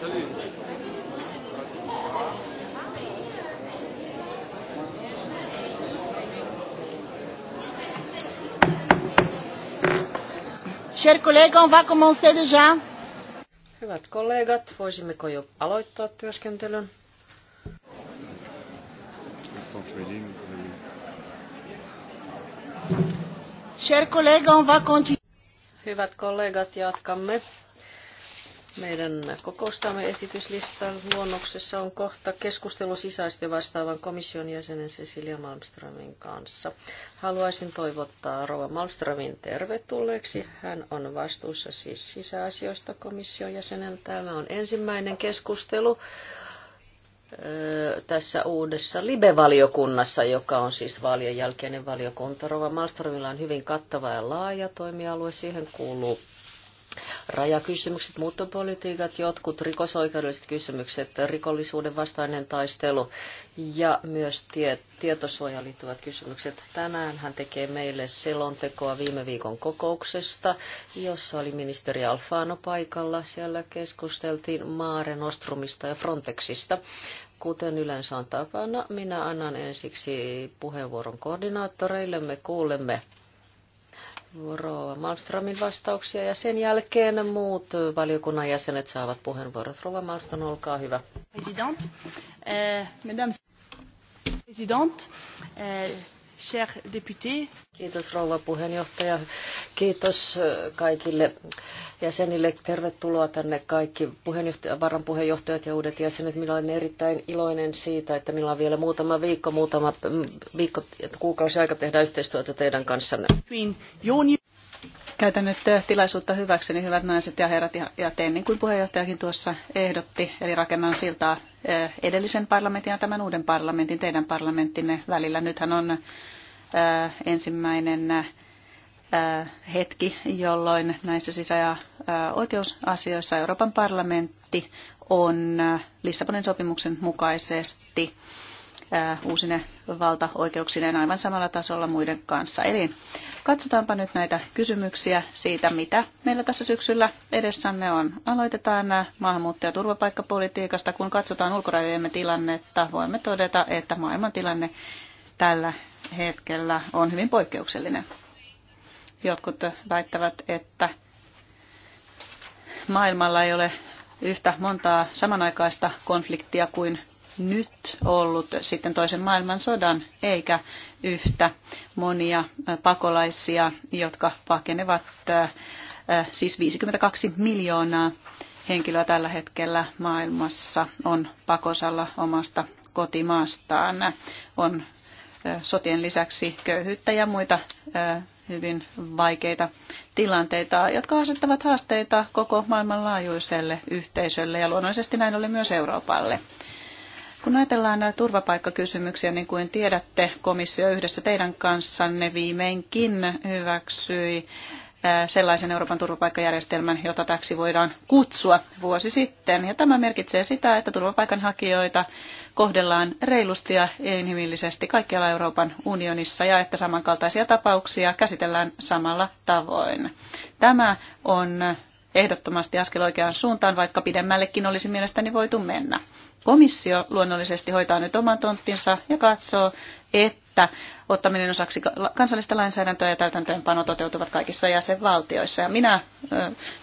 Cher kollega, on va commencer déjà. Hyvät kollegat, voisimmeko jo aloittaa työskentelyn? Chers on va continuer. Hyvät kollegat, jatkamme. Meidän kokoustamme esityslistan luonnoksessa on kohta keskustelu sisäisesti vastaavan komission jäsenen Cecilia Malmströmin kanssa. Haluaisin toivottaa Rova Malmströmin tervetulleeksi. Hän on vastuussa siis sisäasioista komission jäsenen. Tämä on ensimmäinen keskustelu tässä uudessa Libe-valiokunnassa, joka on siis vaalien jälkeinen valiokunta. Rova Malmströmillä on hyvin kattava ja laaja toimialue. Siihen kuuluu rajakysymykset, muuttopolitiikat, jotkut rikosoikeudelliset kysymykset, rikollisuuden vastainen taistelu ja myös tie, tietosuojaan liittyvät kysymykset. Tänään hän tekee meille selontekoa viime viikon kokouksesta, jossa oli ministeri Alfano paikalla. Siellä keskusteltiin Maare Nostrumista ja Frontexista. Kuten yleensä on tapana, minä annan ensiksi puheenvuoron koordinaattoreille. Me kuulemme Rova Malmströmin vastauksia ja sen jälkeen muut valiokunnan jäsenet saavat puheenvuorot. Rova Malmström, olkaa hyvä. President, eh, mesdames, president, eh, cher député. Kiitos rouva puheenjohtaja. Kiitos kaikille jäsenille. Tervetuloa tänne kaikki puheenjohtaja, varan puheenjohtajat ja uudet jäsenet. Minä olen erittäin iloinen siitä, että minulla on vielä muutama viikko, muutama mm, viikko, kuukausi aika tehdä yhteistyötä teidän kanssanne. Käytän nyt eh, tilaisuutta hyväkseni, hyvät naiset ja herrat, ja teen niin kuin puheenjohtajakin tuossa ehdotti, eli rakennan siltaa eh, edellisen parlamentin ja tämän uuden parlamentin, teidän parlamenttinne välillä. Nythän on eh, ensimmäinen hetki, jolloin näissä sisä- ja oikeusasioissa Euroopan parlamentti on Lissabonin sopimuksen mukaisesti uusine valtaoikeuksineen aivan samalla tasolla muiden kanssa. Eli katsotaanpa nyt näitä kysymyksiä siitä, mitä meillä tässä syksyllä edessämme on. Aloitetaan maahanmuutto- ja turvapaikkapolitiikasta. Kun katsotaan ulkorajojemme tilannetta, voimme todeta, että maailmantilanne tällä hetkellä on hyvin poikkeuksellinen. Jotkut väittävät, että maailmalla ei ole yhtä montaa samanaikaista konfliktia kuin nyt ollut sitten toisen maailmansodan, eikä yhtä monia pakolaisia, jotka pakenevat siis 52 miljoonaa henkilöä tällä hetkellä maailmassa on pakosalla omasta kotimaastaan. On sotien lisäksi köyhyyttä ja muita hyvin vaikeita tilanteita, jotka asettavat haasteita koko maailmanlaajuiselle yhteisölle ja luonnollisesti näin oli myös Euroopalle. Kun ajatellaan näitä turvapaikkakysymyksiä, niin kuin tiedätte, komissio yhdessä teidän kanssanne viimeinkin hyväksyi sellaisen Euroopan turvapaikkajärjestelmän, jota täksi voidaan kutsua vuosi sitten. Ja tämä merkitsee sitä, että turvapaikanhakijoita kohdellaan reilusti ja inhimillisesti kaikkialla Euroopan unionissa ja että samankaltaisia tapauksia käsitellään samalla tavoin. Tämä on ehdottomasti askel oikeaan suuntaan, vaikka pidemmällekin olisi mielestäni voitu mennä. Komissio luonnollisesti hoitaa nyt oman tonttinsa ja katsoo, että ottaminen osaksi kansallista lainsäädäntöä ja täytäntöönpano toteutuvat kaikissa jäsenvaltioissa. Ja minä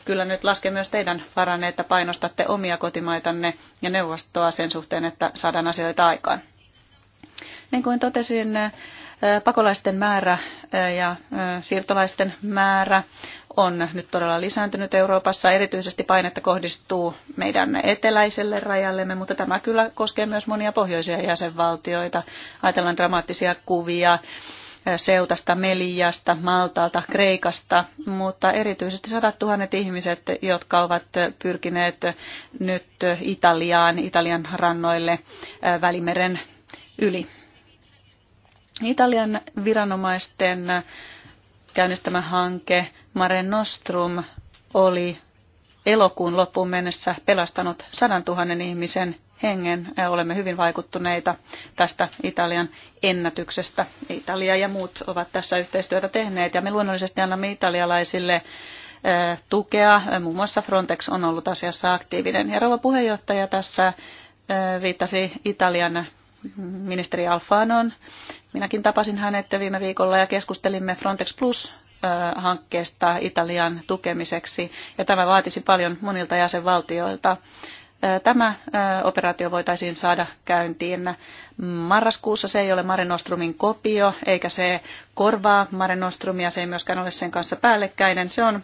kyllä nyt lasken myös teidän varanne, että painostatte omia kotimaitanne ja neuvostoa sen suhteen, että saadaan asioita aikaan. Niin kuin totesin, Pakolaisten määrä ja siirtolaisten määrä on nyt todella lisääntynyt Euroopassa. Erityisesti painetta kohdistuu meidän eteläiselle rajallemme, mutta tämä kyllä koskee myös monia pohjoisia jäsenvaltioita. Ajatellaan dramaattisia kuvia Seutasta, Meliasta, Maltalta, Kreikasta, mutta erityisesti sadat tuhannet ihmiset, jotka ovat pyrkineet nyt Italiaan, Italian rannoille Välimeren yli. Italian viranomaisten käynnistämä hanke Mare Nostrum oli elokuun loppuun mennessä pelastanut 100 000 ihmisen hengen. Äh, olemme hyvin vaikuttuneita tästä Italian ennätyksestä. Italia ja muut ovat tässä yhteistyötä tehneet ja me luonnollisesti annamme italialaisille äh, tukea. Muun muassa Frontex on ollut asiassa aktiivinen. Ja rouva puheenjohtaja tässä äh, viittasi Italian ministeri Alfanon. Minäkin tapasin hänet viime viikolla ja keskustelimme Frontex Plus hankkeesta Italian tukemiseksi, ja tämä vaatisi paljon monilta jäsenvaltioilta. Tämä operaatio voitaisiin saada käyntiin marraskuussa. Se ei ole Mare Nostrumin kopio, eikä se korvaa Mare Nostrumia, se ei myöskään ole sen kanssa päällekkäinen. Se on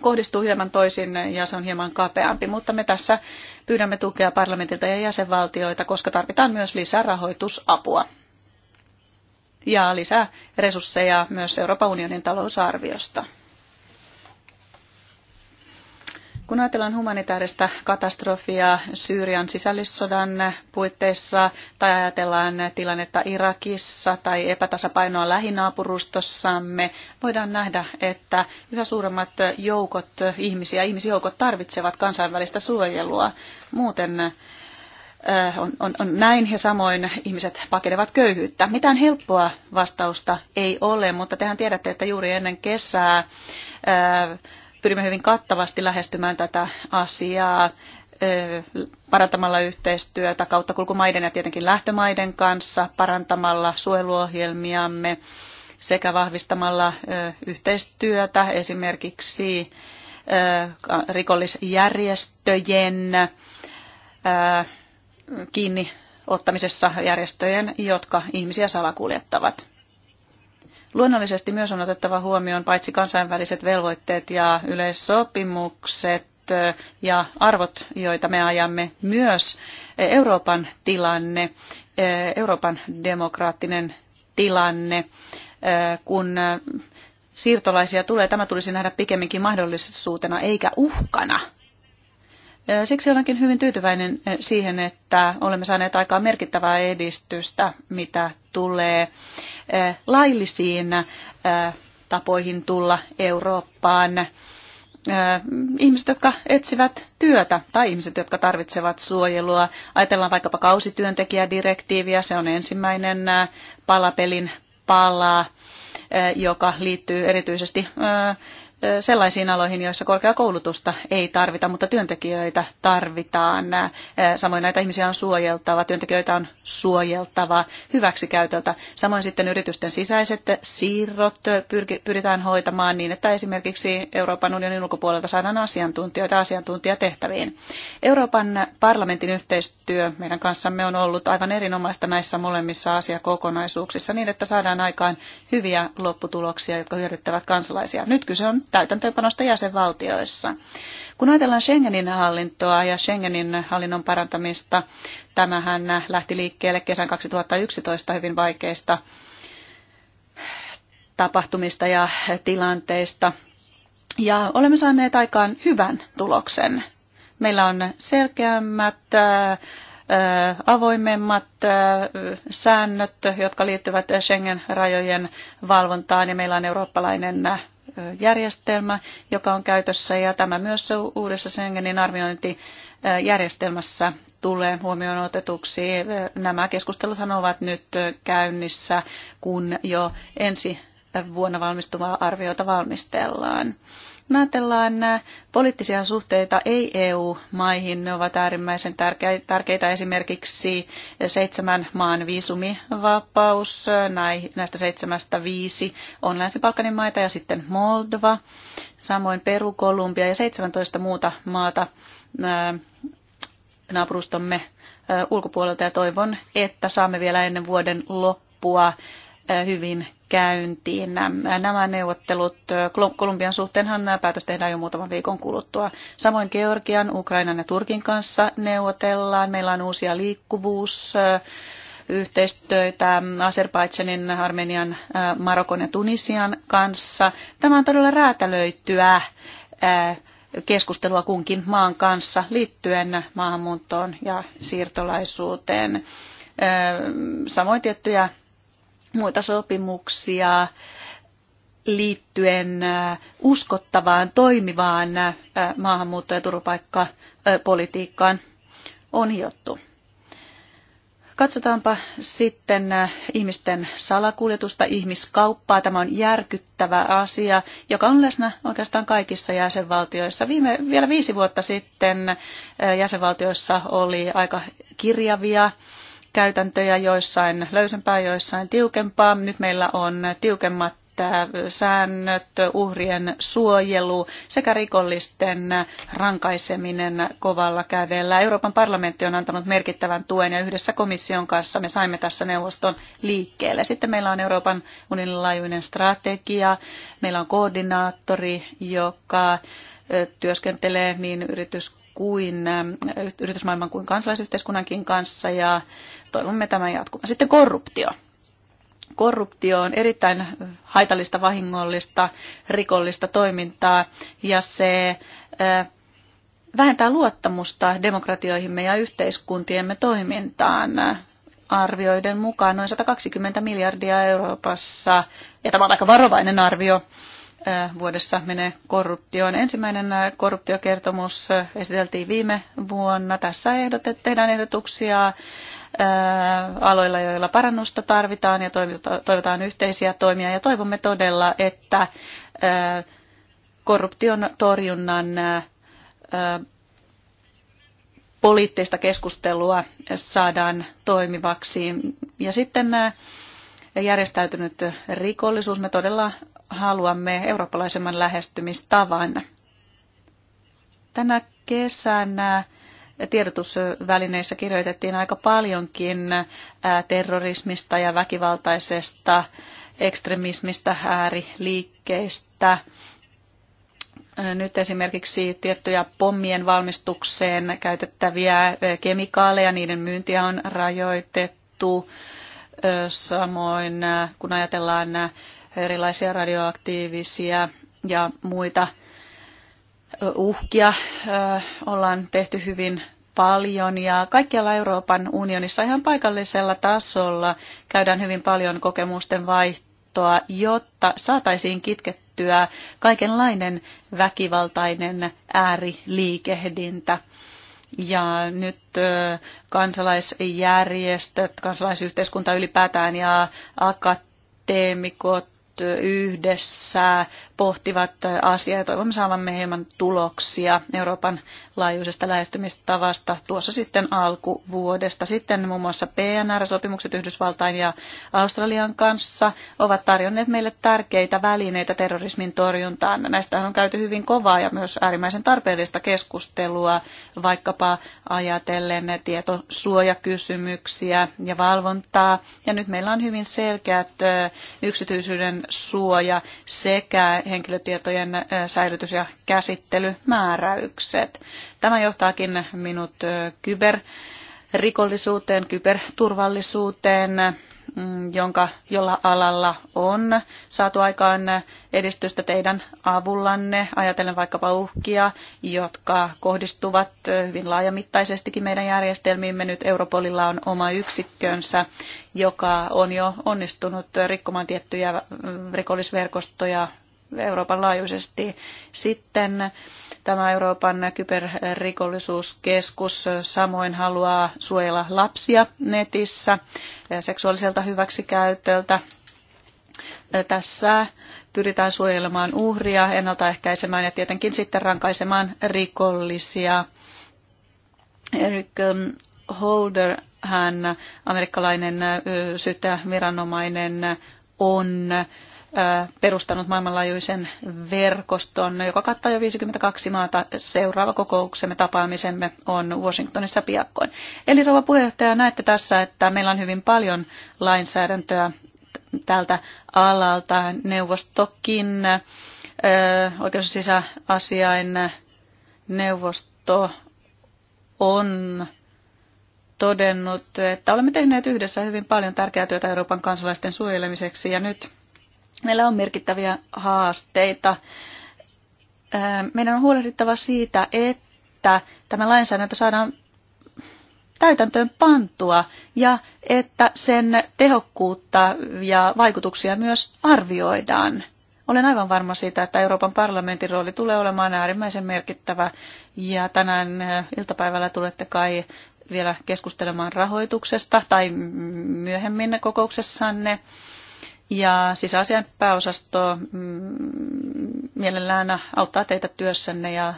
kohdistuu hieman toisin ja se on hieman kapeampi, mutta me tässä pyydämme tukea parlamentilta ja jäsenvaltioita, koska tarvitaan myös lisää rahoitusapua ja lisää resursseja myös Euroopan unionin talousarviosta. Kun ajatellaan humanitaarista katastrofia Syyrian sisällissodan puitteissa tai ajatellaan tilannetta Irakissa tai epätasapainoa lähinaapurustossamme, voidaan nähdä, että yhä suuremmat joukot ihmisiä, ihmisjoukot tarvitsevat kansainvälistä suojelua. Muuten äh, on, on, on näin ja samoin ihmiset pakenevat köyhyyttä. Mitään helppoa vastausta ei ole, mutta tehän tiedätte, että juuri ennen kesää ää, äh, pyrimme hyvin kattavasti lähestymään tätä asiaa parantamalla yhteistyötä kauttakulkumaiden ja tietenkin lähtömaiden kanssa, parantamalla suojeluohjelmiamme sekä vahvistamalla yhteistyötä esimerkiksi rikollisjärjestöjen kiinni ottamisessa järjestöjen, jotka ihmisiä salakuljettavat. Luonnollisesti myös on otettava huomioon paitsi kansainväliset velvoitteet ja yleissopimukset ja arvot, joita me ajamme, myös Euroopan tilanne, Euroopan demokraattinen tilanne, kun siirtolaisia tulee. Tämä tulisi nähdä pikemminkin mahdollisuutena eikä uhkana – Siksi olenkin hyvin tyytyväinen siihen, että olemme saaneet aikaa merkittävää edistystä, mitä tulee laillisiin tapoihin tulla Eurooppaan. Ihmiset, jotka etsivät työtä tai ihmiset, jotka tarvitsevat suojelua. Ajatellaan vaikkapa kausityöntekijädirektiiviä, se on ensimmäinen palapelin pala, joka liittyy erityisesti sellaisiin aloihin, joissa korkeakoulutusta ei tarvita, mutta työntekijöitä tarvitaan. Samoin näitä ihmisiä on suojeltava, työntekijöitä on suojeltava hyväksikäytöltä. Samoin sitten yritysten sisäiset siirrot pyritään hoitamaan niin, että esimerkiksi Euroopan unionin ulkopuolelta saadaan asiantuntijoita asiantuntijatehtäviin. Euroopan parlamentin yhteistyö meidän kanssamme on ollut aivan erinomaista näissä molemmissa asiakokonaisuuksissa niin, että saadaan aikaan hyviä lopputuloksia, jotka hyödyttävät kansalaisia. Nyt kyse on täytäntöönpanosta jäsenvaltioissa. Kun ajatellaan Schengenin hallintoa ja Schengenin hallinnon parantamista, tämähän lähti liikkeelle kesän 2011 hyvin vaikeista tapahtumista ja tilanteista. Ja olemme saaneet aikaan hyvän tuloksen. Meillä on selkeämmät, avoimemmat säännöt, jotka liittyvät Schengen-rajojen valvontaan, ja meillä on eurooppalainen järjestelmä, joka on käytössä ja tämä myös uudessa Schengenin arviointijärjestelmässä tulee huomioon otetuksi. Nämä keskusteluthan ovat nyt käynnissä, kun jo ensi vuonna valmistuvaa arviota valmistellaan. Kun ajatellaan poliittisia suhteita ei-EU-maihin, ne ovat äärimmäisen tärkeitä esimerkiksi seitsemän maan viisumivapaus, näistä seitsemästä viisi on Länsi-Balkanin maita ja sitten Moldova, samoin Peru, Kolumbia ja 17 muuta maata naapurustomme ulkopuolelta ja toivon, että saamme vielä ennen vuoden loppua Äh, hyvin käyntiin. Nämä äh, neuvottelut äh, Kolumbian suhteenhan nämä päätös tehdään jo muutaman viikon kuluttua. Samoin Georgian, Ukrainan ja Turkin kanssa neuvotellaan. Meillä on uusia liikkuvuus yhteistyötä Azerbaidžanin, Armenian, Marokon ja Tunisian kanssa. Tämä on todella räätälöityä keskustelua kunkin maan kanssa liittyen maahanmuuttoon ja siirtolaisuuteen. Samoin tiettyjä muita sopimuksia liittyen uskottavaan, toimivaan maahanmuutto- ja turvapaikkapolitiikkaan on hiottu. Katsotaanpa sitten ihmisten salakuljetusta, ihmiskauppaa. Tämä on järkyttävä asia, joka on läsnä oikeastaan kaikissa jäsenvaltioissa. Viime, vielä viisi vuotta sitten jäsenvaltioissa oli aika kirjavia käytäntöjä, joissain löysempää, joissain tiukempaa. Nyt meillä on tiukemmat äh, säännöt, uhrien suojelu sekä rikollisten rankaiseminen kovalla kädellä. Euroopan parlamentti on antanut merkittävän tuen ja yhdessä komission kanssa me saimme tässä neuvoston liikkeelle. Sitten meillä on Euroopan unionin laajuinen strategia, meillä on koordinaattori, joka äh, työskentelee niin yritys kuin äh, yritysmaailman kuin kansalaisyhteiskunnankin kanssa ja toivomme tämän jatkuvan. Sitten korruptio. Korruptio on erittäin haitallista, vahingollista, rikollista toimintaa ja se äh, vähentää luottamusta demokratioihimme ja yhteiskuntiemme toimintaan. Arvioiden mukaan noin 120 miljardia Euroopassa, ja tämä on aika varovainen arvio, vuodessa menee korruptioon. Ensimmäinen korruptiokertomus esiteltiin viime vuonna. Tässä ehdotet, tehdään ehdotuksia aloilla, joilla parannusta tarvitaan ja toivotaan yhteisiä toimia. Ja toivomme todella, että korruption torjunnan poliittista keskustelua saadaan toimivaksi. Ja sitten järjestäytynyt rikollisuus. Me todella haluamme eurooppalaisemman lähestymistavan. Tänä kesänä tiedotusvälineissä kirjoitettiin aika paljonkin terrorismista ja väkivaltaisesta ekstremismistä, ääriliikkeistä. Nyt esimerkiksi tiettyjä pommien valmistukseen käytettäviä kemikaaleja, niiden myyntiä on rajoitettu. Samoin kun ajatellaan erilaisia radioaktiivisia ja muita uhkia ollaan tehty hyvin paljon ja kaikkialla Euroopan unionissa ihan paikallisella tasolla käydään hyvin paljon kokemusten vaihtoa, jotta saataisiin kitkettyä kaikenlainen väkivaltainen ääriliikehdintä. Ja nyt kansalaisjärjestöt, kansalaisyhteiskunta ylipäätään ja akateemikot yhdessä pohtivat asiaa ja toivomme saavamme hieman tuloksia Euroopan laajuisesta lähestymistavasta tuossa sitten alkuvuodesta. Sitten muun muassa PNR-sopimukset Yhdysvaltain ja Australian kanssa ovat tarjonneet meille tärkeitä välineitä terrorismin torjuntaan. Näistä on käyty hyvin kovaa ja myös äärimmäisen tarpeellista keskustelua, vaikkapa ajatellen tietosuojakysymyksiä ja valvontaa. Ja nyt meillä on hyvin selkeät yksityisyyden suoja sekä henkilötietojen säilytys- ja käsittelymääräykset. Tämä johtaakin minut kyberrikollisuuteen, kyberturvallisuuteen. Mm, jonka, jolla alalla on saatu aikaan edistystä teidän avullanne, ajatellen vaikkapa uhkia, jotka kohdistuvat hyvin laajamittaisestikin meidän järjestelmiimme. Nyt Europolilla on oma yksikkönsä, joka on jo onnistunut rikkomaan tiettyjä mm, rikollisverkostoja Euroopan laajuisesti. Sitten Tämä Euroopan kyberrikollisuuskeskus samoin haluaa suojella lapsia netissä seksuaaliselta hyväksikäytöltä. Tässä pyritään suojelemaan uhria, ennaltaehkäisemään ja tietenkin sitten rankaisemaan rikollisia. Eric ähm, Holder, hän amerikkalainen äh, syyttäjäviranomainen, on perustanut maailmanlaajuisen verkoston, joka kattaa jo 52 maata. Seuraava kokouksemme, tapaamisemme on Washingtonissa piakkoin. Eli rouva puheenjohtaja, näette tässä, että meillä on hyvin paljon lainsäädäntöä tältä alalta. Neuvostokin, oikeus- ja sisäasiain neuvosto on todennut, että olemme tehneet yhdessä hyvin paljon tärkeää työtä Euroopan kansalaisten suojelemiseksi ja nyt meillä on merkittäviä haasteita. Meidän on huolehdittava siitä, että tämä lainsäädäntö saadaan täytäntöön pantua ja että sen tehokkuutta ja vaikutuksia myös arvioidaan. Olen aivan varma siitä, että Euroopan parlamentin rooli tulee olemaan äärimmäisen merkittävä ja tänään iltapäivällä tulette kai vielä keskustelemaan rahoituksesta tai myöhemmin kokouksessanne. Ja sisäasian pääosasto mm, mielellään auttaa teitä työssänne ja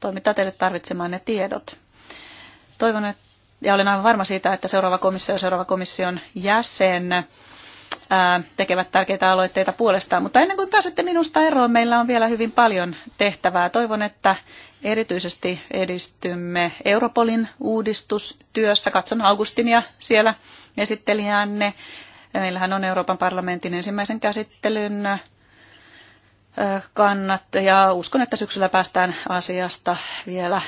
toimittaa teille ne tiedot. Toivon, että, ja olen aivan varma siitä, että seuraava komissio ja seuraava komission jäsen tekevät tärkeitä aloitteita puolestaan. Mutta ennen kuin pääsette minusta eroon, meillä on vielä hyvin paljon tehtävää. Toivon, että erityisesti edistymme Europolin uudistustyössä. Katson Augustinia siellä esittelijäänne. Meillähän on Euroopan parlamentin ensimmäisen käsittelyn kannat ja uskon, että syksyllä päästään asiasta vielä,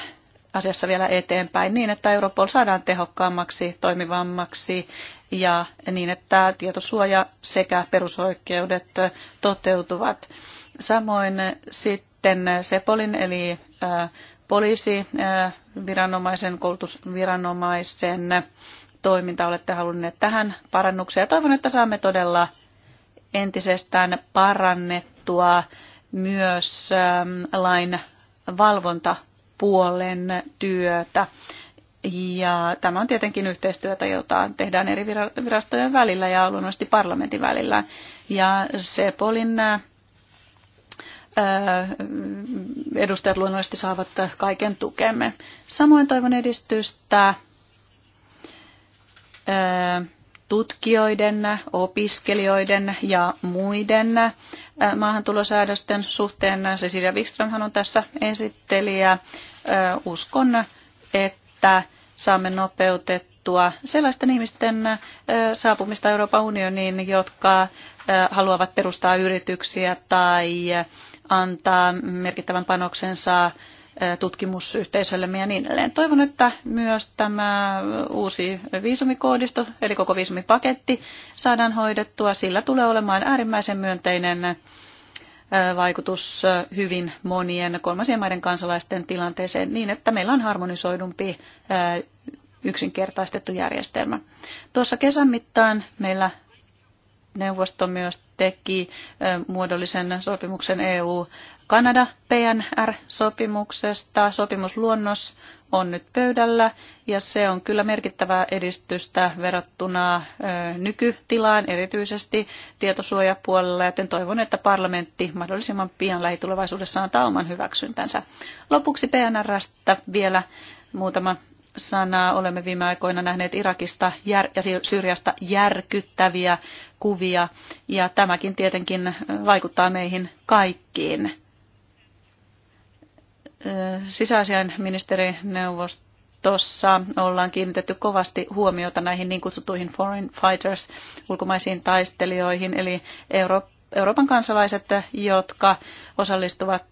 asiassa vielä eteenpäin niin, että Europol saadaan tehokkaammaksi, toimivammaksi ja niin, että tietosuoja sekä perusoikeudet toteutuvat. Samoin sitten Sepolin eli poliisiviranomaisen, koulutusviranomaisen toiminta. Olette halunneet tähän parannuksia. Toivon, että saamme todella entisestään parannettua myös ähm, lain valvontapuolen työtä. Ja tämä on tietenkin yhteistyötä, jota tehdään eri virastojen välillä ja luonnollisesti parlamentin välillä. Ja Sepolin äh, äh, edustajat luonnollisesti saavat kaiken tukemme. Samoin toivon edistystä tutkijoiden, opiskelijoiden ja muiden maahantulosäädösten suhteen. Cecilia Wikströmhän on tässä esittelijä. Uskon, että saamme nopeutettua sellaisten ihmisten saapumista Euroopan unioniin, jotka haluavat perustaa yrityksiä tai antaa merkittävän panoksensa tutkimusyhteisöllemme ja niin edelleen. Toivon, että myös tämä uusi viisumikoodisto, eli koko viisumipaketti, saadaan hoidettua. Sillä tulee olemaan äärimmäisen myönteinen vaikutus hyvin monien kolmansien maiden kansalaisten tilanteeseen niin, että meillä on harmonisoidumpi yksinkertaistettu järjestelmä. Tuossa kesän mittaan meillä neuvosto myös teki muodollisen sopimuksen EU-Kanada PNR-sopimuksesta. Sopimusluonnos on nyt pöydällä ja se on kyllä merkittävää edistystä verrattuna nykytilaan, erityisesti tietosuojapuolella, joten toivon, että parlamentti mahdollisimman pian lähitulevaisuudessa antaa oman hyväksyntänsä. Lopuksi PNRstä vielä muutama sanaa. Olemme viime aikoina nähneet Irakista ja Syyriasta järkyttäviä kuvia ja tämäkin tietenkin vaikuttaa meihin kaikkiin. Sisäasiainministerineuvostossa ollaan kiinnitetty kovasti huomiota näihin niin kutsuttuihin foreign fighters, ulkomaisiin taistelijoihin, eli Euroopan kansalaiset, jotka osallistuvat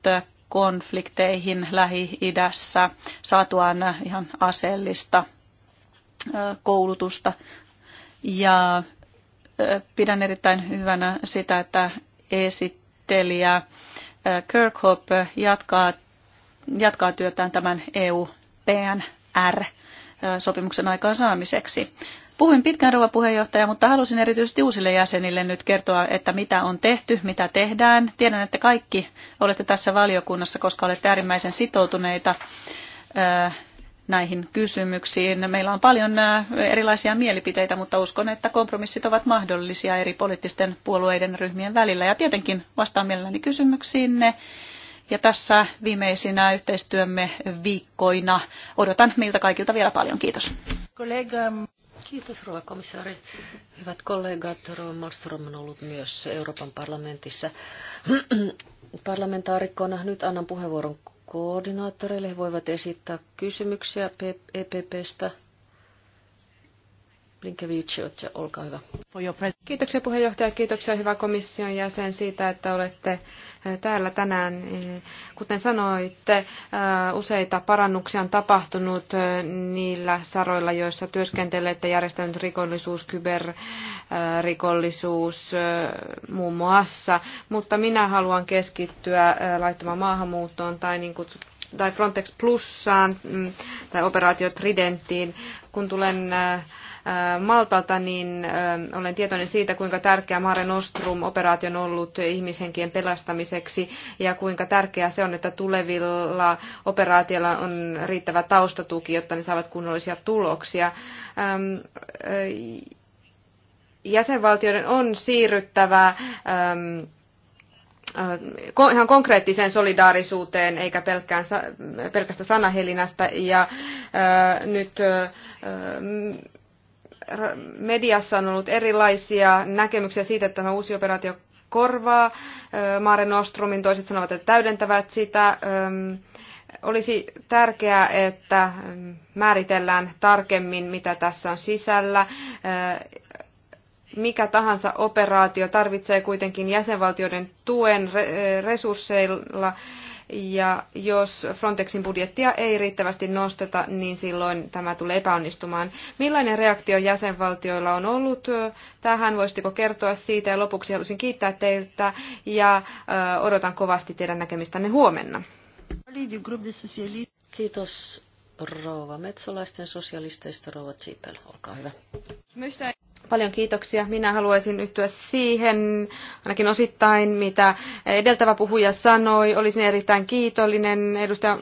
konflikteihin Lähi-idässä saatuaan ihan aseellista koulutusta. Ja pidän erittäin hyvänä sitä, että esittelijä äh, Kirkhope jatkaa, jatkaa työtään tämän EU-PNR-sopimuksen äh, aikaansaamiseksi. Puhuin pitkään rouva puheenjohtaja, mutta halusin erityisesti uusille jäsenille nyt kertoa, että mitä on tehty, mitä tehdään. Tiedän, että kaikki olette tässä valiokunnassa, koska olette äärimmäisen sitoutuneita äh, näihin kysymyksiin. Meillä on paljon erilaisia mielipiteitä, mutta uskon, että kompromissit ovat mahdollisia eri poliittisten puolueiden ryhmien välillä. Ja tietenkin vastaan mielelläni kysymyksiinne. Ja tässä viimeisinä yhteistyömme viikkoina odotan miltä kaikilta vielä paljon. Kiitos. Kollega. Kiitos, rouva komissaari. Hyvät kollegat, rouva Malmström on ollut myös Euroopan parlamentissa parlamentaarikkona. Nyt annan puheenvuoron koordinaattoreille. He voivat esittää kysymyksiä EPPstä olkaa hyvä. Kiitoksia puheenjohtaja, kiitoksia hyvä komission jäsen siitä, että olette eh, täällä tänään. Eh, kuten sanoitte, eh, useita parannuksia on tapahtunut niillä saroilla, joissa työskentelette järjestänyt rikollisuus, kyberrikollisuus muun muassa, mutta minä haluan keskittyä laittomaan maahanmuuttoon tai niin kutsuttuun tai Frontex Plussaan mm, tai operaatio Tridentiin. Kun tulen Äh, Maltalta, niin äh, olen tietoinen siitä, kuinka tärkeä Mare Nostrum-operaatio on ollut ihmishenkien pelastamiseksi ja kuinka tärkeää se on, että tulevilla operaatioilla on riittävä taustatuki, jotta ne saavat kunnollisia tuloksia ähm, äh, jäsenvaltioiden on siirryttävä ähm, ihan konkreettiseen solidaarisuuteen eikä pelkkään, pelkästä sanahelinästä. Ja ää, nyt ää, mediassa on ollut erilaisia näkemyksiä siitä, että tämä uusi operaatio korvaa Mare Nostrumin, toiset sanovat, että täydentävät sitä. Olisi tärkeää, että määritellään tarkemmin, mitä tässä on sisällä. Mikä tahansa operaatio tarvitsee kuitenkin jäsenvaltioiden tuen resursseilla ja jos Frontexin budjettia ei riittävästi nosteta, niin silloin tämä tulee epäonnistumaan. Millainen reaktio jäsenvaltioilla on ollut tähän? Voisitteko kertoa siitä? Ja lopuksi haluaisin kiittää teiltä ja odotan kovasti teidän näkemistänne huomenna. Kiitos rouva metsolaisten sosialisteista, rouva Tsipel, olkaa hyvä. Paljon kiitoksia. Minä haluaisin yhtyä siihen, ainakin osittain, mitä edeltävä puhuja sanoi. Olisin erittäin kiitollinen. Edustaja äh,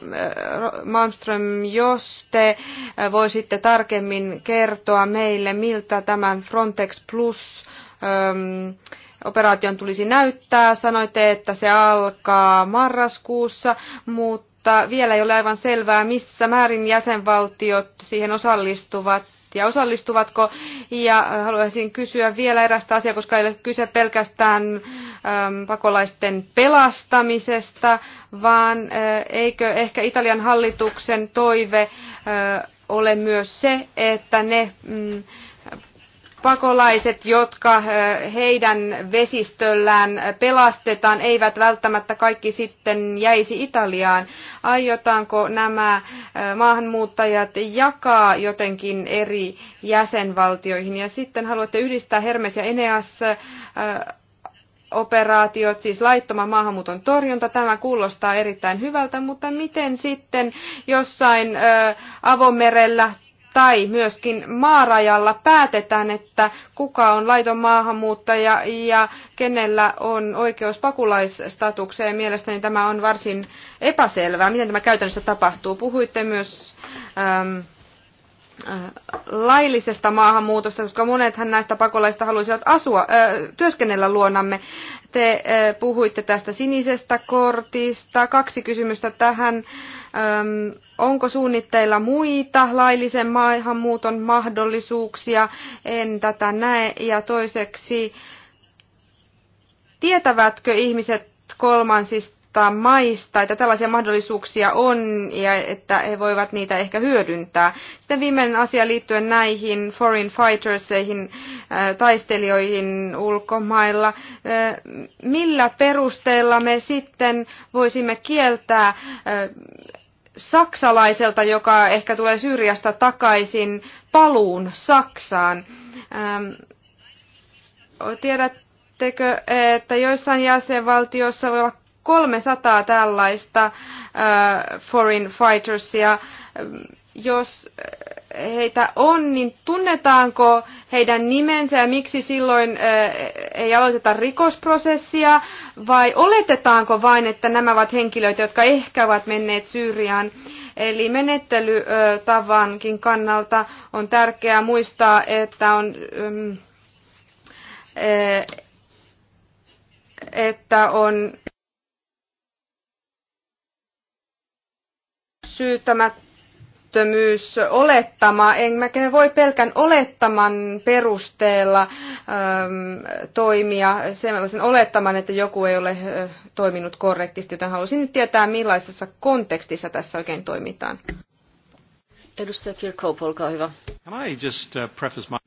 Malmström, jos te äh, voisitte tarkemmin kertoa meille, miltä tämän Frontex Plus ähm, operaation tulisi näyttää. Sanoitte, että se alkaa marraskuussa, mutta vielä ei ole aivan selvää, missä määrin jäsenvaltiot siihen osallistuvat ja osallistuvatko. Ja äh, haluaisin kysyä vielä erästä asiaa, koska ei ole kyse pelkästään ähm, pakolaisten pelastamisesta, vaan äh, eikö ehkä Italian hallituksen toive äh, ole myös se, että ne mm, pakolaiset, jotka heidän vesistöllään pelastetaan, eivät välttämättä kaikki sitten jäisi Italiaan. Aiotaanko nämä maahanmuuttajat jakaa jotenkin eri jäsenvaltioihin? Ja sitten haluatte yhdistää Hermes ja Eneas operaatiot, siis laittoman maahanmuuton torjunta, tämä kuulostaa erittäin hyvältä, mutta miten sitten jossain avomerellä tai myöskin maarajalla päätetään, että kuka on laiton maahanmuuttaja ja kenellä on oikeus pakulaisstatukseen. Mielestäni tämä on varsin epäselvää, miten tämä käytännössä tapahtuu. Puhuitte myös äm, äh, laillisesta maahanmuutosta, koska monethan näistä pakolaista haluaisivat asua, äh, työskennellä luonamme. Te äh, puhuitte tästä sinisestä kortista. Kaksi kysymystä tähän. Äh, onko suunnitteilla muita laillisen maahanmuuton mahdollisuuksia? En tätä näe. Ja toiseksi, tietävätkö ihmiset kolmansista maista, että tällaisia mahdollisuuksia on ja että he voivat niitä ehkä hyödyntää. Sitten viimeinen asia liittyen näihin foreign fighterseihin, taistelijoihin ulkomailla. Millä perusteella me sitten voisimme kieltää saksalaiselta, joka ehkä tulee Syyriasta takaisin paluun Saksaan. Ähm, tiedättekö, että joissain jäsenvaltioissa voi olla 300 tällaista äh, foreign fightersia, ähm, jos äh, heitä on, niin tunnetaanko heidän nimensä ja miksi silloin ei aloiteta rikosprosessia vai oletetaanko vain, että nämä ovat henkilöitä, jotka ehkä ovat menneet Syyriaan? Eli menettelytavankin kannalta on tärkeää muistaa, että on mm, että on syyttämättä työttömyys olettama, enkä me voi pelkän olettaman perusteella äm, toimia sellaisen olettaman, että joku ei ole toiminut korrektisti, joten haluaisin nyt tietää, millaisessa kontekstissa tässä oikein toimitaan. Edustaja Kirkhope, olkaa hyvä. Can I just, uh,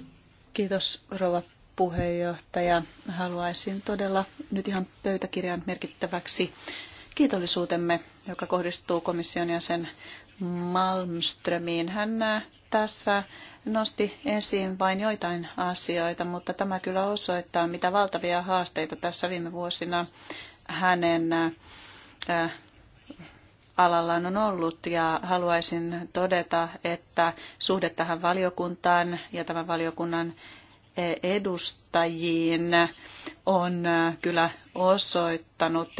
my... Kiitos rouva puheenjohtaja. Haluaisin todella nyt ihan pöytäkirjan merkittäväksi kiitollisuutemme, joka kohdistuu komission ja sen Malmströmiin. Hän äh, tässä nosti esiin vain joitain asioita, mutta tämä kyllä osoittaa, mitä valtavia haasteita tässä viime vuosina hänen äh, äh, alallaan on ollut ja haluaisin todeta, että suhde tähän valiokuntaan ja tämän valiokunnan e, edustajiin on kyllä osoittanut,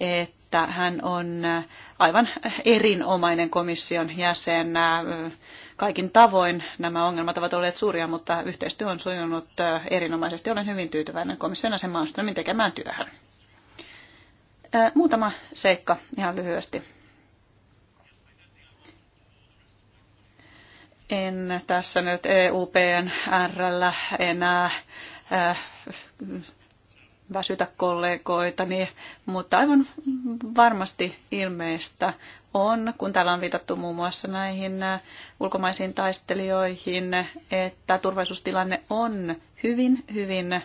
että hän on aivan erinomainen komission jäsen. Kaikin tavoin nämä ongelmat ovat olleet suuria, mutta yhteistyö on sujunut erinomaisesti. Olen hyvin tyytyväinen komission jäsen Malmströmin tekemään työhön. Muutama seikka ihan lyhyesti. En tässä nyt EUPNRllä enää väsytä niin mutta aivan varmasti ilmeistä on, kun täällä on viitattu muun muassa näihin äh, ulkomaisiin taistelijoihin, että turvallisuustilanne on hyvin, hyvin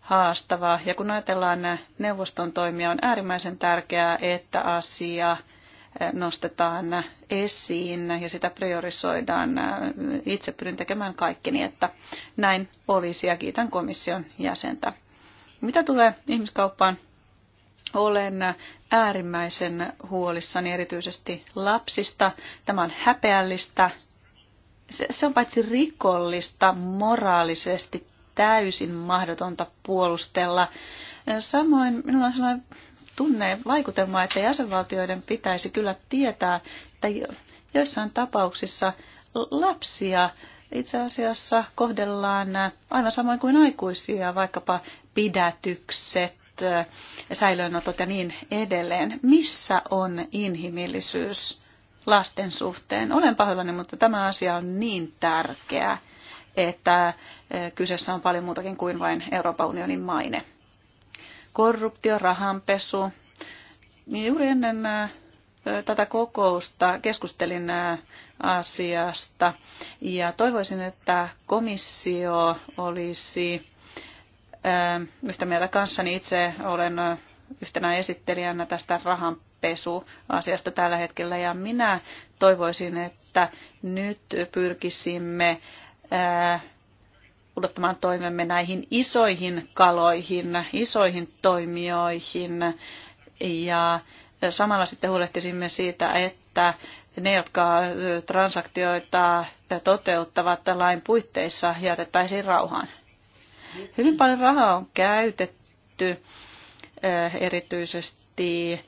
haastava. Ja kun ajatellaan äh, neuvoston toimia, on äärimmäisen tärkeää, että asia äh, nostetaan esiin ja sitä priorisoidaan. Itse pyrin tekemään kaikkeni, että näin olisi ja kiitän komission jäsentä mitä tulee ihmiskauppaan, olen äärimmäisen huolissani erityisesti lapsista. Tämä on häpeällistä. Se, se on paitsi rikollista, moraalisesti täysin mahdotonta puolustella. Samoin minulla on sellainen tunne, vaikutelma, että jäsenvaltioiden pitäisi kyllä tietää, että joissain tapauksissa lapsia itse asiassa kohdellaan aivan samoin kuin aikuisia, vaikkapa pidätykset, säilöönotot ja niin edelleen. Missä on inhimillisyys lasten suhteen? Olen pahoillani, mutta tämä asia on niin tärkeä, että eh, kyseessä on paljon muutakin kuin vain Euroopan unionin maine. Korruptio, rahanpesu. Juuri ennen eh, tätä kokousta, keskustelin asiasta ja toivoisin, että komissio olisi yhtä mieltä kanssani. Itse olen yhtenä esittelijänä tästä rahanpesuasiasta tällä hetkellä ja minä toivoisin, että nyt pyrkisimme pudottamaan toimemme näihin isoihin kaloihin, isoihin toimijoihin ja samalla sitten huolehtisimme siitä, että ne, jotka transaktioita toteuttavat lain puitteissa, jätettäisiin rauhaan. Hyvin paljon rahaa on käytetty erityisesti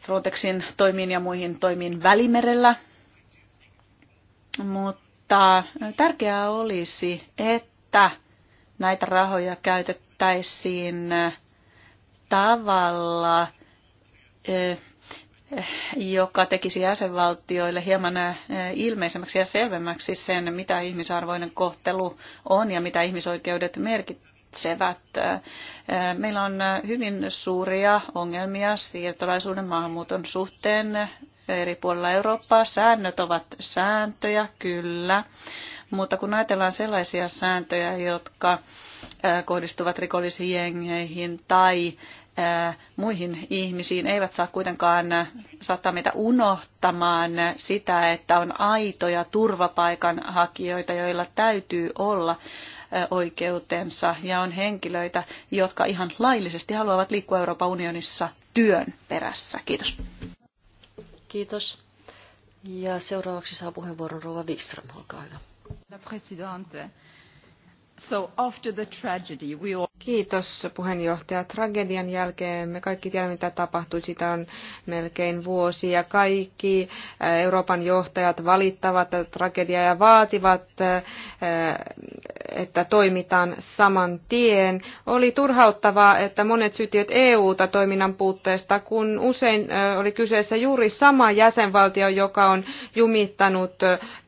Frontexin toimiin ja muihin toimiin välimerellä, mutta tärkeää olisi, että näitä rahoja käytettäisiin tavalla, Eh, joka tekisi jäsenvaltioille hieman eh, ilmeisemmäksi ja selvemmäksi sen, mitä ihmisarvoinen kohtelu on ja mitä ihmisoikeudet merkitsevät. Eh, meillä on hyvin suuria ongelmia siirtolaisuuden maahanmuuton suhteen eri puolilla Eurooppaa. Säännöt ovat sääntöjä, kyllä, mutta kun ajatellaan sellaisia sääntöjä, jotka kohdistuvat rikollisiin jengeihin tai muihin ihmisiin eivät saa kuitenkaan saattaa meitä unohtamaan sitä, että on aitoja turvapaikanhakijoita, joilla täytyy olla oikeutensa ja on henkilöitä, jotka ihan laillisesti haluavat liikkua Euroopan unionissa työn perässä. Kiitos. Kiitos. Ja seuraavaksi saa puheenvuoron Rova Wikström, olkaa hyvä. La presidente. So after the tragedy, we all... Kiitos puheenjohtaja. Tragedian jälkeen me kaikki tiedämme, mitä tapahtui. Sitä on melkein vuosi ja kaikki eh, Euroopan johtajat valittavat tragediaa ja vaativat, eh, että toimitaan saman tien. Oli turhauttavaa, että monet syyttivät EU-ta toiminnan puutteesta, kun usein eh, oli kyseessä juuri sama jäsenvaltio, joka on jumittanut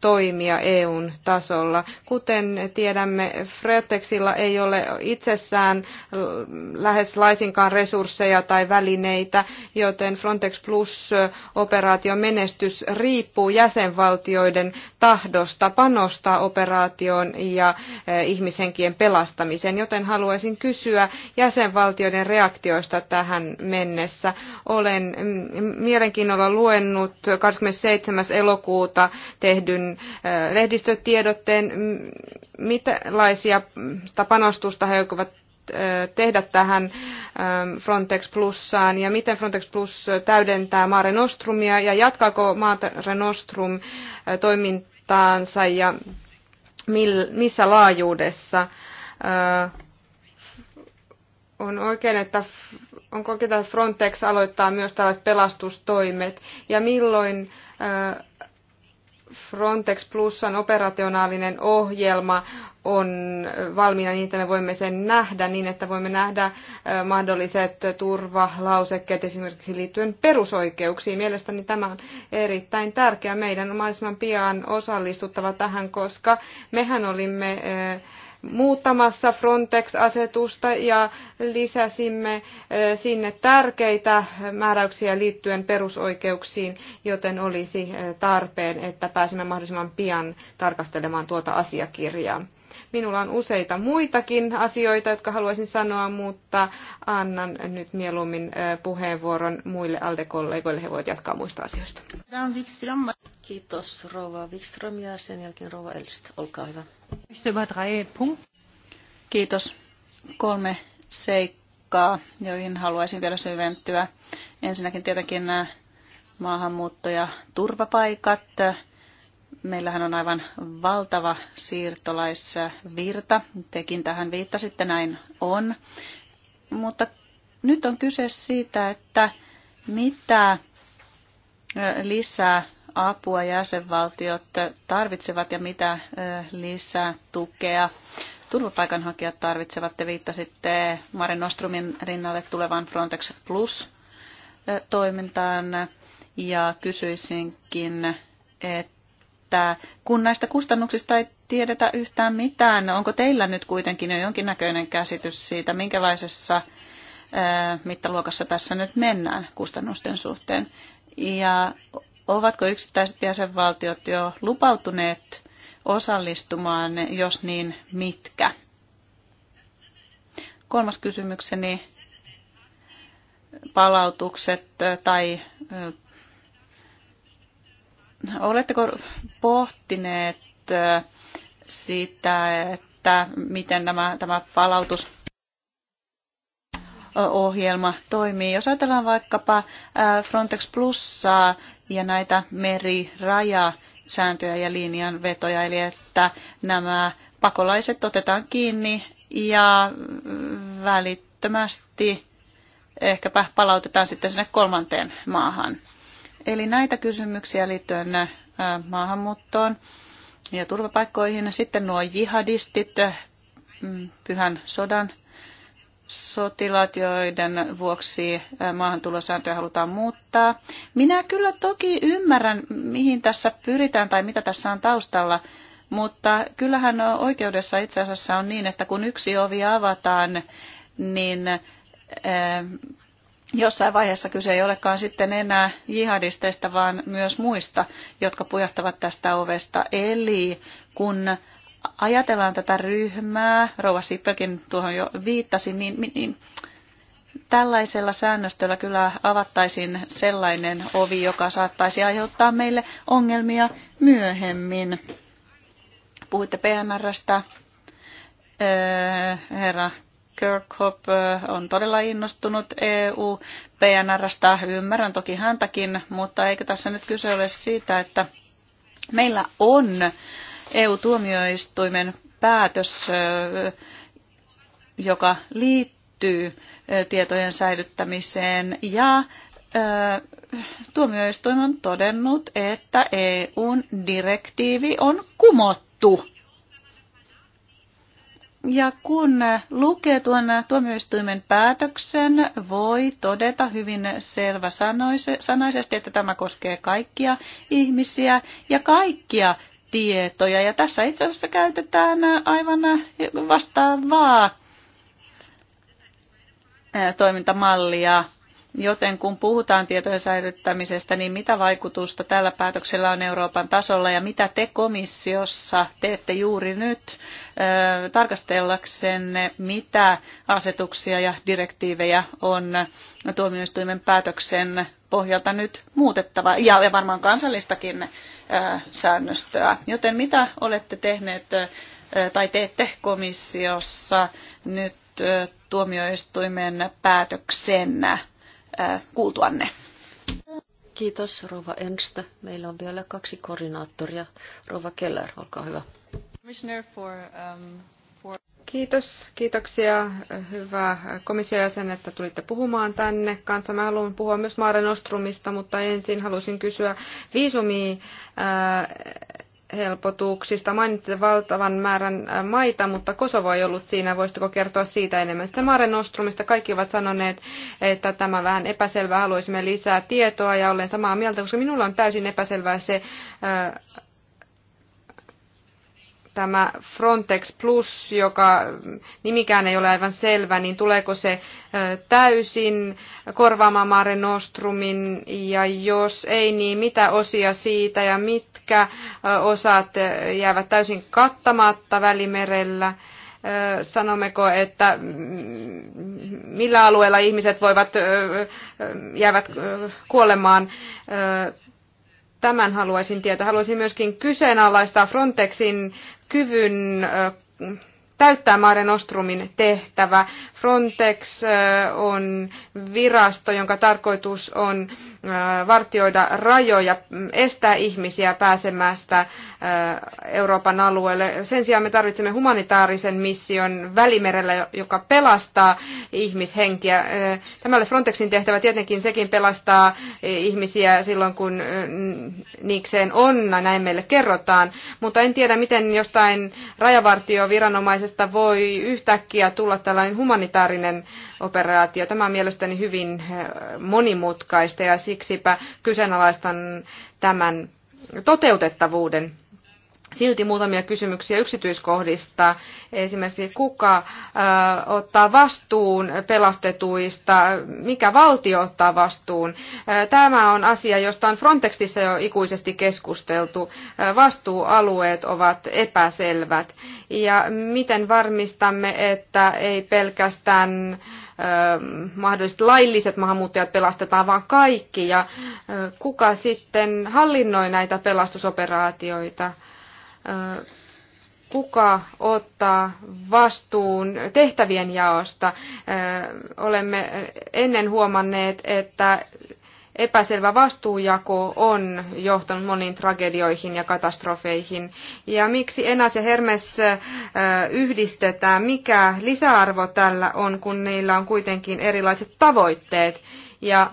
toimia EUn tasolla. Kuten tiedämme, Fretexilla ei ole itsessään mitään lähes laisinkaan resursseja tai välineitä, joten Frontex Plus-operaation menestys riippuu jäsenvaltioiden tahdosta panostaa operaatioon ja e, ihmishenkien pelastamiseen, joten haluaisin kysyä jäsenvaltioiden reaktioista tähän mennessä. Olen mm, mielenkiinnolla luennut 27. elokuuta tehdyn e, lehdistötiedotteen, mitälaisia mm, panostusta he ovat tehdä tähän Frontex Plussaan ja miten Frontex Plus täydentää Mare Nostrumia ja jatkaako Mare Nostrum toimintaansa ja missä laajuudessa on oikein, että onko oikein, että Frontex aloittaa myös tällaiset pelastustoimet ja milloin Frontex Plusan operationaalinen ohjelma on valmiina niin, että me voimme sen nähdä niin, että voimme nähdä mahdolliset turvalausekkeet esimerkiksi liittyen perusoikeuksiin. Mielestäni tämä on erittäin tärkeää. Meidän on mahdollisimman pian osallistuttava tähän, koska mehän olimme äh, muuttamassa Frontex-asetusta ja lisäsimme sinne tärkeitä määräyksiä liittyen perusoikeuksiin, joten olisi tarpeen, että pääsemme mahdollisimman pian tarkastelemaan tuota asiakirjaa. Minulla on useita muitakin asioita, jotka haluaisin sanoa, mutta annan nyt mieluummin puheenvuoron muille ALDE-kollegoille. He voivat jatkaa muista asioista. Kiitos Rova Wikström ja sen jälkeen Rova Elst. Olkaa hyvä. Kiitos. Kolme seikkaa, joihin haluaisin vielä syventyä. Ensinnäkin tietenkin nämä maahanmuutto- ja turvapaikat Meillähän on aivan valtava siirtolaisvirta. Tekin tähän viittasitte, näin on. Mutta nyt on kyse siitä, että mitä lisää apua jäsenvaltiot tarvitsevat ja mitä lisää tukea turvapaikanhakijat tarvitsevat. Te viittasitte Mare Nostrumin rinnalle tulevaan Frontex Plus-toimintaan ja kysyisinkin, että että kun näistä kustannuksista ei tiedetä yhtään mitään, onko teillä nyt kuitenkin jo jonkinnäköinen käsitys siitä, minkälaisessa mittaluokassa tässä nyt mennään kustannusten suhteen? Ja ovatko yksittäiset jäsenvaltiot jo lupautuneet osallistumaan, jos niin mitkä? Kolmas kysymykseni, palautukset tai Oletteko pohtineet äh, sitä, että miten nämä, tämä palautus ohjelma toimii. Jos ajatellaan vaikkapa äh, Frontex Plussaa ja näitä merirajasääntöjä ja linjanvetoja, eli että nämä pakolaiset otetaan kiinni ja välittömästi ehkäpä palautetaan sitten sinne kolmanteen maahan. Eli näitä kysymyksiä liittyen äh, maahanmuuttoon ja turvapaikkoihin. Sitten nuo jihadistit, äh, mm, pyhän sodan sotilaat, joiden vuoksi äh, maahantulosääntöjä halutaan muuttaa. Minä kyllä toki ymmärrän, mihin tässä pyritään tai mitä tässä on taustalla, mutta kyllähän oikeudessa itse asiassa on niin, että kun yksi ovi avataan, niin jossain vaiheessa kyse ei olekaan sitten enää jihadisteista, vaan myös muista, jotka pujahtavat tästä ovesta. Eli kun ajatellaan tätä ryhmää, Rouva Sippelkin tuohon jo viittasi, niin, niin, niin tällaisella säännöstöllä kyllä avattaisiin sellainen ovi, joka saattaisi aiheuttaa meille ongelmia myöhemmin. Puhuitte PNRstä, öö, herra Kirkhope on todella innostunut EU-PNRstä. Ymmärrän toki häntäkin, mutta eikö tässä nyt kyse ole siitä, että meillä on EU-tuomioistuimen päätös, joka liittyy tietojen säilyttämiseen ja tuomioistuin on todennut, että EUn direktiivi on kumottu ja kun lukee tuon tuomioistuimen päätöksen, voi todeta hyvin selvä sanaisesti, että tämä koskee kaikkia ihmisiä ja kaikkia tietoja. Ja tässä itse asiassa käytetään aivan vastaavaa toimintamallia Joten kun puhutaan tietojen säilyttämisestä, niin mitä vaikutusta tällä päätöksellä on Euroopan tasolla ja mitä te komissiossa teette juuri nyt tarkastellaksenne, mitä asetuksia ja direktiivejä on tuomioistuimen päätöksen pohjalta nyt muutettava ja varmaan kansallistakin säännöstöä. Joten mitä olette tehneet tai teette komissiossa nyt tuomioistuimen päätöksenä? kuultuanne. Kiitos Rova Enstä. Meillä on vielä kaksi koordinaattoria. Rova Keller, olkaa hyvä. Um, Kiitos, kiitoksia hyvä komissiojäsen, että tulitte puhumaan tänne kanssa. Mä haluan puhua myös Maaren Ostrumista, mutta ensin haluaisin kysyä viisumi helpotuksista. Mainitsitte valtavan määrän maita, mutta Kosovo ei ollut siinä. Voisitko kertoa siitä enemmän? Sitten Mare Nostrumista kaikki ovat sanoneet, että tämä on vähän epäselvä. Haluaisimme lisää tietoa ja olen samaa mieltä, koska minulla on täysin epäselvää se, tämä Frontex Plus, joka nimikään ei ole aivan selvä, niin tuleeko se täysin korvaamaan Mare Nostrumin ja jos ei, niin mitä osia siitä ja mitkä osat jäävät täysin kattamatta välimerellä? Sanommeko, että millä alueella ihmiset voivat jäävät kuolemaan tämän haluaisin tietää. Haluaisin myöskin kyseenalaistaa Frontexin kyvyn täyttää Mare Nostrumin tehtävä. Frontex on virasto, jonka tarkoitus on vartioida rajoja, estää ihmisiä pääsemästä Euroopan alueelle. Sen sijaan me tarvitsemme humanitaarisen mission välimerellä, joka pelastaa ihmishenkiä. Tämä oli Frontexin tehtävä. Tietenkin sekin pelastaa ihmisiä silloin, kun niikseen on, näin meille kerrotaan. Mutta en tiedä, miten jostain rajavartioviranomaisesta Tästä voi yhtäkkiä tulla tällainen humanitaarinen operaatio. Tämä on mielestäni hyvin eh, monimutkaista ja siksipä kyseenalaistan tämän toteutettavuuden. Silti muutamia kysymyksiä yksityiskohdista. Esimerkiksi kuka ottaa vastuun pelastetuista, mikä valtio ottaa vastuun. tämä on asia, josta on Frontextissa jo ikuisesti keskusteltu. vastuualueet ovat epäselvät. Ja miten varmistamme, että ei pelkästään mahdolliset lailliset maahanmuuttajat pelastetaan, vaan kaikki. Ja kuka sitten hallinnoi näitä pelastusoperaatioita? kuka ottaa vastuun tehtävien jaosta. Olemme ennen huomanneet, että epäselvä vastuujako on johtanut moniin tragedioihin ja katastrofeihin. Ja miksi Enas ja Hermes yhdistetään? Mikä lisäarvo tällä on, kun niillä on kuitenkin erilaiset tavoitteet? Ja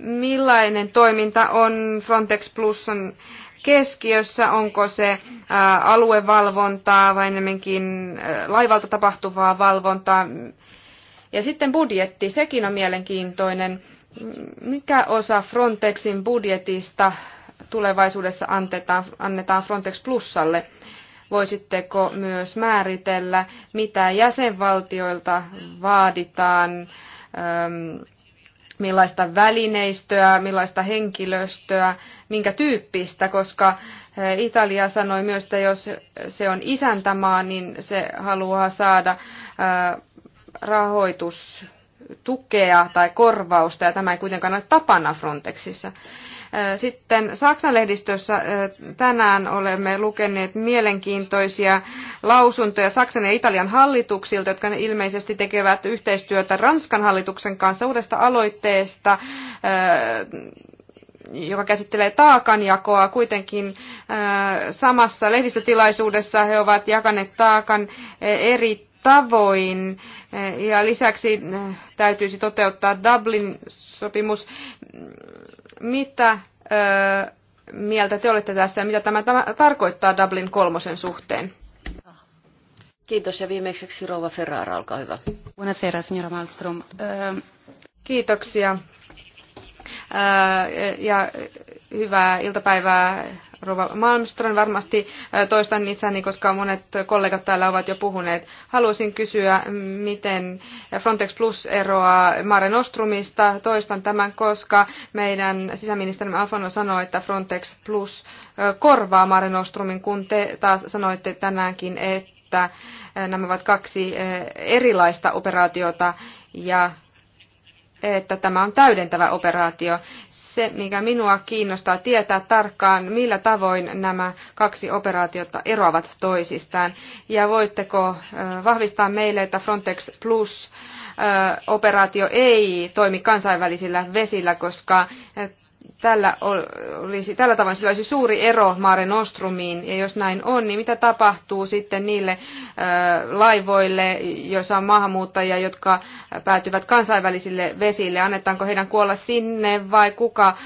millainen toiminta on Frontex Pluson keskiössä, onko se aluevalvontaa vai enemmänkin laivalta tapahtuvaa valvontaa. Ja sitten budjetti, sekin on mielenkiintoinen. Mikä osa Frontexin budjetista tulevaisuudessa annetaan, annetaan Frontex Plusalle? Voisitteko myös määritellä, mitä jäsenvaltioilta vaaditaan? Öö, millaista välineistöä, millaista henkilöstöä, minkä tyyppistä, koska eh, Italia sanoi myös, että jos se on isäntämaa, niin se haluaa saada eh, rahoitustukea tai korvausta, ja tämä ei kuitenkaan ole tapana Frontexissa. Sitten Saksan lehdistössä tänään olemme lukeneet mielenkiintoisia lausuntoja Saksan ja Italian hallituksilta, jotka ilmeisesti tekevät yhteistyötä Ranskan hallituksen kanssa uudesta aloitteesta joka käsittelee taakanjakoa. Kuitenkin samassa lehdistötilaisuudessa he ovat jakaneet taakan eri tavoin. Ja lisäksi täytyisi toteuttaa Dublin sopimus mitä ö, mieltä te olette tässä ja mitä tämä, tämä tarkoittaa Dublin kolmosen suhteen? Kiitos ja viimeiseksi Rouva Ferrara, olkaa hyvä. Buonasera, signora Malmström. Kiitoksia ja hyvää iltapäivää Rova Malmström, varmasti toistan itseäni, koska monet kollegat täällä ovat jo puhuneet. Haluaisin kysyä, miten Frontex Plus eroaa Mare Nostrumista. Toistan tämän, koska meidän sisäministerimme Alfano sanoi, että Frontex Plus korvaa Mare Nostrumin, kun te taas sanoitte tänäänkin, että nämä ovat kaksi erilaista operaatiota ja että tämä on täydentävä operaatio. Se, mikä minua kiinnostaa tietää tarkkaan, millä tavoin nämä kaksi operaatiota eroavat toisistaan. Ja voitteko vahvistaa meille, että Frontex Plus operaatio ei toimi kansainvälisillä vesillä, koska tällä, olisi, tällä tavoin sillä olisi suuri ero Mare Nostrumiin, ja jos näin on, niin mitä tapahtuu sitten niille laivoille, joissa on maahanmuuttajia, jotka päätyvät kansainvälisille vesille? Annetaanko heidän kuolla sinne, vai kuka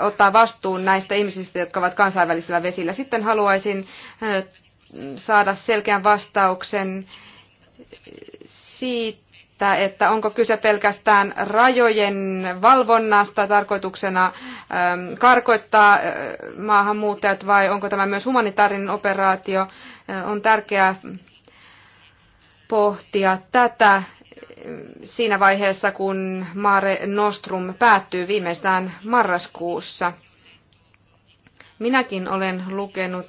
ottaa vastuun näistä ihmisistä, jotka ovat kansainvälisillä vesillä? Sitten haluaisin saada selkeän vastauksen siitä, että, että onko kyse pelkästään rajojen valvonnasta tarkoituksena ähm, karkoittaa äh, maahanmuuttajat vai onko tämä myös humanitaarinen operaatio. Äh, on tärkeää pohtia tätä äh, siinä vaiheessa, kun Mare Nostrum päättyy viimeistään marraskuussa. Minäkin olen lukenut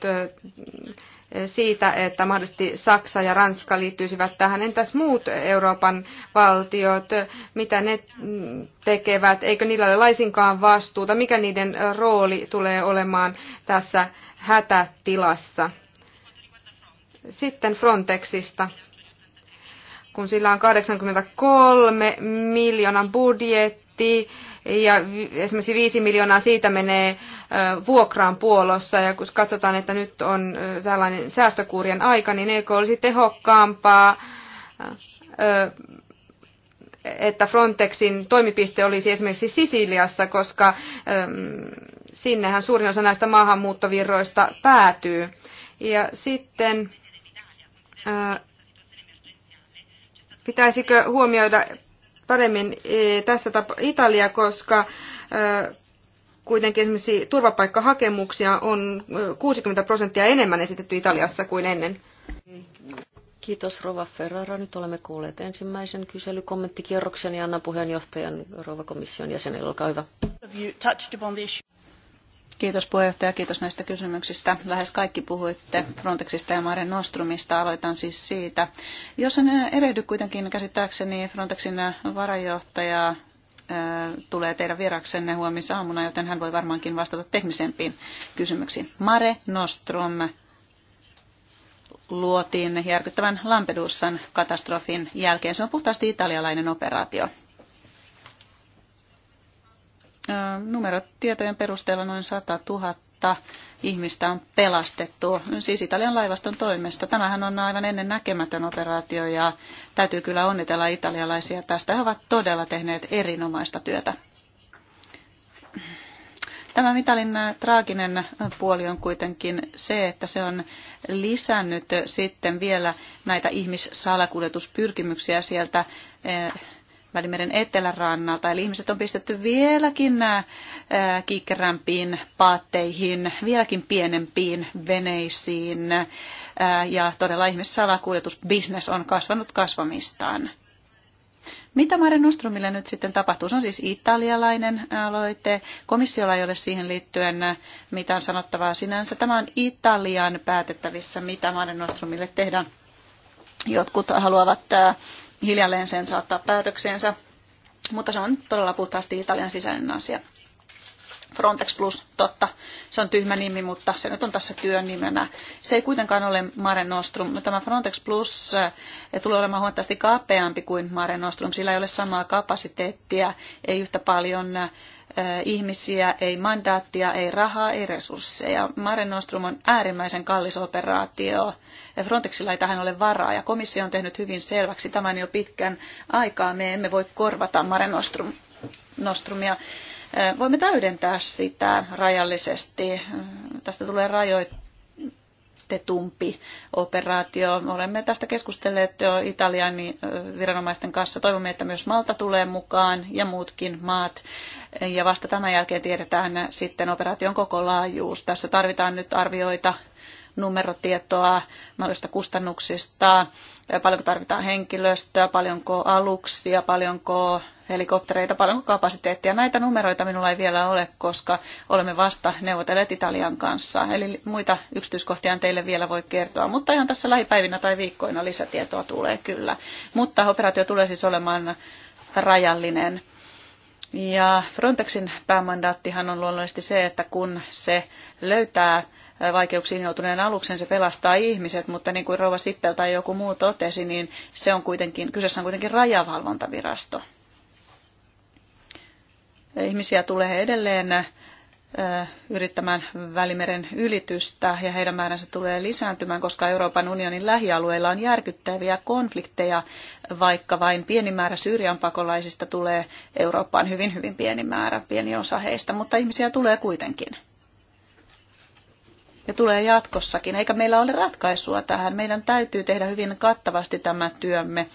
siitä, että mahdollisesti Saksa ja Ranska liittyisivät tähän. Entäs muut Euroopan valtiot, mitä ne tekevät, eikö niillä ole laisinkaan vastuuta, mikä niiden rooli tulee olemaan tässä hätätilassa. Sitten Frontexista kun sillä on 83 miljoonan budjetti ja esimerkiksi 5 miljoonaa siitä menee vuokraan puolossa ja kun katsotaan, että nyt on tällainen säästökuurien aika, niin eikö olisi tehokkaampaa että Frontexin toimipiste olisi esimerkiksi Sisiliassa, koska sinnehän suurin osa näistä maahanmuuttovirroista päätyy. Ja sitten pitäisikö huomioida paremmin e, tässä tapa Italia, koska e, kuitenkin esimerkiksi turvapaikkahakemuksia on 60 e, prosenttia enemmän esitetty Italiassa kuin ennen. Kiitos Rova Ferrara. Nyt olemme kuulleet ensimmäisen kyselykommenttikierroksen ja annan puheenjohtajan Rova komission jäsenille. Olkaa hyvä. Kiitos puheenjohtaja, kiitos näistä kysymyksistä. Lähes kaikki puhuitte Frontexista ja Mare Nostrumista, aloitan siis siitä. Jos en erehdy kuitenkin käsittääkseni Frontexin varajohtaja tulee teidän vieraksenne aamuna, joten hän voi varmaankin vastata teknisempiin kysymyksiin. Mare Nostrum luotiin järkyttävän Lampedusan katastrofin jälkeen. Se on puhtaasti italialainen operaatio numerotietojen perusteella noin 100 000 ihmistä on pelastettu, siis Italian laivaston toimesta. Tämähän on aivan ennen näkemätön operaatio ja täytyy kyllä onnitella italialaisia tästä. He ovat todella tehneet erinomaista työtä. Tämä mitalin traaginen puoli on kuitenkin se, että se on lisännyt sitten vielä näitä ihmissalakuljetuspyrkimyksiä sieltä Välimeren etelärannalta. Eli ihmiset on pistetty vieläkin nämä äh, kiikkerämpiin paatteihin, vieläkin pienempiin veneisiin. Ää, äh, ja todella ihmissalakuljetusbisnes on kasvanut kasvamistaan. Mitä Mare Nostrumille nyt sitten tapahtuu? Se on siis italialainen aloite. Komissiolla ei ole siihen liittyen mitään sanottavaa sinänsä. Tämä on Italian päätettävissä, mitä Mare Nostrumille tehdään. Jotkut haluavat äh, hiljalleen sen saattaa päätökseensä, mutta se on todella puhtaasti Italian sisäinen asia. Frontex Plus, totta, se on tyhmä nimi, mutta se nyt on tässä työn nimenä. Se ei kuitenkaan ole Mare Nostrum. Tämä Frontex Plus eh, tulee olemaan huomattavasti kapeampi kuin Mare Nostrum. Sillä ei ole samaa kapasiteettia, ei yhtä paljon eh, ihmisiä, ei mandaattia, ei rahaa, ei resursseja. Mare Nostrum on äärimmäisen kallis operaatio. Frontexilla ei tähän ole varaa ja komissio on tehnyt hyvin selväksi tämän jo pitkän aikaa. Me emme voi korvata Mare Nostrum, Nostrumia. Voimme täydentää sitä rajallisesti. Tästä tulee rajoitetumpi operaatio. Olemme tästä keskustelleet jo Italian viranomaisten kanssa. Toivomme, että myös Malta tulee mukaan ja muutkin maat. Ja vasta tämän jälkeen tiedetään sitten operaation koko laajuus. Tässä tarvitaan nyt arvioita numerotietoa mahdollisista kustannuksista, paljonko tarvitaan henkilöstöä, paljonko aluksia, paljonko helikoptereita, paljonko kapasiteettia. Näitä numeroita minulla ei vielä ole, koska olemme vasta neuvotelleet Italian kanssa. Eli muita yksityiskohtia teille vielä voi kertoa, mutta ihan tässä lähipäivinä tai viikkoina lisätietoa tulee kyllä. Mutta operaatio tulee siis olemaan rajallinen. Ja Frontexin päämandaattihan on luonnollisesti se, että kun se löytää vaikeuksiin joutuneen aluksen, se pelastaa ihmiset, mutta niin kuin Rova Sippel tai joku muu totesi, niin se on kuitenkin, kyseessä on kuitenkin rajavalvontavirasto. Ihmisiä tulee edelleen yrittämään Välimeren ylitystä ja heidän määränsä tulee lisääntymään, koska Euroopan unionin lähialueilla on järkyttäviä konflikteja, vaikka vain pieni määrä Syyrian pakolaisista tulee Eurooppaan hyvin hyvin pieni määrä, pieni osa heistä, mutta ihmisiä tulee kuitenkin. Ja tulee jatkossakin, eikä meillä ole ratkaisua tähän. Meidän täytyy tehdä hyvin kattavasti tämä työmme.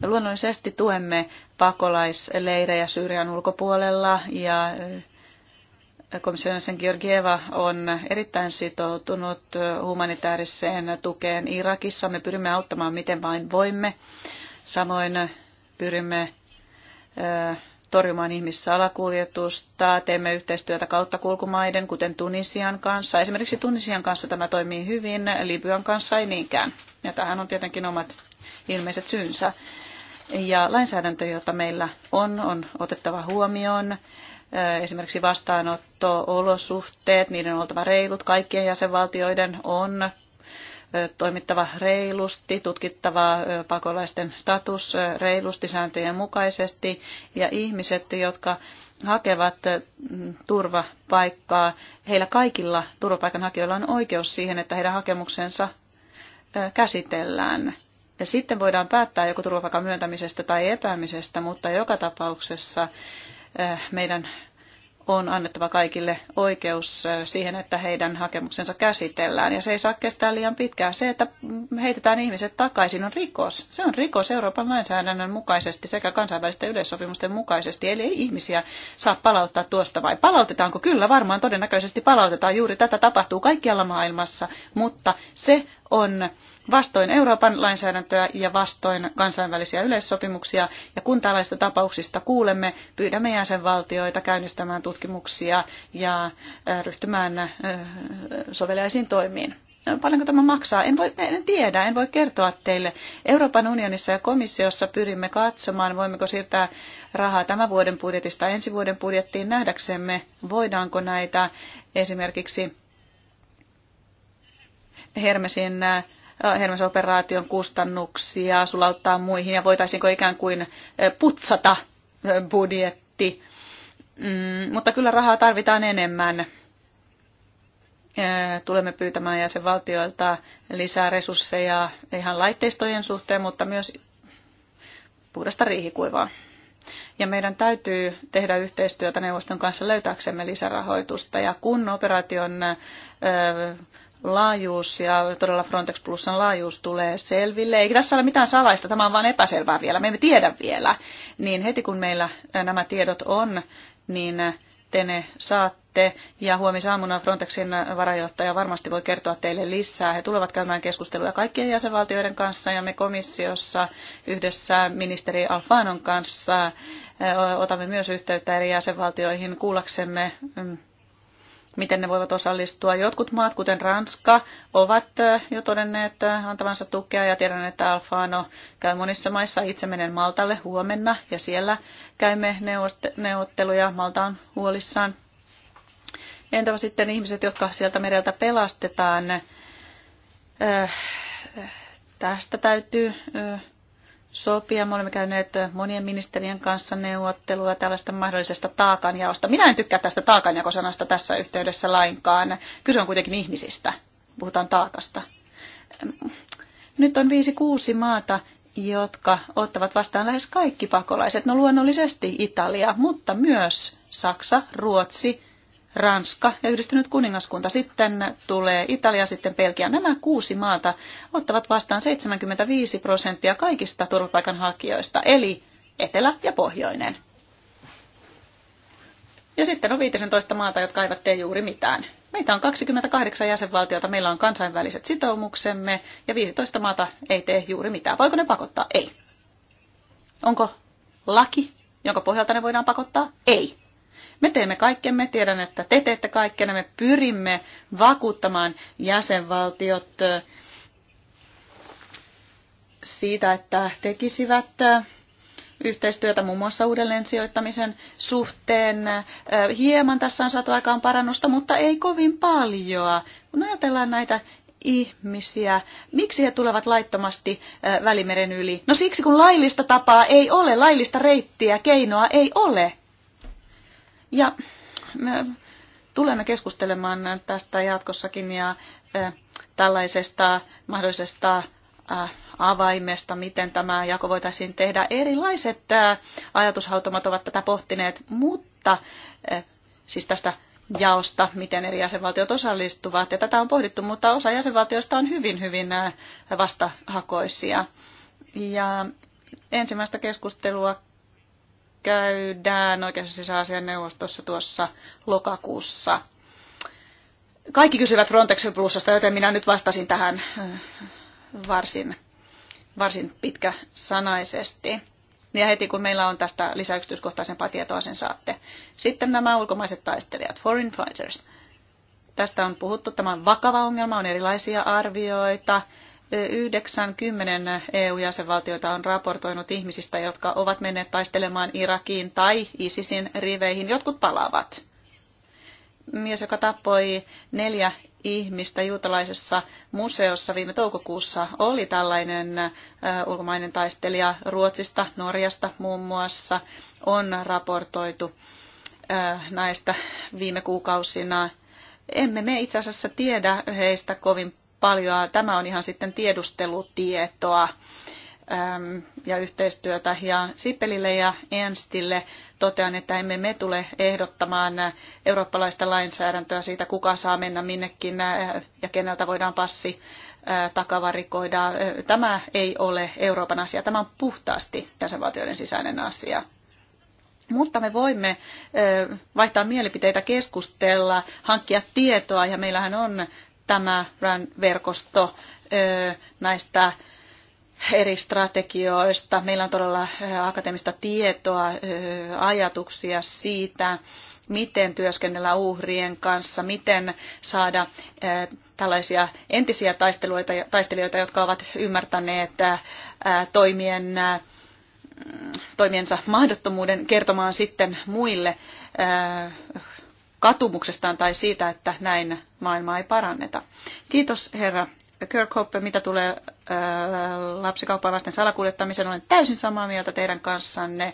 Me luonnollisesti tuemme pakolaisleirejä Syyrian ulkopuolella ja komission sen Georgieva on erittäin sitoutunut humanitaariseen tukeen Irakissa. Me pyrimme auttamaan miten vain voimme. Samoin pyrimme torjumaan ihmissalakuljetusta. Teemme yhteistyötä kauttakulkumaiden, kuten Tunisian kanssa. Esimerkiksi Tunisian kanssa tämä toimii hyvin, Libyan kanssa ei niinkään. Ja tähän on tietenkin omat ilmeiset syynsä. Ja lainsäädäntö, jota meillä on, on otettava huomioon esimerkiksi vastaanotto-olosuhteet, niiden on oltava reilut, kaikkien jäsenvaltioiden on toimittava reilusti, tutkittava pakolaisten status reilusti sääntöjen mukaisesti ja ihmiset, jotka hakevat turvapaikkaa, heillä kaikilla turvapaikanhakijoilla on oikeus siihen, että heidän hakemuksensa käsitellään. Ja sitten voidaan päättää joko turvapaikan myöntämisestä tai epäämisestä, mutta joka tapauksessa Eh, meidän on annettava kaikille oikeus eh, siihen, että heidän hakemuksensa käsitellään. Ja se ei saa kestää liian pitkään. Se, että heitetään ihmiset takaisin, on rikos. Se on rikos Euroopan lainsäädännön mukaisesti sekä kansainvälisten yleissopimusten mukaisesti. Eli ei ihmisiä saa palauttaa tuosta vai palautetaanko? Kyllä, varmaan todennäköisesti palautetaan. Juuri tätä tapahtuu kaikkialla maailmassa, mutta se on vastoin Euroopan lainsäädäntöä ja vastoin kansainvälisiä yleissopimuksia. Ja kun tällaista tapauksista kuulemme, pyydämme jäsenvaltioita käynnistämään tutkimuksia ja äh, ryhtymään äh, soveliaisiin toimiin äh, paljonko tämä maksaa. En, voi, en tiedä, en voi kertoa teille. Euroopan unionissa ja komissiossa pyrimme katsomaan, voimmeko siirtää rahaa tämän vuoden budjetista ensi vuoden budjettiin nähdäksemme, voidaanko näitä esimerkiksi Hermesin Äh, hermesoperaation kustannuksia sulauttaa muihin ja voitaisiinko ikään kuin äh, putsata äh, budjetti. Mm, mutta kyllä rahaa tarvitaan enemmän. Tulemme pyytämään jäsenvaltioilta lisää resursseja ihan laitteistojen suhteen, mutta myös puhdasta riihikuivaa. Ja meidän täytyy tehdä yhteistyötä neuvoston kanssa löytääksemme lisärahoitusta. Ja kun operaation laajuus ja todella Frontex Plusan laajuus tulee selville. Eikä tässä ole mitään salaista, tämä on vain epäselvää vielä, me emme tiedä vielä. Niin heti kun meillä äh, nämä tiedot on, niin äh, te ne saatte. Ja huomisaamuna Frontexin äh, varajohtaja varmasti voi kertoa teille lisää. He tulevat käymään keskusteluja kaikkien jäsenvaltioiden kanssa ja me komissiossa yhdessä ministeri Alfanon kanssa otamme myös yhteyttä eri jäsenvaltioihin kuullaksemme mm, miten ne voivat osallistua. Jotkut maat, kuten Ranska, ovat jo todenneet antavansa tukea ja tiedän, että Alfano käy monissa maissa. Itse menen Maltalle huomenna ja siellä käymme neuvotteluja. Malta on huolissaan. Entä sitten ihmiset, jotka sieltä mereltä pelastetaan? Tästä täytyy sopia. Me olemme käyneet monien ministerien kanssa neuvottelua tällaista mahdollisesta taakanjaosta. Minä en tykkää tästä taakanjakosanasta tässä yhteydessä lainkaan. Kyse on kuitenkin ihmisistä. Puhutaan taakasta. Nyt on viisi kuusi maata, jotka ottavat vastaan lähes kaikki pakolaiset. No luonnollisesti Italia, mutta myös Saksa, Ruotsi, Ranska ja yhdistynyt kuningaskunta. Sitten tulee Italia, sitten Belgia. Nämä kuusi maata ottavat vastaan 75 prosenttia kaikista turvapaikanhakijoista, eli etelä ja pohjoinen. Ja sitten on 15 maata, jotka eivät tee juuri mitään. Meitä on 28 jäsenvaltiota, meillä on kansainväliset sitoumuksemme ja 15 maata ei tee juuri mitään. Voiko ne pakottaa? Ei. Onko laki, jonka pohjalta ne voidaan pakottaa? Ei. Me teemme kaikkemme, tiedän, että te teette kaikkenne, me pyrimme vakuuttamaan jäsenvaltiot siitä, että tekisivät yhteistyötä muun muassa uudelleen sijoittamisen suhteen. Hieman tässä on saatu aikaan parannusta, mutta ei kovin paljoa. Kun ajatellaan näitä ihmisiä, miksi he tulevat laittomasti Välimeren yli? No siksi, kun laillista tapaa ei ole, laillista reittiä, keinoa ei ole. Ja me tulemme keskustelemaan tästä jatkossakin ja tällaisesta mahdollisesta avaimesta, miten tämä jako voitaisiin tehdä. Erilaiset ajatushautomat ovat tätä pohtineet, mutta siis tästä jaosta, miten eri jäsenvaltiot osallistuvat. Ja tätä on pohdittu, mutta osa jäsenvaltioista on hyvin, hyvin vastahakoisia. Ja ensimmäistä keskustelua käydään oikeus- sisäasian neuvostossa tuossa lokakuussa. Kaikki kysyvät Frontex Plusasta, joten minä nyt vastasin tähän äh, varsin, varsin pitkä sanaisesti. Ja heti kun meillä on tästä lisäyksityiskohtaisempaa tietoa, sen saatte. Sitten nämä ulkomaiset taistelijat, foreign fighters. Tästä on puhuttu, tämä on vakava ongelma, on erilaisia arvioita. 90 EU-jäsenvaltiota on raportoinut ihmisistä, jotka ovat menneet taistelemaan Irakiin tai ISISin riveihin. Jotkut palaavat. Mies, joka tappoi neljä ihmistä juutalaisessa museossa viime toukokuussa, oli tällainen ulkomainen taistelija Ruotsista, Norjasta muun muassa, on raportoitu näistä viime kuukausina emme me itse asiassa tiedä heistä kovin paljon. Tämä on ihan sitten tiedustelutietoa ja yhteistyötä. Ja Sipelille ja Enstille totean, että emme me tule ehdottamaan eurooppalaista lainsäädäntöä siitä, kuka saa mennä minnekin ja keneltä voidaan passi takavarikoida. Tämä ei ole Euroopan asia, tämä on puhtaasti jäsenvaltioiden sisäinen asia. Mutta me voimme vaihtaa mielipiteitä, keskustella, hankkia tietoa ja meillähän on tämä RAN-verkosto näistä eri strategioista. Meillä on todella akateemista tietoa, ajatuksia siitä, miten työskennellä uhrien kanssa, miten saada tällaisia entisiä taistelijoita, jotka ovat ymmärtäneet toimien, toimiensa mahdottomuuden kertomaan sitten muille katumuksestaan tai siitä, että näin maailmaa ei paranneta. Kiitos herra Kirkhope, mitä tulee lapsikauppaan lasten salakuljettamiseen, olen täysin samaa mieltä teidän kanssanne.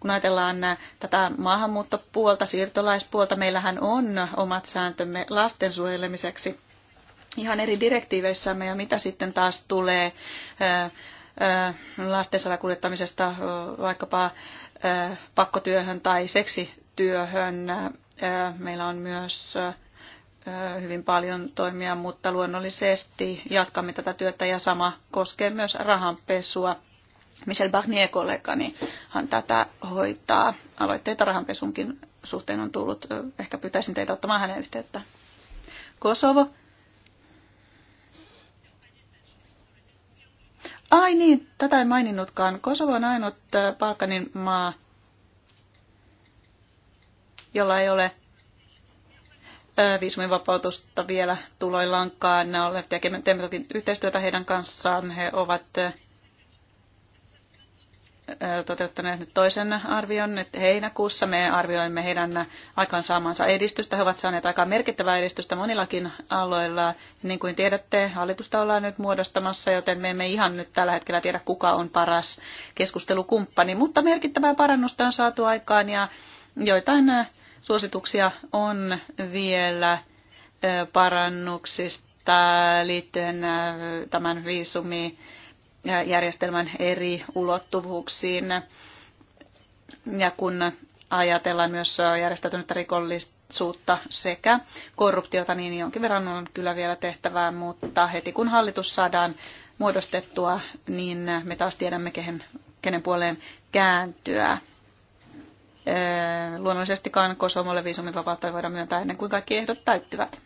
Kun ajatellaan tätä maahanmuuttopuolta, siirtolaispuolta, meillähän on omat sääntömme lasten suojelemiseksi ihan eri direktiiveissämme ja mitä sitten taas tulee lasten salakuljettamisesta vaikkapa pakkotyöhön tai seksityöhön Meillä on myös hyvin paljon toimia, mutta luonnollisesti jatkamme tätä työtä ja sama koskee myös rahanpesua. Michel Barnier kollegani hän tätä hoitaa. Aloitteita rahanpesunkin suhteen on tullut. Ehkä pyytäisin teitä ottamaan hänen yhteyttä. Kosovo. Ai niin, tätä en maininnutkaan. Kosovo on ainut Balkanin maa, jolla ei ole viisumin vapautusta vielä tuloillankaan. Olemme teemme toki yhteistyötä heidän kanssaan. He ovat toteuttaneet nyt toisen arvion nyt heinäkuussa. Me arvioimme heidän aikaansaamansa edistystä. He ovat saaneet aika merkittävää edistystä monillakin aloilla. Niin kuin tiedätte, hallitusta ollaan nyt muodostamassa, joten me emme ihan nyt tällä hetkellä tiedä, kuka on paras keskustelukumppani. Mutta merkittävää parannusta on saatu aikaan ja joitain suosituksia on vielä parannuksista liittyen tämän viisumijärjestelmän eri ulottuvuuksiin. Ja kun ajatellaan myös järjestäytynyttä rikollisuutta sekä korruptiota, niin jonkin verran on kyllä vielä tehtävää, mutta heti kun hallitus saadaan muodostettua, niin me taas tiedämme, kehen, kenen puoleen kääntyä. Eh, luonnollisestikaan viisumin vapautta ei voida myöntää ennen kuin kaikki ehdot täyttyvät.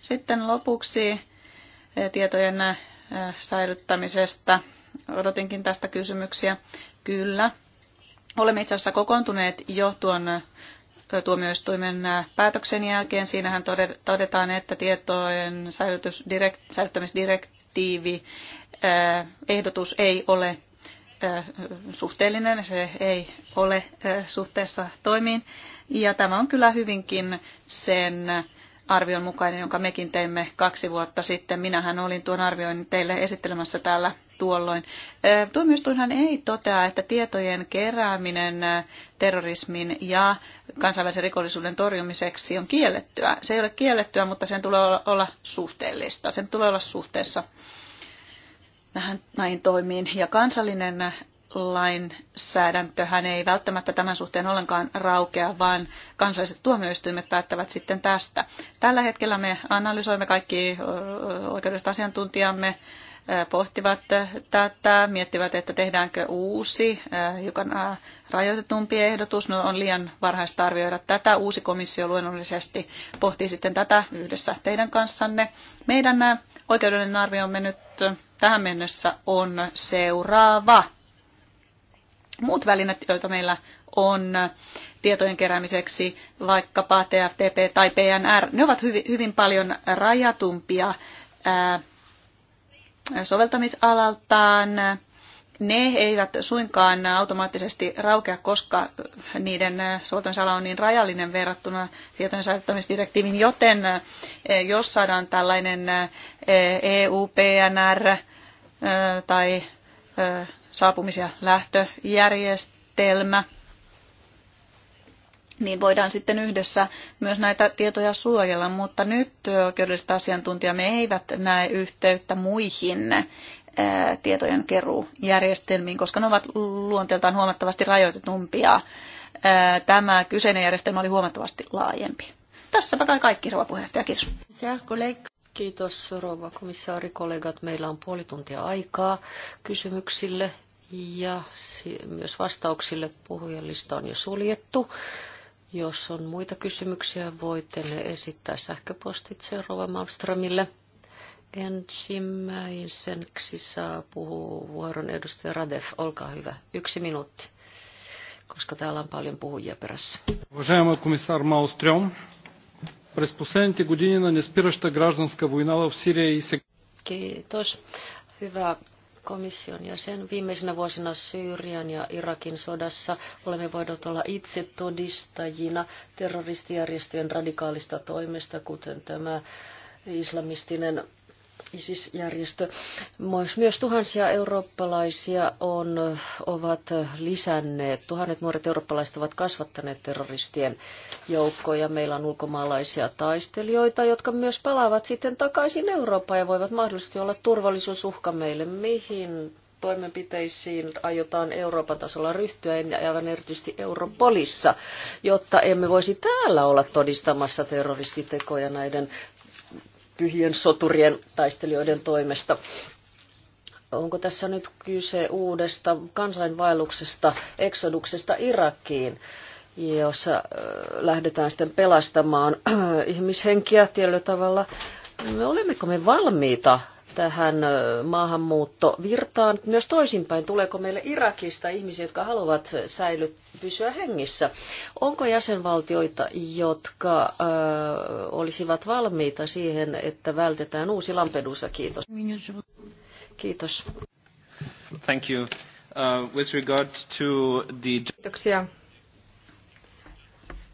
Sitten lopuksi eh, tietojen eh, säilyttämisestä. Odotinkin tästä kysymyksiä. Kyllä. Olemme itse asiassa kokoontuneet jo tuon tuomioistuimen päätöksen jälkeen. Siinähän todetaan, että tietojen säilyttämisdirektiivi ehdotus ei ole suhteellinen, se ei ole suhteessa toimiin. Ja tämä on kyllä hyvinkin sen arvion mukainen, jonka mekin teimme kaksi vuotta sitten. Minähän olin tuon arvioinnin teille esittelemässä täällä tuolloin. Tuomioistuinhan ei totea, että tietojen kerääminen terrorismin ja kansainvälisen rikollisuuden torjumiseksi on kiellettyä. Se ei ole kiellettyä, mutta sen tulee olla suhteellista. Sen tulee olla suhteessa näihin toimiin. Ja kansallinen lainsäädäntöhän ei välttämättä tämän suhteen ollenkaan raukea, vaan kansalliset tuomioistuimet päättävät sitten tästä. Tällä hetkellä me analysoimme kaikki oikeudelliset asiantuntijamme, pohtivat tätä, miettivät, että tehdäänkö uusi, hiukan rajoitetumpi ehdotus. No, on liian varhaista arvioida tätä. Uusi komissio luonnollisesti pohtii sitten tätä yhdessä teidän kanssanne. Meidän oikeudellinen on mennyt. tähän mennessä on seuraava. Muut välineet, joita meillä on tietojen keräämiseksi, vaikkapa TFTP tai PNR, ne ovat hyvin, hyvin paljon rajatumpia ää, soveltamisalaltaan ne eivät suinkaan automaattisesti raukea, koska niiden soveltamisala on niin rajallinen verrattuna tietojen säilyttämisdirektiiviin, joten eh, jos saadaan tällainen EU-PNR eh, e eh, tai saapumis- ja lähtöjärjestelmä, niin voidaan sitten yhdessä myös näitä tietoja suojella, mutta nyt oikeudelliset asiantuntijamme eivät näe yhteyttä muihin tietojen keruujärjestelmiin, koska ne ovat luonteeltaan huomattavasti rajoitetumpia. Tämä kyseinen järjestelmä oli huomattavasti laajempi. Tässäpä kai kaikki, rouva puheenjohtaja. Kiitos. Kiitos, rouva komissaari, kollegat. Meillä on puoli tuntia aikaa kysymyksille ja myös vastauksille. Puhujalista on jo suljettu. Jos on muita kysymyksiä, voitte ne esittää sähköpostitse rouva Malmströmille. Ensimmäiseksi saa puhua vuoron edustaja Radev. Olkaa hyvä. Yksi minuutti, koska täällä on paljon puhujia perässä. Уважаема комисар Маустрём, през последните години на неспираща гражданска война в Сирия и Kiitos. Hyvä komission jäsen. sen viimeisenä vuosina Syyrian ja Irakin sodassa olemme voineet olla itse todistajina terroristijärjestöjen radikaalista toimesta, kuten tämä islamistinen ISIS-järjestö. Myös tuhansia eurooppalaisia on, ovat lisänneet, tuhannet nuoret eurooppalaiset ovat kasvattaneet terroristien joukkoja. Meillä on ulkomaalaisia taistelijoita, jotka myös palaavat sitten takaisin Eurooppaan ja voivat mahdollisesti olla turvallisuusuhka meille. Mihin toimenpiteisiin aiotaan Euroopan tasolla ryhtyä, aivan erityisesti Europolissa, jotta emme voisi täällä olla todistamassa terroristitekoja näiden pyhien soturien taistelijoiden toimesta. Onko tässä nyt kyse uudesta kansainvaelluksesta, eksoduksesta Irakiin, jossa lähdetään sitten pelastamaan ihmishenkiä tietyllä tavalla? Me olemmeko me valmiita tähän maahanmuuttovirtaan. Myös toisinpäin, tuleeko meille Irakista ihmisiä, jotka haluavat säily, pysyä hengissä? Onko jäsenvaltioita, jotka ö, olisivat valmiita siihen, että vältetään uusi Lampedusa? Kiitos. Kiitos. Thank you. Uh, with regard to the... Kiitoksia.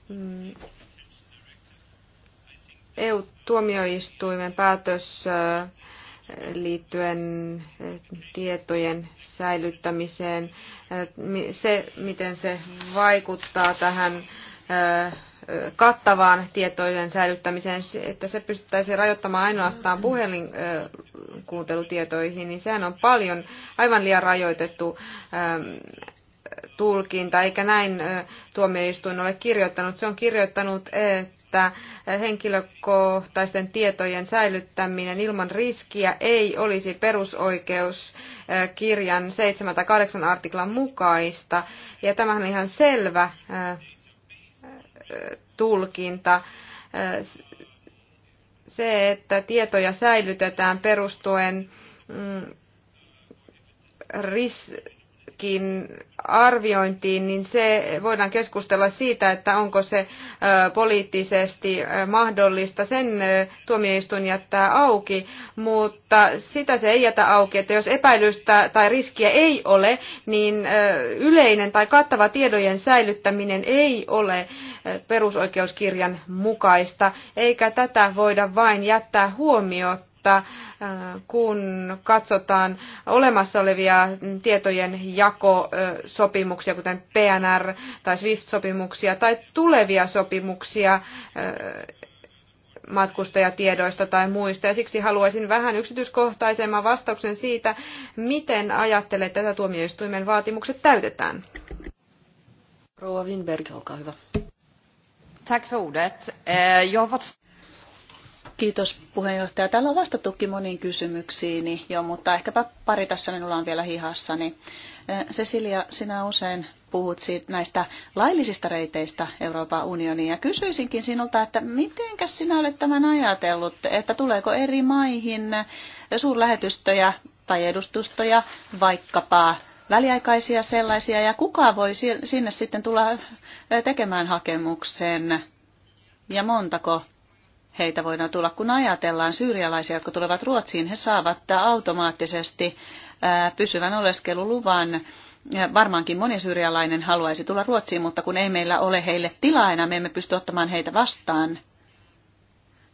Mm. EU-tuomioistuimen päätös liittyen eh, tietojen säilyttämiseen, eh, se miten se vaikuttaa tähän eh, kattavaan tietojen säilyttämiseen, että se pystyttäisiin rajoittamaan ainoastaan puhelinkuuntelutietoihin, niin sehän on paljon aivan liian rajoitettu tulkinta, eikä näin tuomioistuin ole kirjoittanut. Se on kirjoittanut, että että henkilökohtaisten tietojen säilyttäminen ilman riskiä ei olisi perusoikeuskirjan eh, 78 artiklan mukaista. Ja tämähän on ihan selvä eh, eh, tulkinta se, että tietoja säilytetään perustuen mm, ris- riskiin arviointiin, niin se voidaan keskustella siitä, että onko se poliittisesti mahdollista. Sen tuomioistuin jättää auki, mutta sitä se ei jätä auki, että jos epäilystä tai riskiä ei ole, niin yleinen tai kattava tiedojen säilyttäminen ei ole perusoikeuskirjan mukaista, eikä tätä voida vain jättää huomiota mutta äh, kun katsotaan olemassa olevia tietojen jakosopimuksia, äh, kuten PNR tai SWIFT-sopimuksia tai tulevia sopimuksia, äh, matkustajatiedoista tai muista. Ja siksi haluaisin vähän yksityiskohtaisemman vastauksen siitä, miten ajattelet tätä tuomioistuimen vaatimukset täytetään. Rouva Winberg, olkaa hyvä. Tack för ordet. Eh, jag har fått... Kiitos puheenjohtaja. Täällä on vastattukin moniin kysymyksiini jo, mutta ehkäpä pari tässä minulla on vielä hihassa. Cecilia, sinä usein puhut siitä, näistä laillisista reiteistä Euroopan unioniin ja kysyisinkin sinulta, että miten sinä olet tämän ajatellut, että tuleeko eri maihin suurlähetystöjä tai edustustoja vaikkapa väliaikaisia sellaisia ja kuka voi sinne sitten tulla tekemään hakemuksen ja montako heitä voidaan tulla. Kun ajatellaan syyrialaisia, jotka tulevat Ruotsiin, he saavat automaattisesti pysyvän oleskeluluvan. Varmaankin moni syyrialainen haluaisi tulla Ruotsiin, mutta kun ei meillä ole heille tilaa enää, me emme pysty ottamaan heitä vastaan.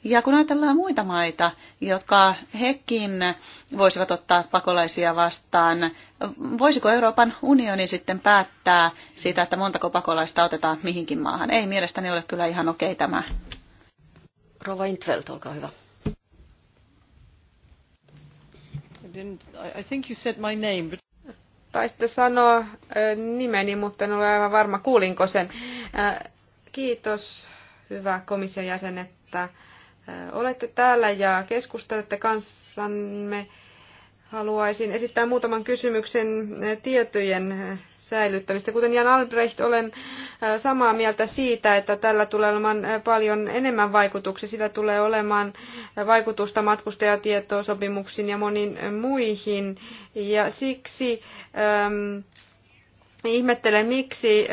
Ja kun ajatellaan muita maita, jotka hekin voisivat ottaa pakolaisia vastaan, voisiko Euroopan unioni sitten päättää siitä, että montako pakolaista otetaan mihinkin maahan? Ei mielestäni ole kyllä ihan okei tämä Rova Intveld, olkaa hyvä. I think you said my name, but... Taisitte sanoa nimeni, mutta en ole aivan varma, kuulinko sen. Kiitos, hyvä komission jäsen, että olette täällä ja keskustelette kanssamme. Haluaisin esittää muutaman kysymyksen tietojen säilyttämistä. Kuten Jan Albrecht, olen samaa mieltä siitä, että tällä tulee olemaan paljon enemmän vaikutuksia. Sillä tulee olemaan vaikutusta matkustajatietosopimuksiin ja moniin muihin. Ja siksi ähm, ihmettelen, miksi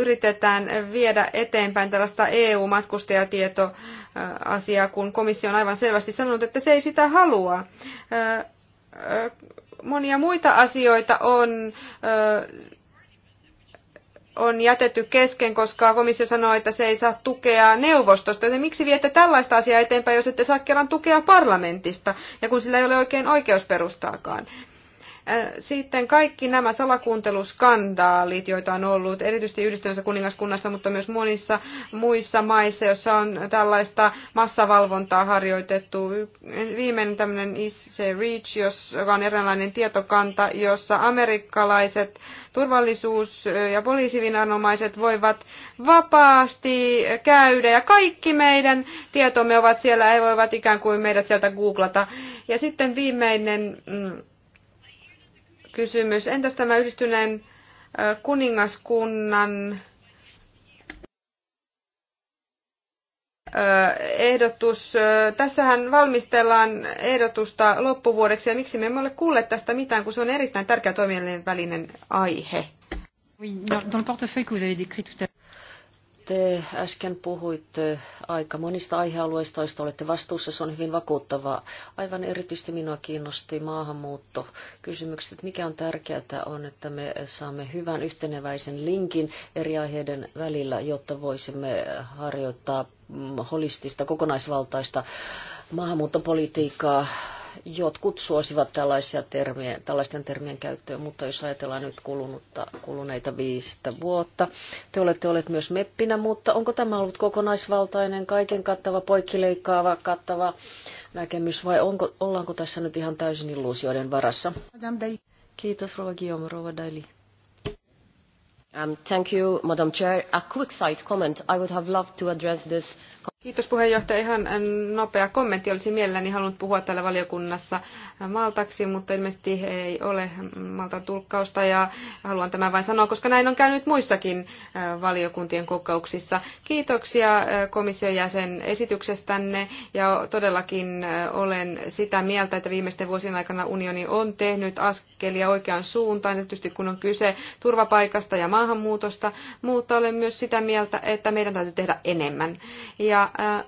yritetään viedä eteenpäin tällaista EU-matkustajatietoasiaa, kun komissio on aivan selvästi sanonut, että se ei sitä halua monia muita asioita on, on jätetty kesken, koska komissio sanoo, että se ei saa tukea neuvostosta. Joten miksi viette tällaista asiaa eteenpäin, jos ette saa kerran tukea parlamentista, ja kun sillä ei ole oikein oikeusperustaakaan? Äh, sitten kaikki nämä salakuunteluskandaalit, joita on ollut, erityisesti yhdistyneessä kuningaskunnassa, mutta myös monissa muissa maissa, joissa on tällaista massavalvontaa harjoitettu. Viimeinen tämmöinen IC Reach, joka on eräänlainen tietokanta, jossa amerikkalaiset turvallisuus- ja poliisivinanomaiset voivat vapaasti käydä ja kaikki meidän tietomme ovat siellä, he voivat ikään kuin meidät sieltä googlata. Ja sitten viimeinen mm, kysymys. Entäs tämä yhdistyneen kuningaskunnan ehdotus. Tässähän valmistellaan ehdotusta loppuvuodeksi ja miksi me emme ole kuulleet tästä mitään, kun se on erittäin tärkeä toimielinen välinen aihe. Oui, dans, dans le portefeuille que vous avez décrit tout à te äsken puhuitte aika monista aihealueista, joista olette vastuussa. Se on hyvin vakuuttavaa. Aivan erityisesti minua kiinnosti maahanmuutto. Kysymykset, mikä on tärkeää, on, että me saamme hyvän yhteneväisen linkin eri aiheiden välillä, jotta voisimme harjoittaa holistista, kokonaisvaltaista maahanmuuttopolitiikkaa jotkut suosivat tällaisia termiä, tällaisten termien käyttöä, mutta jos ajatellaan nyt kulunutta, kuluneita viisistä vuotta, te olette olleet myös meppinä, mutta onko tämä ollut kokonaisvaltainen, kaiken kattava, poikkileikkaava, kattava näkemys vai onko, ollaanko tässä nyt ihan täysin illuusioiden varassa? Kiitos, Rova Guillaume, Rova Daili. Um, thank you, Madam Chair. A quick side comment. I would have loved to address this Kiitos puheenjohtaja. Ihan nopea kommentti. Olisi mielelläni halunnut puhua täällä valiokunnassa maltaksi, mutta ilmeisesti ei ole maltan tulkkausta ja haluan tämän vain sanoa, koska näin on käynyt muissakin valiokuntien kokouksissa. Kiitoksia komission jäsen esityksestänne ja todellakin olen sitä mieltä, että viimeisten vuosien aikana unioni on tehnyt askelia oikeaan suuntaan, tietysti kun on kyse turvapaikasta ja maahanmuutosta, mutta olen myös sitä mieltä, että meidän täytyy tehdä enemmän. Ja ja äh,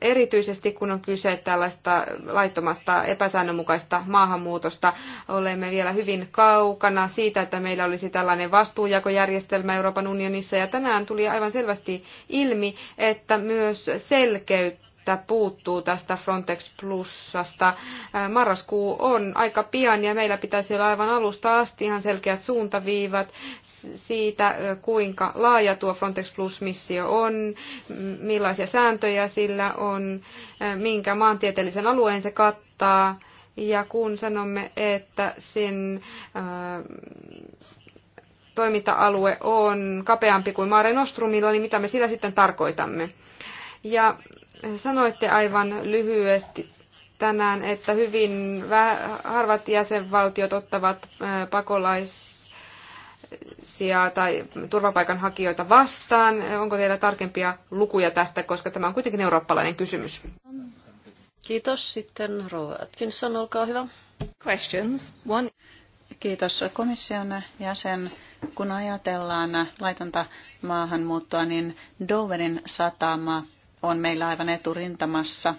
erityisesti kun on kyse tällaista laittomasta epäsäännönmukaista maahanmuutosta, olemme vielä hyvin kaukana siitä, että meillä olisi tällainen vastuujakojärjestelmä Euroopan unionissa. Ja tänään tuli aivan selvästi ilmi, että myös selkeyttä että puuttuu tästä Frontex Plusasta. Marraskuu on aika pian ja meillä pitäisi olla aivan alusta asti ihan selkeät suuntaviivat siitä, kuinka laaja tuo Frontex Plus-missio on, millaisia sääntöjä sillä on, minkä maantieteellisen alueen se kattaa. Ja kun sanomme, että sen toiminta-alue on kapeampi kuin Mare Nostrumilla, niin mitä me sillä sitten tarkoitamme? Ja Sanoitte aivan lyhyesti tänään, että hyvin harvat jäsenvaltiot ottavat pakolaisia tai turvapaikanhakijoita vastaan. Onko teillä tarkempia lukuja tästä, koska tämä on kuitenkin eurooppalainen kysymys? Kiitos. Sitten Rova Atkinson, olkaa hyvä. Questions. One... Kiitos komission jäsen. Kun ajatellaan laitonta maahanmuuttoa, niin Doverin satama on meillä aivan eturintamassa,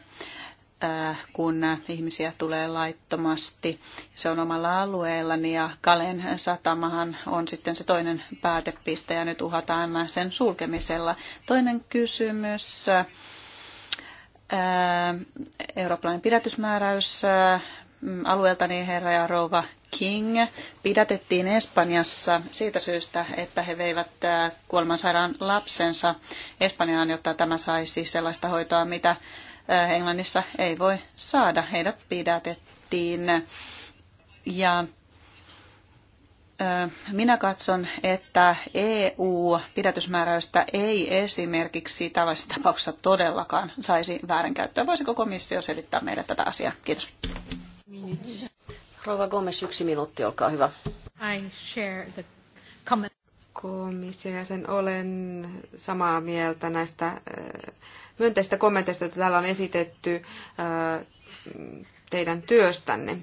äh, kun ihmisiä tulee laittomasti. Se on omalla alueellani ja Kalen satamahan on sitten se toinen päätepiste ja nyt uhataan sen sulkemisella. Toinen kysymys äh, eurooppalainen pidätysmääräys Mm, alueeltani herra ja rouva King pidätettiin Espanjassa siitä syystä, että he veivät äh, kuolemansairaan lapsensa Espanjaan, jotta tämä saisi sellaista hoitoa, mitä äh, Englannissa ei voi saada. Heidät pidätettiin. Ja äh, minä katson, että EU-pidätysmääräystä ei esimerkiksi tällaisessa tapauksessa todellakaan saisi väärinkäyttöä. Voisiko komissio selittää meille tätä asiaa? Kiitos. Rouva Gomes, yksi minuutti, olkaa hyvä. I share the comment. Komissio sen olen samaa mieltä näistä äh, myönteistä kommenteista, joita täällä on esitetty äh, teidän työstänne.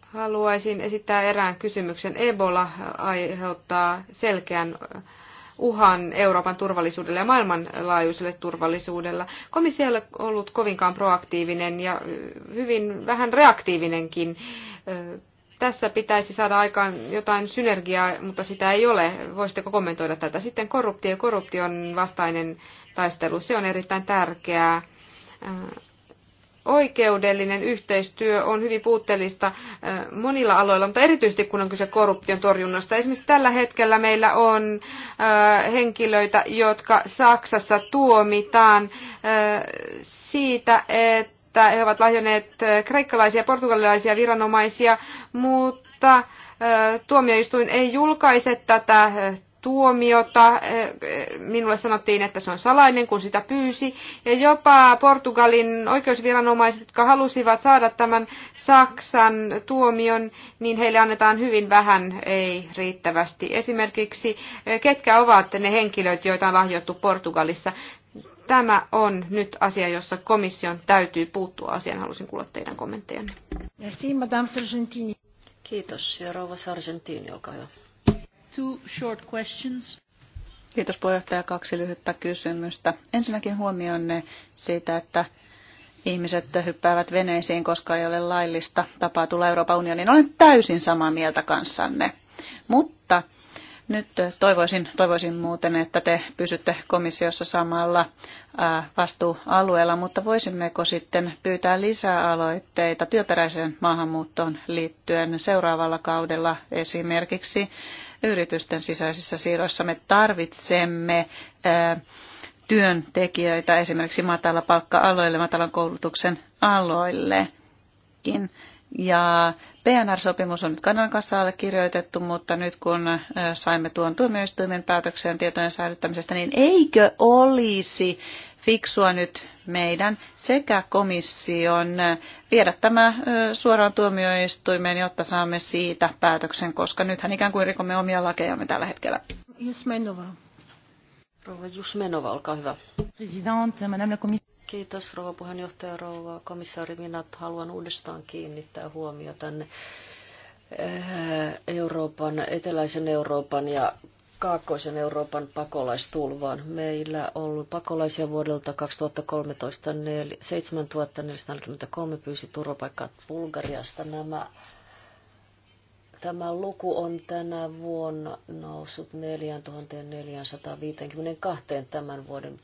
Haluaisin esittää erään kysymyksen. Ebola aiheuttaa selkeän äh, uhan Euroopan turvallisuudelle ja maailmanlaajuiselle turvallisuudelle. Komissio ei ollut kovinkaan proaktiivinen ja hyvin vähän reaktiivinenkin. Tässä pitäisi saada aikaan jotain synergiaa, mutta sitä ei ole. Voisitteko kommentoida tätä? Sitten korruptio ja korruption vastainen taistelu, se on erittäin tärkeää oikeudellinen yhteistyö on hyvin puutteellista äh, monilla aloilla, mutta erityisesti kun on kyse korruption torjunnasta. Esimerkiksi tällä hetkellä meillä on äh, henkilöitä, jotka Saksassa tuomitaan äh, siitä, että he ovat lahjoneet kreikkalaisia ja portugalilaisia viranomaisia, mutta tuomioistuin ei julkaise tätä tuomiota. Eh, eh, minulle sanottiin, että se on salainen, kun sitä pyysi. Ja jopa Portugalin oikeusviranomaiset, jotka halusivat saada tämän Saksan tuomion, niin heille annetaan hyvin vähän, ei riittävästi. Esimerkiksi, eh, ketkä ovat ne henkilöt, joita on lahjoittu Portugalissa. Tämä on nyt asia, jossa komission täytyy puuttua asiaan. Halusin kuulla teidän kommenttejanne. Merci, Madame Sargentini. Kiitos. Ja rouva Sargentini, olkaa hyvä. Kiitos puheenjohtaja. Kaksi lyhyttä kysymystä. Ensinnäkin huomionne siitä, että ihmiset hyppäävät veneisiin, koska ei ole laillista tapaa tulla Euroopan unioniin. Olen täysin samaa mieltä kanssanne. Mutta nyt toivoisin, toivoisin muuten, että te pysytte komissiossa samalla vastuualueella, mutta voisimmeko sitten pyytää lisää aloitteita työperäiseen maahanmuuttoon liittyen seuraavalla kaudella esimerkiksi yritysten sisäisissä siirroissa. Me tarvitsemme työntekijöitä esimerkiksi palkka aloille matalan koulutuksen aloillekin. Ja PNR-sopimus on nyt Kanadan kanssa allekirjoitettu, mutta nyt kun saimme tuon tuomioistuimen päätöksen tietojen säilyttämisestä, niin eikö olisi fiksua nyt meidän sekä komission viedä tämä suoraan tuomioistuimeen, jotta saamme siitä päätöksen, koska nythän ikään kuin rikomme omia lakejamme tällä hetkellä. Jusmenova. Rouva Jusmenova, olkaa hyvä. Kiitos rouva puheenjohtaja, rouva komissaari. Minä haluan uudestaan kiinnittää huomiota tänne Euroopan, eteläisen Euroopan ja Kaakkoisen Euroopan pakolaistulvaan. Meillä on ollut pakolaisia vuodelta 2013 7443 pyysi turvapaikkaa Bulgariasta. Nämä Tämä luku on tänä vuonna noussut 4452 tämän vuoden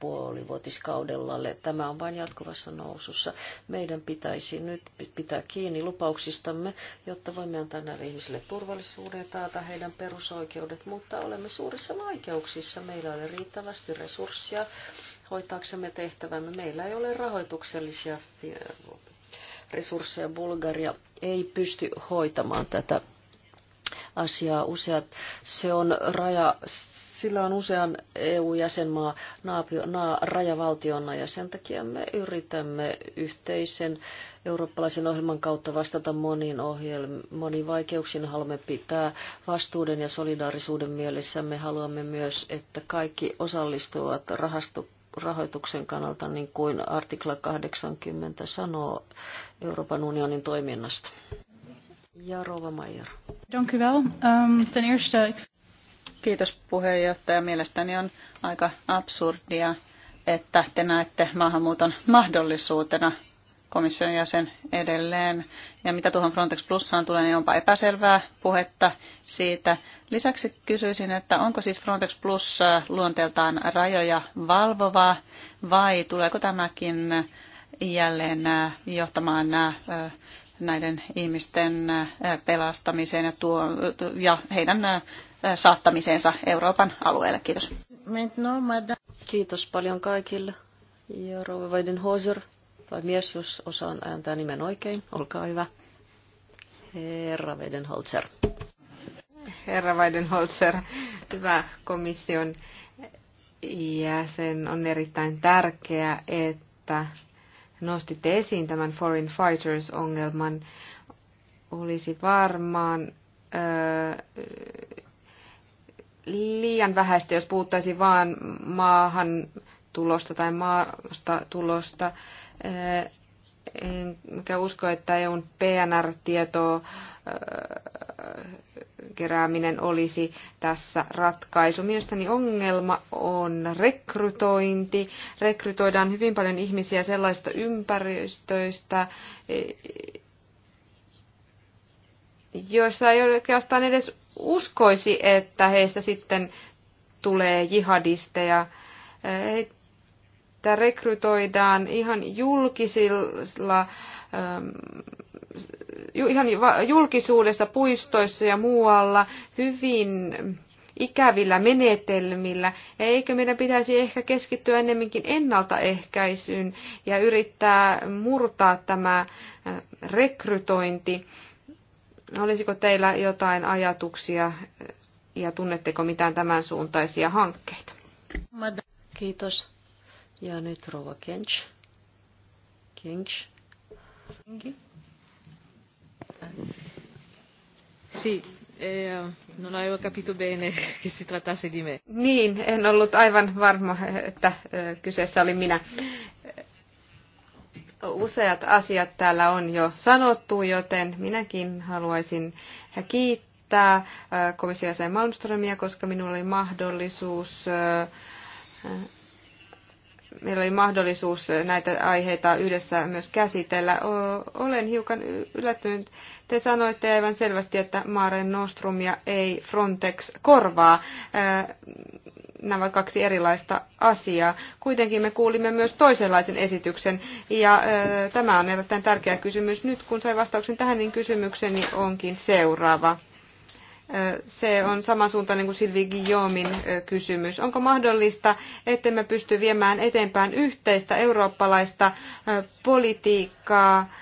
puolivuotiskaudella. Tämä on vain jatkuvassa nousussa. Meidän pitäisi nyt pitää kiinni lupauksistamme, jotta voimme antaa näille ihmisille turvallisuuden ja taata heidän perusoikeudet, mutta olemme suurissa vaikeuksissa. Meillä ei ole riittävästi resursseja hoitaaksemme tehtävämme. Meillä ei ole rahoituksellisia resursseja Bulgaria ei pysty hoitamaan tätä asiaa. Useat, se on raja, sillä on usean EU-jäsenmaa naapio, naa, rajavaltiona ja sen takia me yritämme yhteisen eurooppalaisen ohjelman kautta vastata moniin, ohjelmiin, moniin vaikeuksiin. Haluamme pitää vastuuden ja solidaarisuuden mielessä. Me haluamme myös, että kaikki osallistuvat rahastukseen rahoituksen kannalta, niin kuin artikla 80 sanoo Euroopan unionin toiminnasta. Ja Rova Maijer. Ehm, Kiitos puheenjohtaja. Mielestäni on aika absurdia, että te näette maahanmuuton mahdollisuutena komission jäsen edelleen. Ja mitä tuohon Frontex Plussaan tulee, niin onpa epäselvää puhetta siitä. Lisäksi kysyisin, että onko siis Frontex Plus äh, luonteeltaan rajoja valvova vai tuleeko tämäkin jälleen äh, johtamaan äh, näiden ihmisten pelastamiseen ja, tuo, ja heidän saattamiseensa Euroopan alueelle. Kiitos. Kiitos paljon kaikille. Ja Rove Weidenhoser vai mies, jos osaan ääntää nimen oikein. Olkaa hyvä. Herra Weidenholzer. Herra Weidenholzer, hyvä komission jäsen. On erittäin tärkeää, että nostitte esiin tämän Foreign Fighters-ongelman. Olisi varmaan öö, liian vähäistä, jos puhuttaisiin vaan maahan tulosta tai maasta tulosta enkä usko, että EUn PNR-tietoa äh, kerääminen olisi tässä ratkaisu. Mielestäni ongelma on rekrytointi. Rekrytoidaan hyvin paljon ihmisiä sellaista ympäristöistä, joissa ei oikeastaan edes uskoisi, että heistä sitten tulee jihadisteja että rekrytoidaan ihan julkisilla ähm, ihan julkisuudessa, puistoissa ja muualla hyvin ikävillä menetelmillä. Ja eikö meidän pitäisi ehkä keskittyä ennemminkin ennaltaehkäisyyn ja yrittää murtaa tämä äh, rekrytointi? Olisiko teillä jotain ajatuksia äh, ja tunnetteko mitään tämän suuntaisia hankkeita? Kiitos. Ja nyt Rova Kench. Kench. Si, eh, non avevo capito bene eh, che si trattasse di me. Niin, en ollut aivan varma, että eh, kyseessä oli minä. Useat asiat täällä on jo sanottu, joten minäkin haluaisin kiittää eh, komissiojäsen Malmströmiä, koska minulla oli mahdollisuus meillä oli mahdollisuus näitä aiheita yhdessä myös käsitellä. Olen hiukan yllättynyt. Te sanoitte aivan selvästi, että Mare Nostrumia ei Frontex korvaa. Nämä ovat kaksi erilaista asiaa. Kuitenkin me kuulimme myös toisenlaisen esityksen, ja tämä on erittäin tärkeä kysymys. Nyt kun sai vastauksen tähän, niin kysymykseni onkin seuraava. Se on samansuuntainen kuin Silvi Guillaumin kysymys. Onko mahdollista, että me pysty viemään eteenpäin yhteistä eurooppalaista politiikkaa,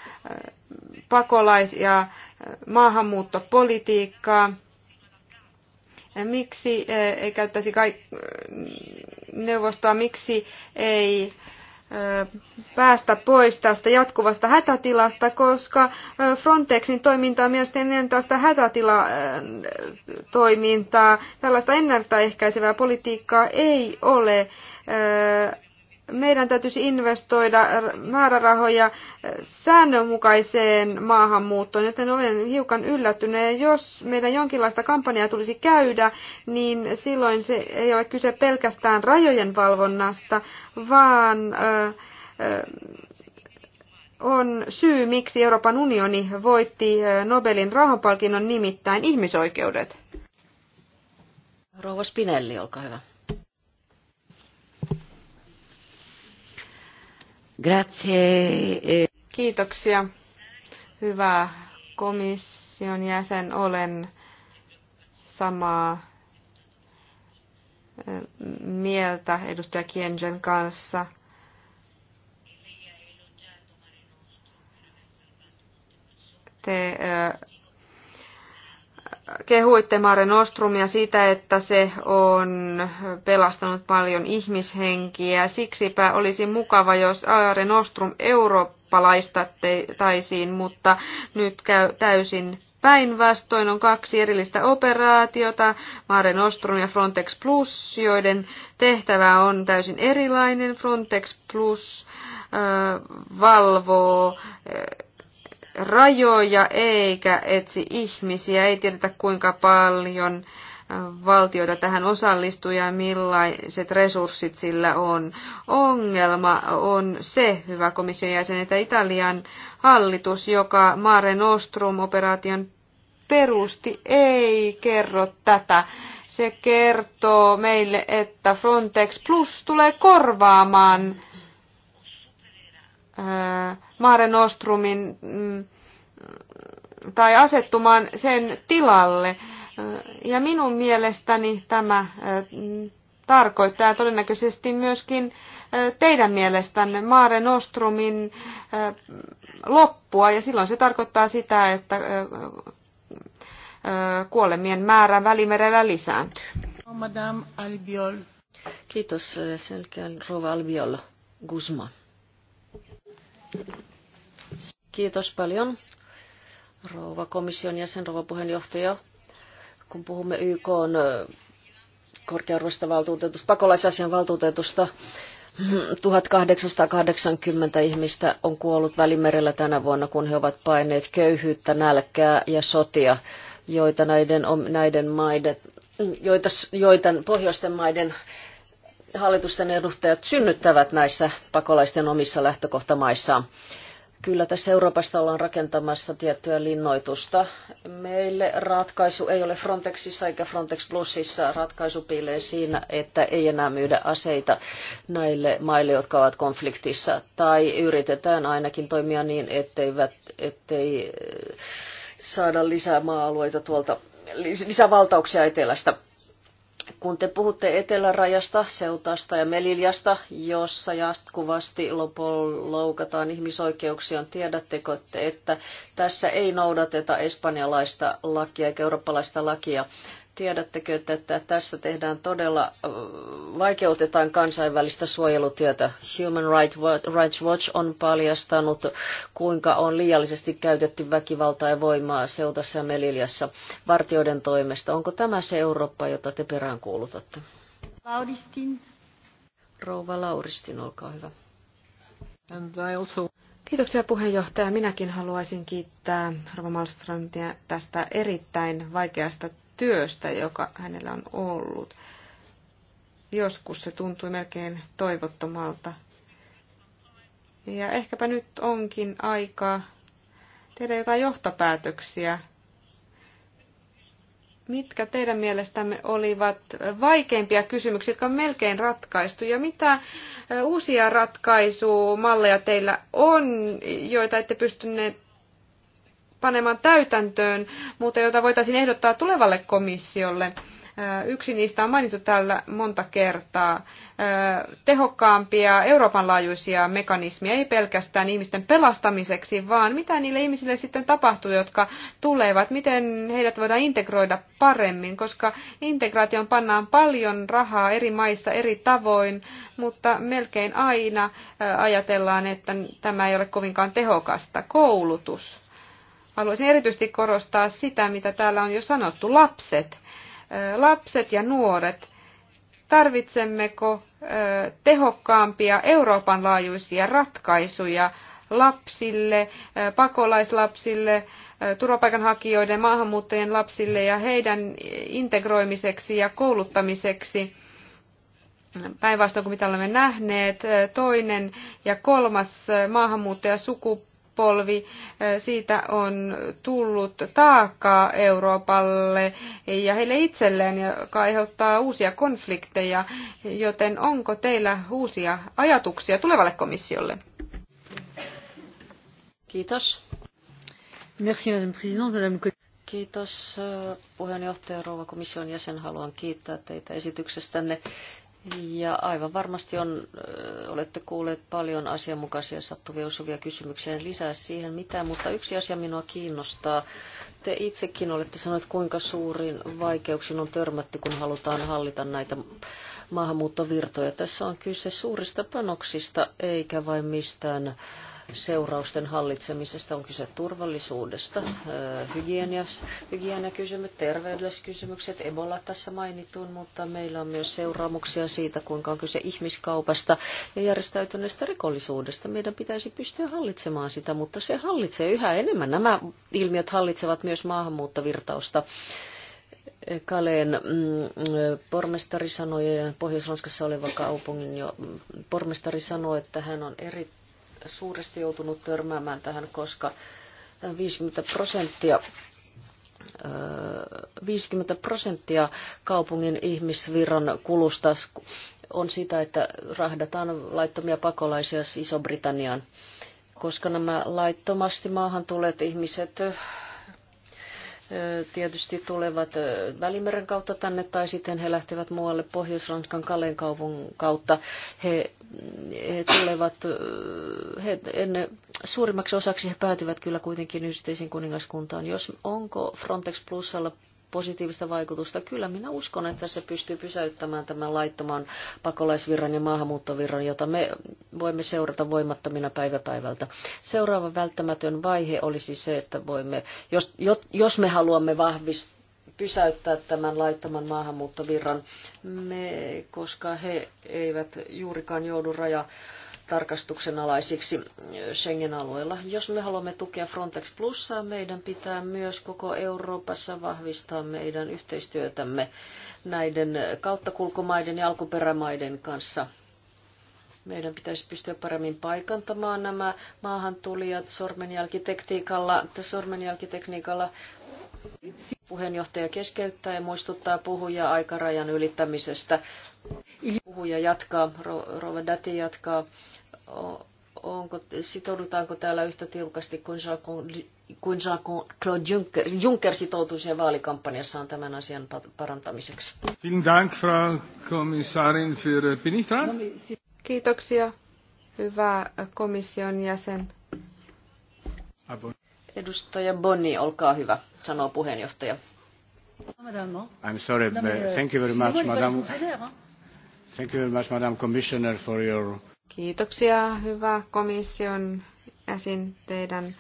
pakolais- ja maahanmuuttopolitiikkaa? Miksi ei käyttäisi kaik- neuvostoa, miksi ei päästä pois tästä jatkuvasta hätätilasta, koska Frontexin toiminta on mielestäni ennen tästä hätätilatoimintaa. Tällaista ennaltaehkäisevää politiikkaa ei ole meidän täytyisi investoida määrärahoja säännönmukaiseen maahanmuuttoon, joten olen hiukan yllättynyt. Jos meidän jonkinlaista kampanjaa tulisi käydä, niin silloin se ei ole kyse pelkästään rajojen valvonnasta, vaan on syy, miksi Euroopan unioni voitti Nobelin rahapalkinnon nimittäin ihmisoikeudet. Rouva Spinelli, olkaa hyvä. Grazie. E- Kiitoksia. Hyvä komission jäsen, olen samaa e, mieltä edustaja Kienjen kanssa. Te e, kehuitte Mare Nostrumia siitä, että se on pelastanut paljon ihmishenkiä. Siksipä olisi mukava, jos Mare Nostrum eurooppalaistaisiin, mutta nyt käy täysin päinvastoin. On kaksi erillistä operaatiota, Mare Nostrum ja Frontex Plus, joiden tehtävä on täysin erilainen. Frontex Plus valvoo rajoja eikä etsi ihmisiä. Ei tiedetä kuinka paljon valtioita tähän osallistuu ja millaiset resurssit sillä on. Ongelma on se, hyvä komission jäsen, että Italian hallitus, joka Mare Nostrum-operaation perusti, ei kerro tätä. Se kertoo meille, että Frontex Plus tulee korvaamaan Äh, Maare Nostrumin mm, tai asettumaan sen tilalle. Äh, ja minun mielestäni tämä äh, tarkoittaa todennäköisesti myöskin teidän mielestänne Maare Nostrumin loppua, ja silloin se tarkoittaa sitä, että kuolemien määrä välimerellä lisääntyy. Madame Albiol. Kiitos, selkeä Rova Albiol Guzman. Kiitos paljon, rouva komission jäsen, rouva puheenjohtaja. Kun puhumme YK korkearvoista valtuutetusta, pakolaisasian valtuutetusta, 1880 ihmistä on kuollut Välimerellä tänä vuonna, kun he ovat paineet köyhyyttä, nälkää ja sotia, joita näiden, näiden maiden, joita, joita pohjoisten maiden hallitusten edustajat synnyttävät näissä pakolaisten omissa lähtökohtamaissaan. Kyllä tässä Euroopasta ollaan rakentamassa tiettyä linnoitusta. Meille ratkaisu ei ole Frontexissa eikä Frontex Plusissa. Ratkaisu piilee siinä, että ei enää myydä aseita näille maille, jotka ovat konfliktissa. Tai yritetään ainakin toimia niin, etteivät, ettei eh, saada lisää maa-alueita tuolta, lisävaltauksia etelästä kun te puhutte etelärajasta, seutasta ja meliljasta, jossa jatkuvasti loukataan ihmisoikeuksia, tiedättekö te, että tässä ei noudateta espanjalaista lakia eikä eurooppalaista lakia. Tiedättekö, että tässä tehdään todella, vaikeutetaan kansainvälistä suojelutyötä. Human Rights Watch on paljastanut, kuinka on liiallisesti käytetty väkivaltaa ja voimaa Seutassa ja Meliliassa vartioiden toimesta. Onko tämä se Eurooppa, jota te peräänkuulutatte? Lauristin. Rouva Lauristin, olkaa hyvä. And I also... Kiitoksia puheenjohtaja. Minäkin haluaisin kiittää Rova Malmströmiä tästä erittäin vaikeasta työstä, joka hänellä on ollut. Joskus se tuntui melkein toivottomalta. Ja ehkäpä nyt onkin aika tehdä jotain johtopäätöksiä. Mitkä teidän mielestämme olivat vaikeimpia kysymyksiä, jotka on melkein ratkaistu? Ja mitä uusia ratkaisumalleja teillä on, joita ette pystyneet panemaan täytäntöön, mutta jota voitaisiin ehdottaa tulevalle komissiolle. Yksi niistä on mainittu täällä monta kertaa. Tehokkaampia Euroopan laajuisia mekanismeja, ei pelkästään ihmisten pelastamiseksi, vaan mitä niille ihmisille sitten tapahtuu, jotka tulevat, miten heidät voidaan integroida paremmin, koska integraation pannaan paljon rahaa eri maissa eri tavoin, mutta melkein aina ajatellaan, että tämä ei ole kovinkaan tehokasta. Koulutus Haluaisin erityisesti korostaa sitä, mitä täällä on jo sanottu, lapset. Lapset ja nuoret. Tarvitsemmeko tehokkaampia Euroopan laajuisia ratkaisuja lapsille, pakolaislapsille, turvapaikanhakijoiden, maahanmuuttajien lapsille ja heidän integroimiseksi ja kouluttamiseksi. Päinvastoin kuin mitä olemme nähneet, toinen ja kolmas maahanmuuttajasukupuoli polvi, siitä on tullut taakkaa Euroopalle ja heille itselleen, joka aiheuttaa uusia konflikteja, joten onko teillä uusia ajatuksia tulevalle komissiolle? Kiitos. Merci, Madame Présidente, Madame Kiitos puheenjohtaja Rouva komission jäsen. Haluan kiittää teitä esityksestänne. Ja aivan varmasti on, olette kuulleet paljon asianmukaisia sattuvia osuvia kysymyksiä. En lisää siihen mitään, mutta yksi asia minua kiinnostaa. Te itsekin olette sanoneet, kuinka suurin vaikeuksin on törmätty, kun halutaan hallita näitä maahanmuuttovirtoja. Tässä on kyse suurista panoksista, eikä vain mistään äh, seurausten hallitsemisesta, on kyse turvallisuudesta, hygienias, hygieniakysymykset, terveydelliskysymykset, Ebola tässä mainitun, mutta meillä on myös seuraamuksia siitä, kuinka on kyse ihmiskaupasta ja järjestäytyneestä rikollisuudesta. Meidän pitäisi pystyä hallitsemaan sitä, mutta se hallitsee yhä enemmän. Nämä ilmiöt hallitsevat myös maahanmuuttovirtausta. Kaleen mm, pormestari sanoi, Pohjois-Ranskassa oleva kaupungin jo mm, pormestari sanoi, että hän on erittäin suuresti joutunut törmäämään tähän, koska 50 prosenttia 50 prosenttia kaupungin ihmisvirran kulusta on sitä, että rahdataan laittomia pakolaisia Iso-Britanniaan, koska nämä laittomasti maahan tulleet ihmiset tietysti tulevat Välimeren kautta tänne tai sitten he lähtevät muualle Pohjois-Ranskan Kalen kaupun kautta. He, he tulevat, he, ennen, suurimmaksi osaksi he päätyvät kyllä kuitenkin yhteisiin kuningaskuntaan. Jos onko Frontex Plusalla positiivista vaikutusta. Kyllä minä uskon, että se pystyy pysäyttämään tämän laittoman pakolaisvirran ja maahanmuuttovirran, jota me voimme seurata voimattomina päivä päivältä. Seuraava välttämätön vaihe olisi se, että voimme, jos, jos me haluamme vahvistaa pysäyttää tämän laittoman maahanmuuttovirran, me, koska he eivät juurikaan joudu raja tarkastuksen alaisiksi eh, Schengen-alueella. Jos me haluamme tukea Frontex Plusaa, meidän pitää myös koko Euroopassa vahvistaa meidän yhteistyötämme näiden kauttakulkumaiden ja alkuperämaiden kanssa. Meidän pitäisi pystyä paremmin paikantamaan nämä maahantulijat sormenjälkitekniikalla, sormenjälkitekniikalla Puheenjohtaja keskeyttää ja muistuttaa puhuja aikarajan ylittämisestä. Puhuja jatkaa, Rova Dati jatkaa onko, sitoudutaanko täällä yhtä tiukasti kuin Jean-Claude Juncker, Juncker sitoutui siihen vaalikampanjassaan tämän asian parantamiseksi. Kiitoksia, hyvä komission jäsen. Edustaja Bonni, olkaa hyvä, sanoo puheenjohtaja. I'm sorry, no, thank you very much, madam. Thank you very much, madam commissioner, for your Kiitoksia, hyvä komission jäsen, teidän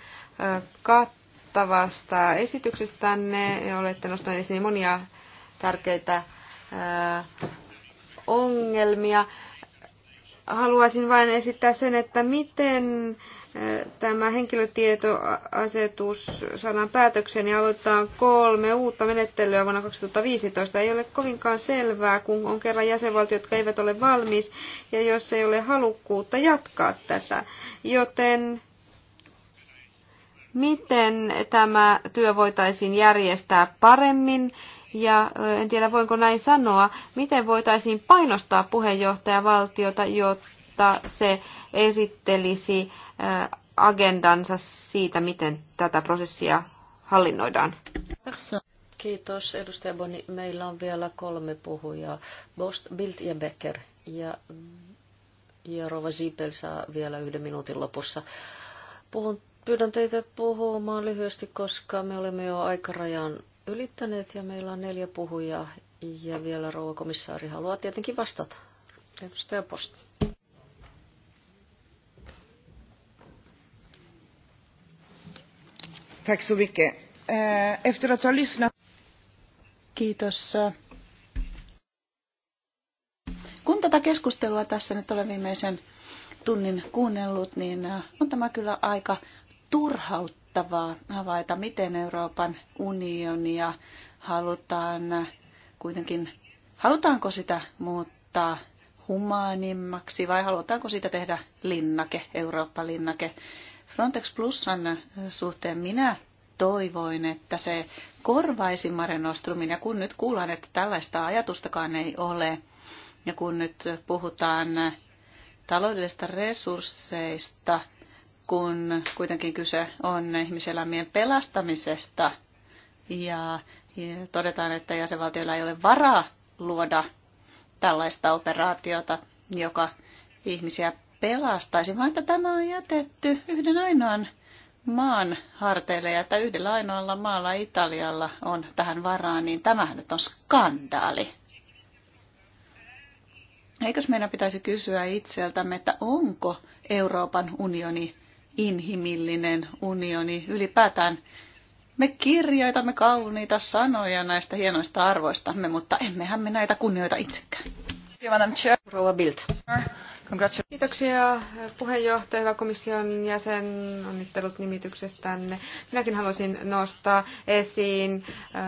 kattavasta esityksestänne. Olette nostaneet esiin monia tärkeitä ongelmia. Haluaisin vain esittää sen, että miten tämä henkilötietoasetus saadaan päätökseen ja aloitetaan kolme uutta menettelyä vuonna 2015. Ei ole kovinkaan selvää, kun on kerran jäsenvaltiot, jotka eivät ole valmis ja jos ei ole halukkuutta jatkaa tätä. Joten miten tämä työ voitaisiin järjestää paremmin? Ja en tiedä, voinko näin sanoa, miten voitaisiin painostaa puheenjohtajavaltiota, jotta jotta se esittelisi äh, agendansa siitä, miten tätä prosessia hallinnoidaan. Kiitos, edustaja Boni. Meillä on vielä kolme puhujaa, Bost, Bild ja Becker. Ja, ja Rova Siipel saa vielä yhden minuutin lopussa. Puhun, pyydän teitä puhumaan lyhyesti, koska me olemme jo aikarajan ylittäneet ja meillä on neljä puhujaa. Ja vielä rouva komissaari haluaa tietenkin vastata. Edustaja Post. Tack så mycket. Eh, efter att ha lyssnat... Kiitos. Kun tätä keskustelua tässä nyt olen viimeisen tunnin kuunnellut, niin eh, on tämä kyllä aika turhauttavaa havaita, miten Euroopan unionia halutaan eh, kuitenkin, halutaanko sitä muuttaa humaanimmaksi vai halutaanko siitä tehdä linnake, Eurooppa-linnake. Frontex Plusan suhteen minä toivoin, että se korvaisi Mare Nostrumin. Ja kun nyt kuullaan, että tällaista ajatustakaan ei ole, ja kun nyt puhutaan taloudellisista resursseista, kun kuitenkin kyse on ihmiselämien pelastamisesta, ja todetaan, että jäsenvaltioilla ei ole varaa luoda tällaista operaatiota, joka ihmisiä pelastaisi, vaan että tämä on jätetty yhden ainoan maan harteille ja että yhdellä ainoalla maalla Italialla on tähän varaa, niin tämähän nyt on skandaali. Eikös meidän pitäisi kysyä itseltämme, että onko Euroopan unioni inhimillinen unioni ylipäätään? Me kirjoitamme kauniita sanoja näistä hienoista arvoistamme, mutta emmehän me näitä kunnioita itsekään. Rouva Kiitoksia puheenjohtaja, hyvä komission jäsen, onnittelut nimityksestänne. Minäkin haluaisin nostaa esiin äh,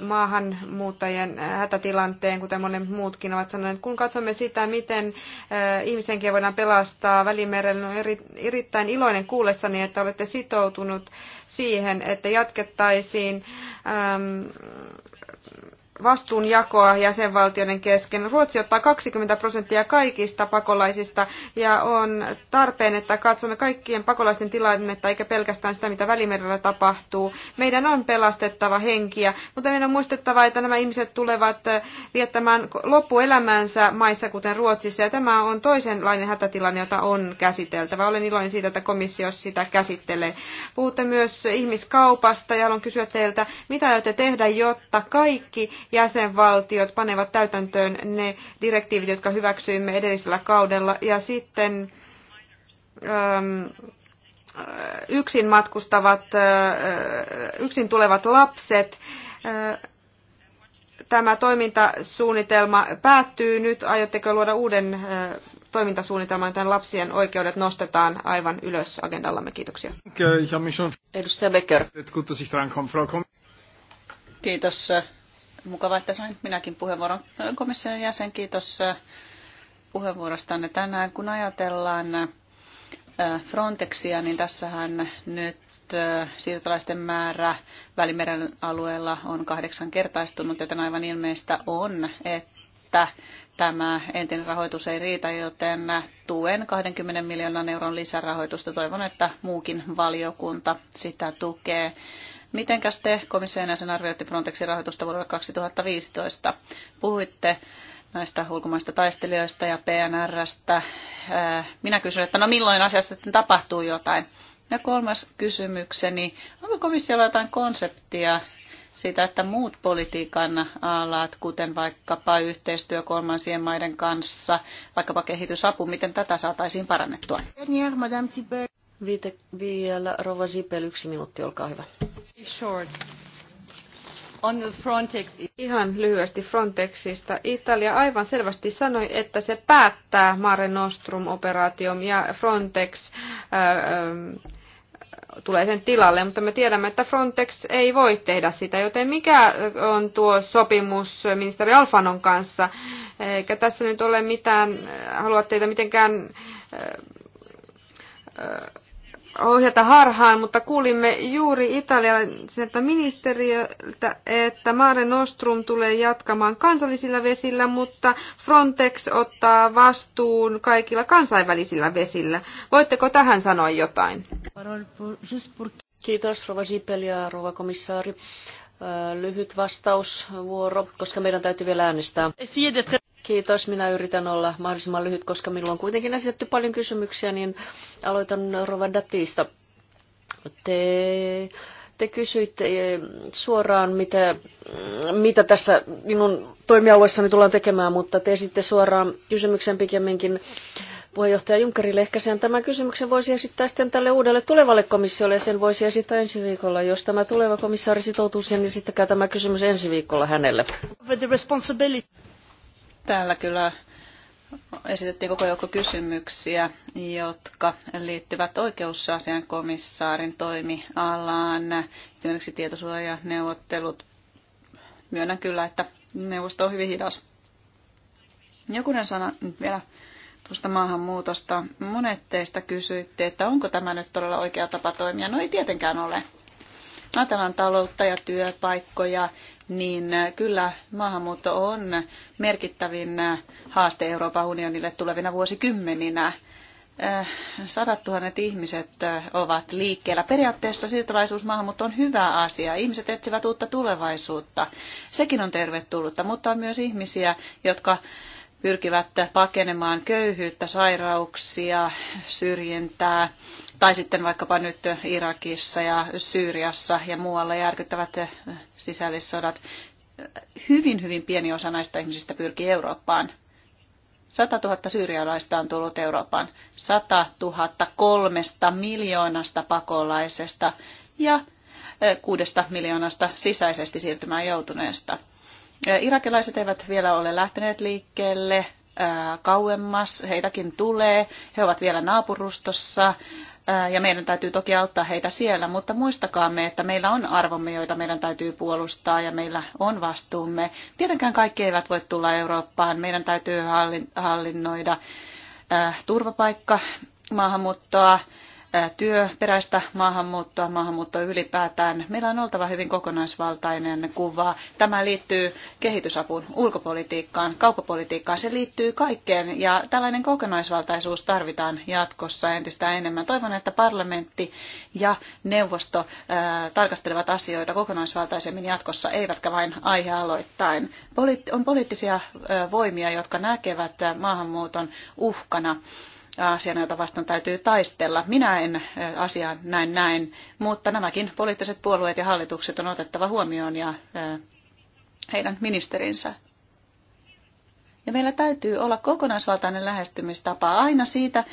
maahanmuuttajien hätätilanteen, kuten monen muutkin ovat sanoneet. Kun katsomme sitä, miten äh, ihmisenkin voidaan pelastaa välimerellä, niin on erittäin iloinen kuullessani, että olette sitoutunut siihen, että jatkettaisiin ähm, vastuunjakoa jäsenvaltioiden kesken. Ruotsi ottaa 20 prosenttia kaikista pakolaisista ja on tarpeen, että katsomme kaikkien pakolaisten tilannetta eikä pelkästään sitä, mitä välimerellä tapahtuu. Meidän on pelastettava henkiä, mutta meidän on muistettava, että nämä ihmiset tulevat viettämään loppuelämänsä maissa, kuten Ruotsissa, ja tämä on toisenlainen hätätilanne, jota on käsiteltävä. Olen iloinen siitä, että komissio sitä käsittelee. Puhutte myös ihmiskaupasta ja haluan kysyä teiltä, mitä aiotte tehdä, jotta kaikki jäsenvaltiot panevat täytäntöön ne direktiivit, jotka hyväksyimme edellisellä kaudella. Ja sitten ähm, yksin matkustavat, äh, yksin tulevat lapset. Äh, tämä toimintasuunnitelma päättyy nyt. Aiotteko luoda uuden äh, toimintasuunnitelman, tämän lapsien oikeudet nostetaan aivan ylös agendallamme. Kiitoksia. Edustaja Becker. Kiitos Mukava, että sain minäkin puheenvuoron. Äh, komission jäsen, kiitos äh, puheenvuorostanne tänään. Kun ajatellaan äh, Frontexia, niin tässähän nyt siirtolaisten määrä Välimeren alueella on kahdeksan kertaistunut, joten aivan ilmeistä on, että tämä entinen rahoitus ei riitä, joten tuen 20 miljoonan euron lisärahoitusta. Toivon, että muukin valiokunta sitä tukee. Mitenkäs te komission sen arvioitte Frontexin rahoitusta vuodelle 2015? Puhuitte näistä ulkomaista taistelijoista ja PNRstä. Äh, minä kysyn, että no milloin asiassa sitten tapahtuu jotain? Ja kolmas kysymykseni, onko komissiolla jotain konseptia siitä, että muut politiikan alat, kuten vaikkapa yhteistyö kolmansien maiden kanssa, vaikkapa kehitysapu, miten tätä saataisiin parannettua? Viite, vielä Rova Sipel, yksi minuutti, olkaa hyvä. Ihan lyhyesti Frontexista. Italia aivan selvästi sanoi, että se päättää Mare Nostrum-operaation ja Frontex ää, ää, tulee sen tilalle, mutta me tiedämme, että Frontex ei voi tehdä sitä, joten mikä on tuo sopimus ministeri Alfanon kanssa? Eikä tässä nyt ole mitään, haluatte, teitä mitenkään ää, ää, ohjata harhaan, mutta kuulimme juuri italialaiselta ministeriöltä, että Mare Nostrum tulee jatkamaan kansallisilla vesillä, mutta Frontex ottaa vastuun kaikilla kansainvälisillä vesillä. Voitteko tähän sanoa jotain? Kiitos, Rova Zipel ja Rova komissaari lyhyt vastausvuoro, koska meidän täytyy vielä äänestää. Kiitos, minä yritän olla mahdollisimman lyhyt, koska minulla on kuitenkin esitetty paljon kysymyksiä, niin aloitan Rova Datista. Te te kysyitte eh, suoraan, mitä, mm, mitä tässä minun toimialueessani tullaan tekemään, mutta te esitte suoraan kysymyksen pikemminkin puheenjohtaja Junckerille. Ehkä sen tämän kysymyksen voisi esittää sitten tälle uudelle tulevalle komissiolle ja sen voisi esittää ensi viikolla. Jos tämä tuleva komissaari sitoutuu siihen, niin sitten tämä kysymys ensi viikolla hänelle. Täällä kyllä esitettiin koko joukko kysymyksiä, jotka liittyvät oikeusasian komissaarin toimialaan, esimerkiksi tietosuojaneuvottelut. Myönnän kyllä, että neuvosto on hyvin hidas. Jokunen sana nyt vielä tuosta maahanmuutosta. Monet teistä kysyitte, että onko tämä nyt todella oikea tapa toimia. No ei tietenkään ole ajatellaan taloutta ja työpaikkoja, niin äh, kyllä maahanmuutto on merkittävin äh, haaste Euroopan unionille tulevina vuosikymmeninä. Äh, Sadat tuhannet ihmiset ovat liikkeellä. Periaatteessa siirtolaisuus maahanmuutto on hyvä asia. Ihmiset etsivät uutta tulevaisuutta. Sekin on tervetullutta, mutta on myös ihmisiä, jotka pyrkivät pakenemaan köyhyyttä, sairauksia, syrjintää tai sitten vaikkapa nyt Irakissa ja Syyriassa ja muualla järkyttävät sisällissodat. Hyvin, hyvin pieni osa näistä ihmisistä pyrkii Eurooppaan. 100 000 syyrialaista on tullut Eurooppaan. 100 000 kolmesta miljoonasta pakolaisesta ja kuudesta miljoonasta sisäisesti siirtymään joutuneesta. Irakilaiset eivät vielä ole lähteneet liikkeelle kauemmas, heitäkin tulee, he ovat vielä naapurustossa ja meidän täytyy toki auttaa heitä siellä, mutta muistakaamme, että meillä on arvomme, joita meidän täytyy puolustaa ja meillä on vastuumme. Tietenkään kaikki eivät voi tulla Eurooppaan, meidän täytyy hallinnoida turvapaikka maahanmuuttoa työperäistä maahanmuuttoa, maahanmuuttoa ylipäätään. Meillä on oltava hyvin kokonaisvaltainen kuva. Tämä liittyy kehitysapun ulkopolitiikkaan, kauppapolitiikkaan, se liittyy kaikkeen ja tällainen kokonaisvaltaisuus tarvitaan jatkossa entistä enemmän. Toivon, että parlamentti ja neuvosto tarkastelevat asioita kokonaisvaltaisemmin jatkossa, eivätkä vain aihealoittain. on poliittisia voimia, jotka näkevät maahanmuuton uhkana asiana, jota vastaan täytyy taistella. Minä en asiaa näin näin, mutta nämäkin poliittiset puolueet ja hallitukset on otettava huomioon ja heidän ministerinsä. Ja meillä täytyy olla kokonaisvaltainen lähestymistapa aina siitä,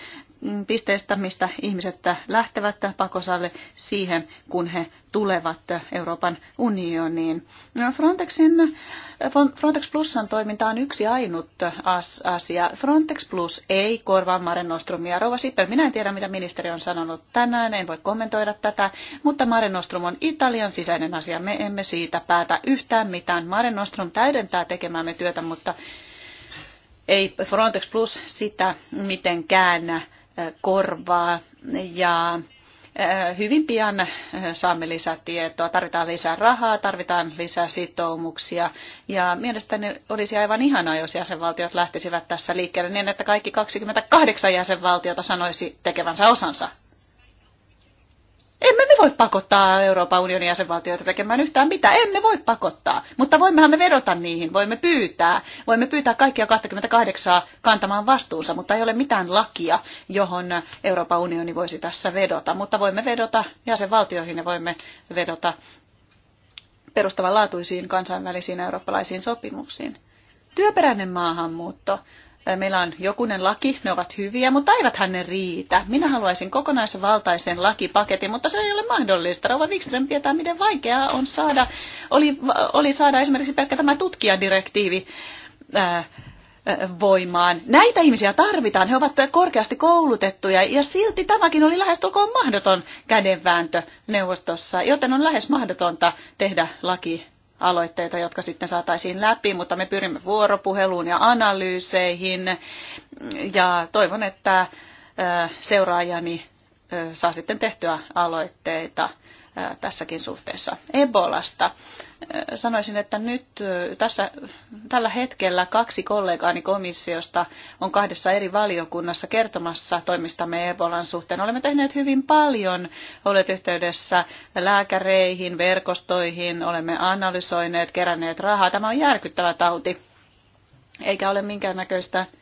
pisteestä, mistä ihmiset lähtevät pakosalle siihen, kun he tulevat Euroopan unioniin. No, Frontexin, Frontex Plusan toiminta on yksi ainut asia. Frontex Plus ei korvaa Mare Nostrumia. Rova Sippel, minä en tiedä, mitä ministeri on sanonut tänään, en voi kommentoida tätä, mutta Mare Nostrum on Italian sisäinen asia. Me emme siitä päätä yhtään mitään. Mare Nostrum täydentää tekemäämme työtä, mutta ei Frontex Plus sitä mitenkään korvaa ja hyvin pian saamme lisätietoa, tarvitaan lisää rahaa, tarvitaan lisää sitoumuksia ja mielestäni olisi aivan ihanaa, jos jäsenvaltiot lähtisivät tässä liikkeelle niin, että kaikki 28 jäsenvaltiota sanoisi tekevänsä osansa emme me voi pakottaa Euroopan unionin jäsenvaltioita tekemään yhtään mitään. Emme voi pakottaa, mutta voimmehan me vedota niihin, voimme pyytää. Voimme pyytää kaikkia 28 kantamaan vastuunsa, mutta ei ole mitään lakia, johon Euroopan unioni voisi tässä vedota. Mutta voimme vedota jäsenvaltioihin ja voimme vedota perustavanlaatuisiin kansainvälisiin eurooppalaisiin sopimuksiin. Työperäinen maahanmuutto meillä on jokunen laki, ne ovat hyviä, mutta eiväthän ne riitä. Minä haluaisin kokonaisvaltaisen lakipaketin, mutta se ei ole mahdollista. Rova Wikström tietää, miten vaikeaa on saada, oli, oli saada esimerkiksi pelkkä tämä tutkijadirektiivi ää, voimaan. Näitä ihmisiä tarvitaan, he ovat korkeasti koulutettuja ja silti tämäkin oli lähestulkoon mahdoton kädenvääntö neuvostossa, joten on lähes mahdotonta tehdä laki aloitteita, jotka sitten saataisiin läpi, mutta me pyrimme vuoropuheluun ja analyyseihin ja toivon, että seuraajani saa sitten tehtyä aloitteita tässäkin suhteessa. Ebolasta. Sanoisin, että nyt tässä, tällä hetkellä kaksi kollegaani komissiosta on kahdessa eri valiokunnassa kertomassa toimistamme Ebolan suhteen. Olemme tehneet hyvin paljon, olet yhteydessä lääkäreihin, verkostoihin, olemme analysoineet, keränneet rahaa. Tämä on järkyttävä tauti, eikä ole minkäännäköistä näköistä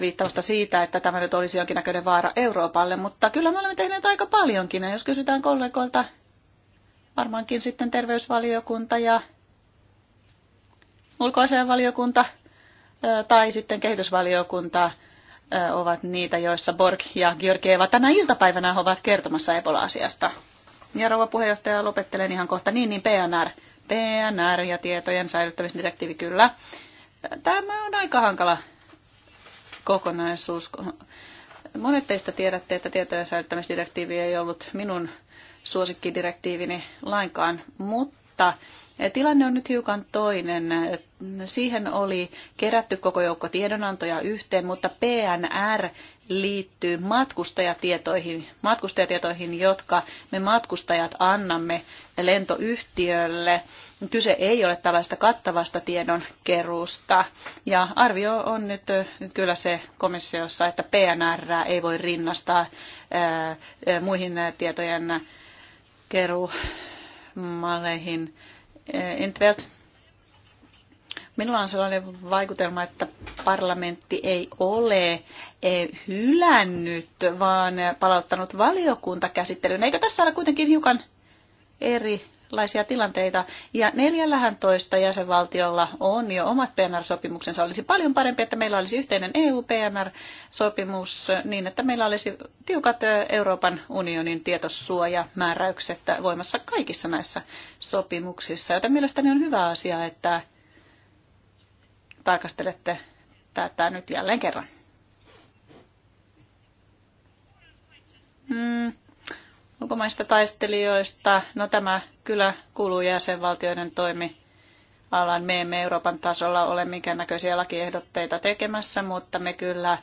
viittausta siitä, että tämä nyt olisi jonkinnäköinen vaara Euroopalle, mutta kyllä me olemme tehneet aika paljonkin. Ja jos kysytään kollegoilta, varmaankin sitten terveysvaliokunta ja ulkoasianvaliokunta tai sitten kehitysvaliokunta ovat niitä, joissa Borg ja Georgieva tänä iltapäivänä ovat kertomassa Ebola-asiasta. Ja rouva puheenjohtaja, lopettelen ihan kohta. Niin, niin PNR. PNR ja tietojen säilyttämisdirektiivi, kyllä. Tämä on aika hankala kokonaisuus. Monet teistä tiedätte, että tietojen säilyttämisdirektiivi ei ollut minun suosikkidirektiivini lainkaan, mutta tilanne on nyt hiukan toinen. Siihen oli kerätty koko joukko tiedonantoja yhteen, mutta PNR liittyy matkustajatietoihin, matkustajatietoihin jotka me matkustajat annamme lentoyhtiölle – Kyse ei ole tällaista kattavasta tiedonkeruusta. Ja arvio on nyt kyllä se komissiossa, että PNR ei voi rinnastaa muihin tietojen keruumalleihin. Entvelt, Minulla on sellainen vaikutelma, että parlamentti ei ole hylännyt, vaan palauttanut valiokuntakäsittelyyn. Eikö tässä ole kuitenkin hiukan eri erilaisia tilanteita. Ja 14 jäsenvaltiolla on jo omat PNR-sopimuksensa. Olisi paljon parempi, että meillä olisi yhteinen EU-PNR-sopimus niin, että meillä olisi tiukat Euroopan unionin tietosuojamääräykset voimassa kaikissa näissä sopimuksissa. Joten mielestäni on hyvä asia, että tarkastelette tätä nyt jälleen kerran. Mm ulkomaista taistelijoista. No tämä kyllä kuuluu jäsenvaltioiden toimi alan. Me emme Euroopan tasolla ole minkään näköisiä lakiehdotteita tekemässä, mutta me kyllä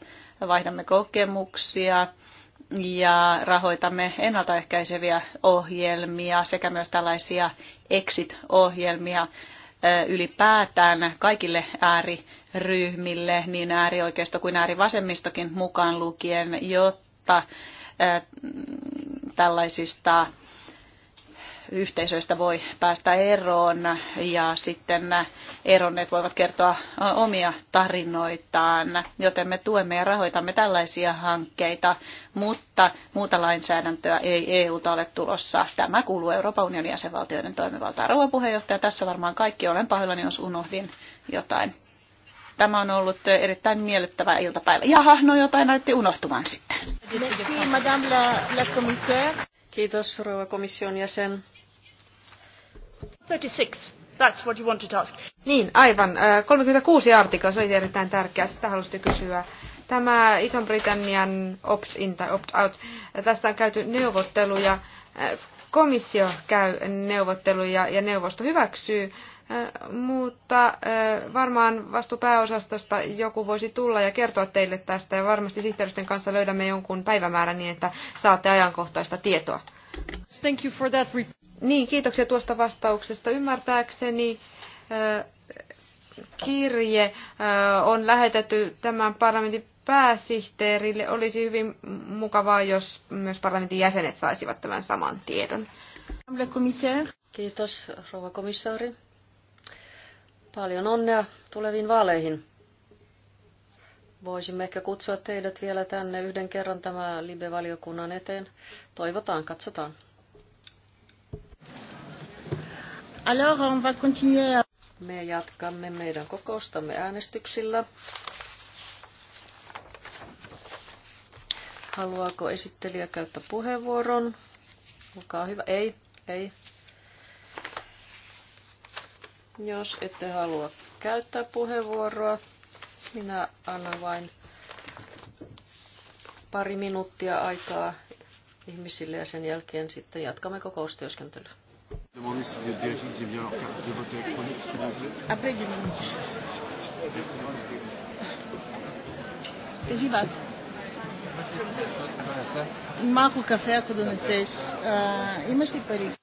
vaihdamme kokemuksia ja rahoitamme ennaltaehkäiseviä ohjelmia sekä myös tällaisia exit-ohjelmia ylipäätään kaikille ääriryhmille, niin äärioikeisto kuin äärivasemmistokin mukaan lukien, jotta tällaisista yhteisöistä voi päästä eroon ja sitten eronneet voivat kertoa omia tarinoitaan, joten me tuemme ja rahoitamme tällaisia hankkeita, mutta muuta lainsäädäntöä ei EUta ole tulossa. Tämä kuuluu Euroopan unionin jäsenvaltioiden toimivaltaan. Rouva puheenjohtaja, tässä varmaan kaikki. Olen pahoillani, jos unohdin jotain. Tämä on ollut erittäin miellyttävä iltapäivä. Jaha, no jotain näytti unohtuvan sitten. Kiitos, rouva komission jäsen. 36. That's what you wanted to ask. Niin, aivan. 36 artikla, se oli erittäin tärkeä. Sitä halusitte kysyä. Tämä Ison-Britannian opt-in tai opt-out, tässä on käyty neuvotteluja. Komissio käy neuvotteluja ja neuvosto hyväksyy mutta varmaan vastupääosastosta joku voisi tulla ja kertoa teille tästä ja varmasti sihteeristön kanssa löydämme jonkun päivämäärän niin, että saatte ajankohtaista tietoa. Thank you for that. Niin, kiitoksia tuosta vastauksesta. Ymmärtääkseni kirje on lähetetty tämän parlamentin pääsihteerille. Olisi hyvin mukavaa, jos myös parlamentin jäsenet saisivat tämän saman tiedon. Kiitos, rouva komissaari. Paljon onnea tuleviin vaaleihin. Voisimme ehkä kutsua teidät vielä tänne yhden kerran tämä Libe-valiokunnan eteen. Toivotaan, katsotaan. Alors, on va continuer. Me jatkamme meidän kokoustamme äänestyksillä. Haluaako esittelijä käyttää puheenvuoron? Olkaa hyvä. Ei, ei. Jos ette halua käyttää puheenvuoroa, minä annan vain pari minuuttia aikaa ihmisille ja sen jälkeen sitten jatkamme kokoustyöskentelyä. Малко кафе, ако донесеш. vais. Μάχο καφέ ακοντονετές.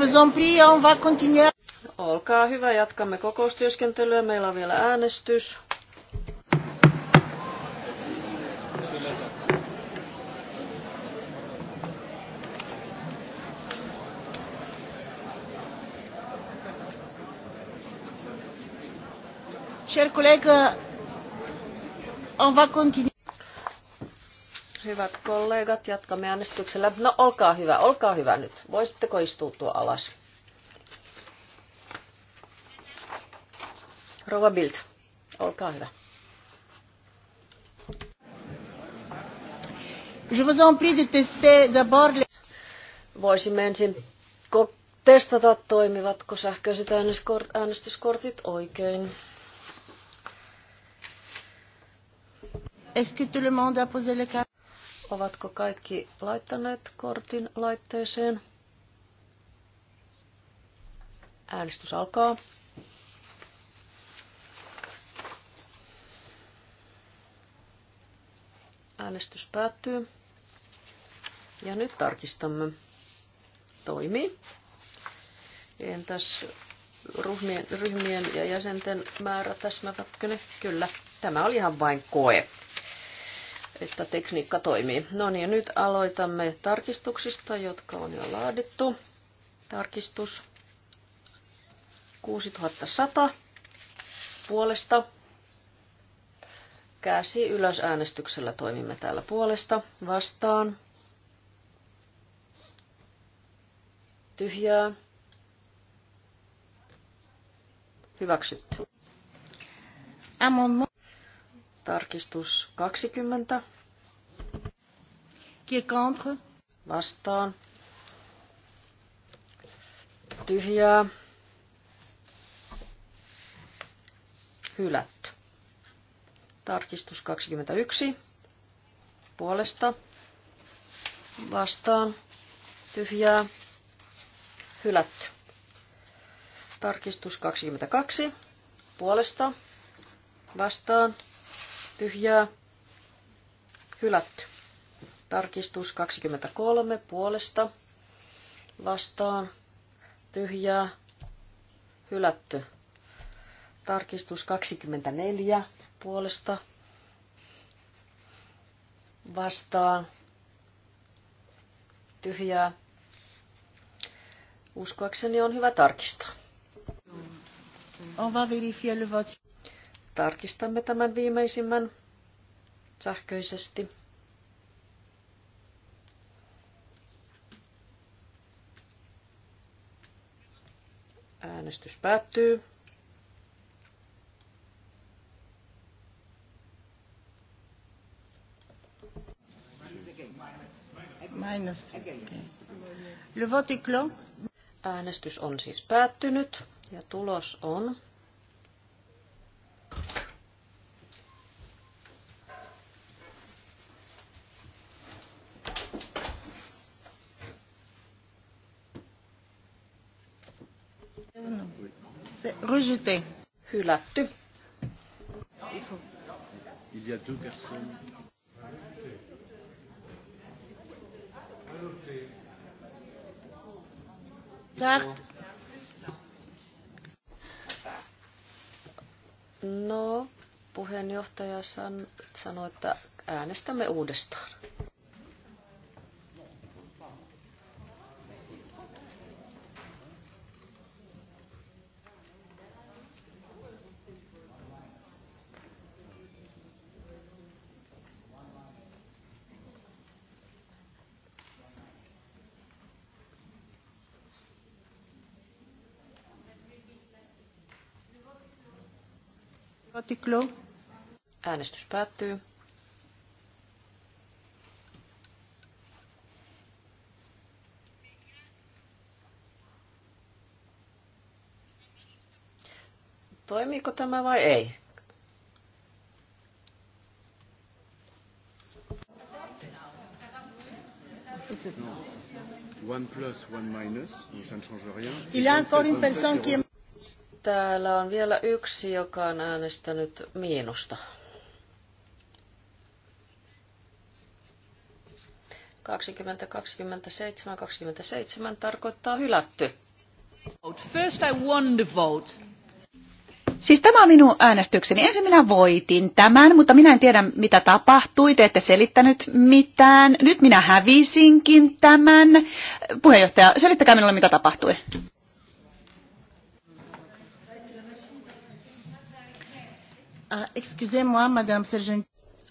vous en prie, on va continuer. Olkaa hyvä, jatkamme kokoustyöskentelyä. Meillä on vielä äänestys. Chers collègues, on va continuer. Hyvät kollegat, jatkamme äänestyksellä. No olkaa hyvä, olkaa hyvä nyt. Voisitteko istuutua alas? Rova Bild, olkaa hyvä. Je vous en prie de tester d'abord les... Voisimme ensin testata, toimivatko sähköiset äänestyskortit oikein. Est-ce que tout le monde a posé le cas? Ovatko kaikki laittaneet kortin laitteeseen? Äänestys alkaa. Äänestys päättyy. Ja nyt tarkistamme. Toimii. Entäs ryhmien, ryhmien ja jäsenten määrä täsmävätkö ne? Kyllä. Tämä oli ihan vain koe että tekniikka toimii. No niin, nyt aloitamme tarkistuksista, jotka on jo laadittu. Tarkistus 6100 puolesta. Käsi ylös äänestyksellä toimimme täällä puolesta. Vastaan. Tyhjää. Hyväksytty. Tarkistus 20. Qui est contre? Vastaan. Tyhjää. Hylätty. Tarkistus 21. Puolesta. Vastaan. Tyhjää. Hylätty. Tarkistus 22. Puolesta. Vastaan tyhjää, hylätty. Tarkistus 23 puolesta vastaan tyhjää, hylätty. Tarkistus 24 puolesta vastaan tyhjää. Uskoakseni on hyvä tarkistaa. On va vérifier le vote. Tarkistamme tämän viimeisimmän sähköisesti. Äänestys päättyy. Äänestys on siis päättynyt ja tulos on Hylätty. Il y a deux personnes. No, puheenjohtaja san, sanoi, että äänestämme uudestaan. Äänestys päättyy. Toimiiko tämä vai ei? One plus, one minus, ça ne change rien. Il y a encore une personne qui est täällä on vielä yksi, joka on äänestänyt miinusta. Kaksikymmentä, kaksikymmentä seitsemän, tarkoittaa hylätty. First I won the vote. Siis tämä on minun äänestykseni. Ensin minä voitin tämän, mutta minä en tiedä mitä tapahtui. Te ette selittänyt mitään. Nyt minä hävisinkin tämän. Puheenjohtaja, selittäkää minulle mitä tapahtui. Ah,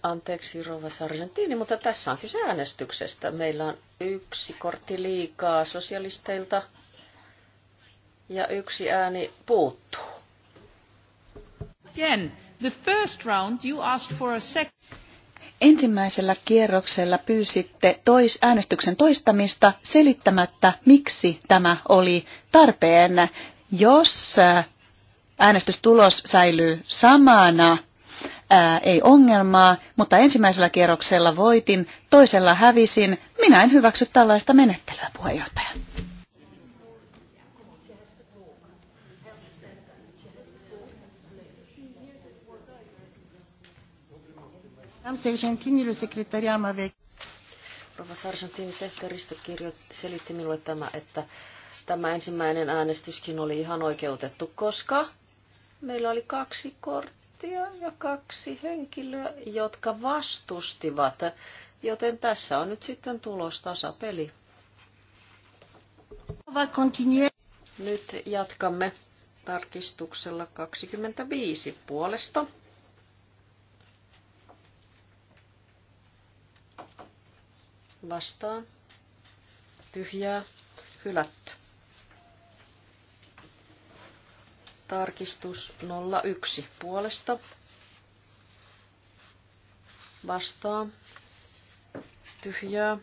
Anteeksi, Rova Sargentini, mutta tässä on kyse äänestyksestä. Meillä on yksi kortti liikaa sosialisteilta ja yksi ääni puuttuu. Again, the first round you asked for a second. Ensimmäisellä kierroksella pyysitte tois, äänestyksen toistamista selittämättä, miksi tämä oli tarpeen. Jos äh, äänestystulos säilyy samana, ää, ei ongelmaa, mutta ensimmäisellä kierroksella voitin, toisella hävisin. Minä en hyväksy tällaista menettelyä, puheenjohtaja. Rova Sargentin sehteristö selitti minulle tämä, että tämä ensimmäinen äänestyskin oli ihan oikeutettu, koska Meillä oli kaksi korttia ja kaksi henkilöä, jotka vastustivat, joten tässä on nyt sitten tulos tasapeli. Nyt jatkamme tarkistuksella 25 puolesta. Vastaan. Tyhjää. Hylätty. Tarkistus 01 puolesta. Vastaa. Tyhjää.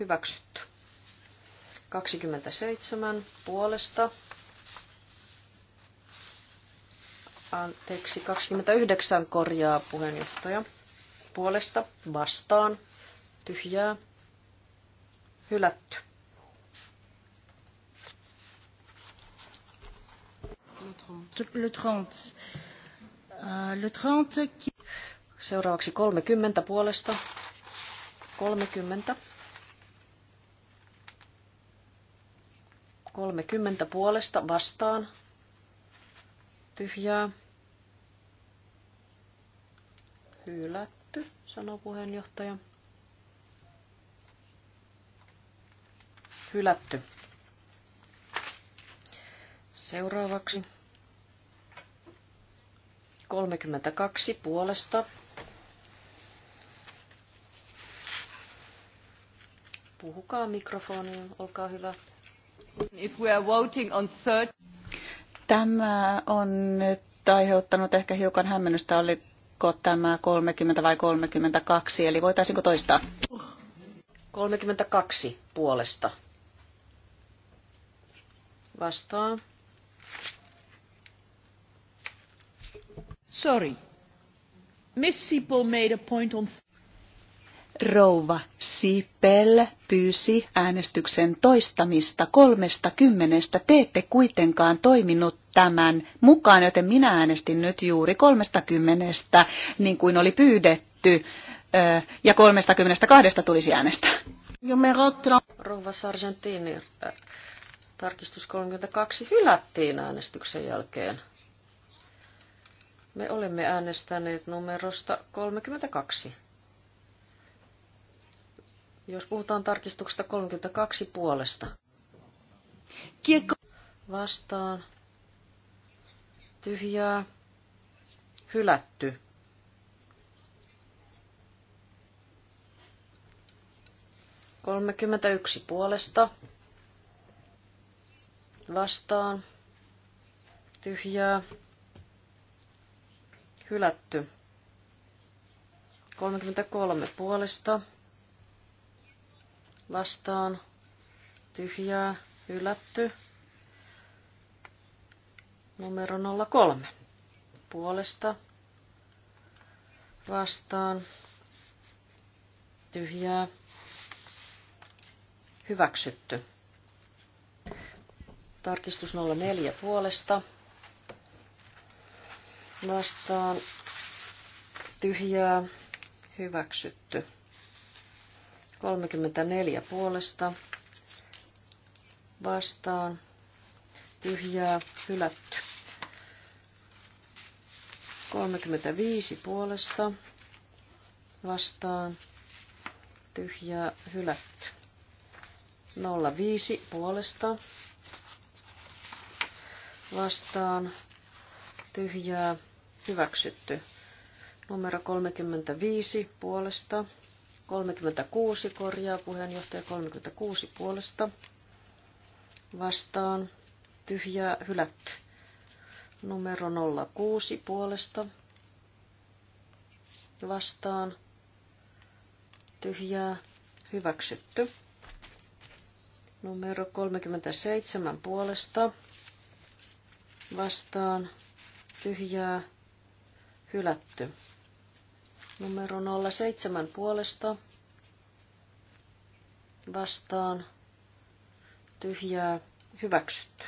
Hyväksytty. 27 puolesta. Anteeksi, 29 korjaa puheenjohtaja. Puolesta vastaan. Tyhjää. Hylätty. Le 30. Euh, le 30. Seuraavaksi 30 puolesta. 30. 30 puolesta vastaan. Tyhjää. Hylätty, sanoo puheenjohtaja. Hylätty. Seuraavaksi 32 puolesta. Puhukaa mikrofoniin, olkaa hyvä. If we are voting on third... Tämä on nyt aiheuttanut ehkä hiukan hämmennystä, oliko tämä 30 vai 32, eli voitaisiinko toistaa? 32 puolesta. Vastaan. Sorry. Miss made a point on... Rouva Sipel pyysi äänestyksen toistamista kolmesta kymmenestä. Te ette kuitenkaan toiminut tämän mukaan, joten minä äänestin nyt juuri kolmesta kymmenestä, niin kuin oli pyydetty. Ja kolmesta kymmenestä kahdesta tulisi äänestää. Rouva Sargentini, tarkistus 32 hylättiin äänestyksen jälkeen. Me olemme äänestäneet numerosta 32. Jos puhutaan tarkistuksesta 32 puolesta. Kiekko. Vastaan. Tyhjää. Hylätty. yksi puolesta. Vastaan. Tyhjää. Hylätty. 33 puolesta. Vastaan. Tyhjää. Hylätty. Numero 03. Puolesta. Vastaan. Tyhjää. Hyväksytty. Tarkistus 04 puolesta vastaan tyhjää hyväksytty. 34 puolesta vastaan tyhjää hylätty. 35 puolesta vastaan tyhjää hylätty. 05 puolesta vastaan tyhjää, hyväksytty. Numero 35 puolesta, 36 korjaa puheenjohtaja 36 puolesta, vastaan, tyhjää, hylätty. Numero 06 puolesta, vastaan, tyhjää, hyväksytty. Numero 37 puolesta, vastaan, tyhjää, hylätty. Numero 07 puolesta vastaan tyhjää hyväksytty.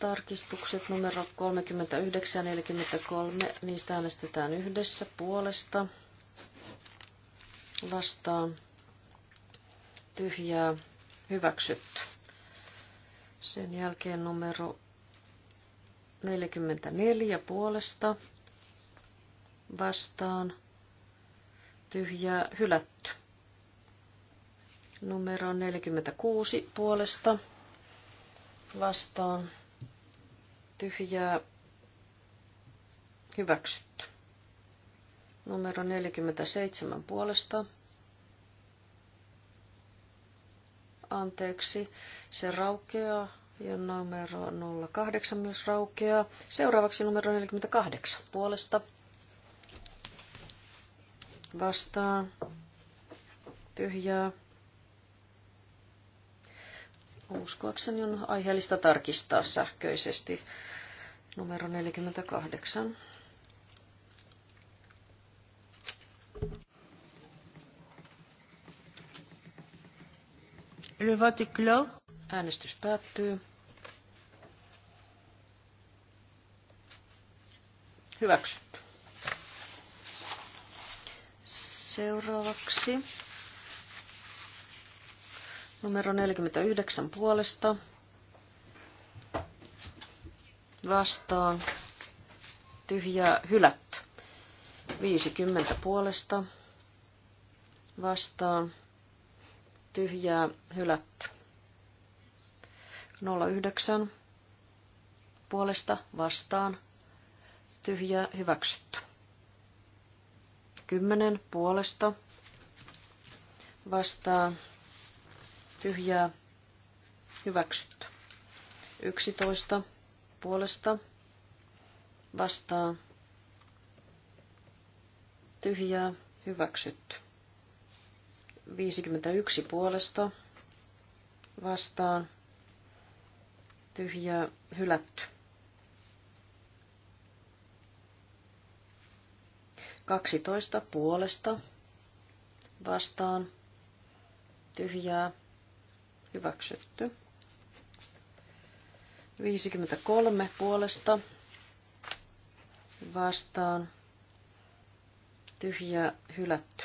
Tarkistukset numero 39 ja 43, niistä äänestetään yhdessä puolesta vastaan tyhjää hyväksytty. Sen jälkeen numero 44 puolesta vastaan tyhjää hylätty. Numero 46 puolesta vastaan tyhjää hyväksytty. Numero 47 puolesta anteeksi, se raukeaa ja numero 08 myös raukeaa. Seuraavaksi numero 48 puolesta. Vastaan. Tyhjää. Uskoakseni on aiheellista tarkistaa sähköisesti numero 48. Le vote est clos. Äänestys päättyy. Hyväksytty. Seuraavaksi numero 49 puolesta vastaan tyhjää hylätty. 50 puolesta vastaan tyhjää hylätty. 09 puolesta vastaan tyhjää hyväksytty. 10 puolesta vastaan tyhjää hyväksytty. 11 puolesta vastaan tyhjää hyväksytty. 51 puolesta vastaan tyhjää hylätty. Kaksitoista puolesta vastaan tyhjää hyväksytty. 53 puolesta vastaan tyhjää hylätty.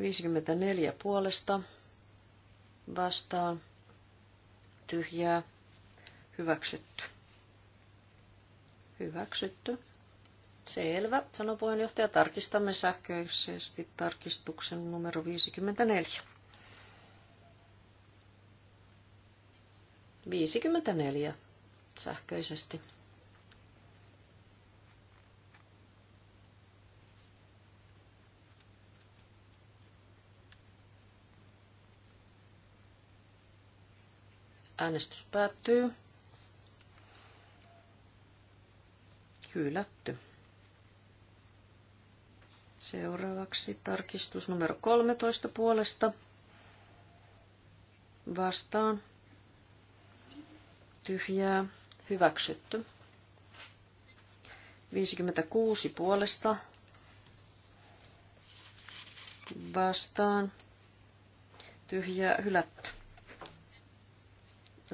54 puolesta vastaan tyhjää, hyväksytty. Hyväksytty. Selvä, sanoi puheenjohtaja. Tarkistamme sähköisesti tarkistuksen numero 54. 54 sähköisesti. Äänestys päättyy. Hylätty. Seuraavaksi tarkistus numero 13 puolesta. Vastaan. Tyhjää. Hyväksytty. 56 puolesta. Vastaan. Tyhjää. Hylätty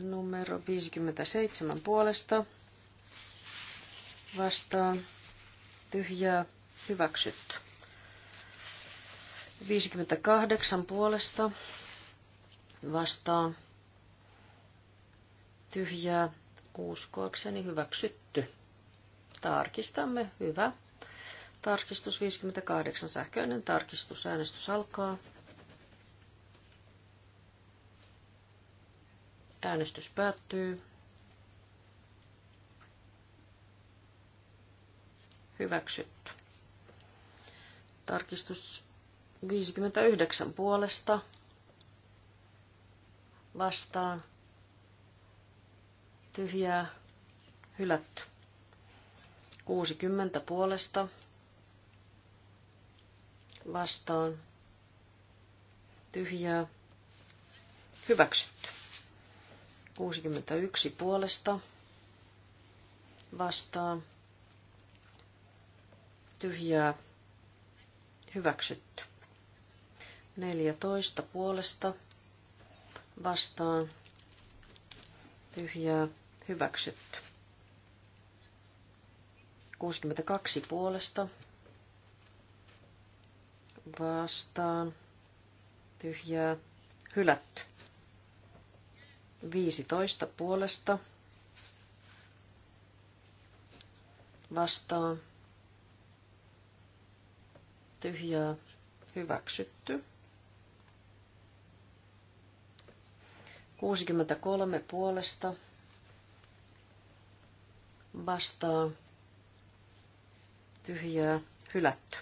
numero 57 puolesta vastaan tyhjää hyväksytty. 58 puolesta vastaan tyhjää uskoakseni hyväksytty. Tarkistamme. Hyvä. Tarkistus 58. Sähköinen tarkistus. Äänestys alkaa. Äänestys päättyy. Hyväksytty. Tarkistus 59 puolesta vastaan tyhjää hylätty. 60 puolesta vastaan tyhjää hyväksy. 61 puolesta vastaan. Tyhjää hyväksytty. 14 puolesta vastaan. Tyhjää hyväksytty. 62 puolesta vastaan. Tyhjää hylätty. 15 puolesta vastaan tyhjää hyväksytty. 63 puolesta vastaan tyhjää hylätty.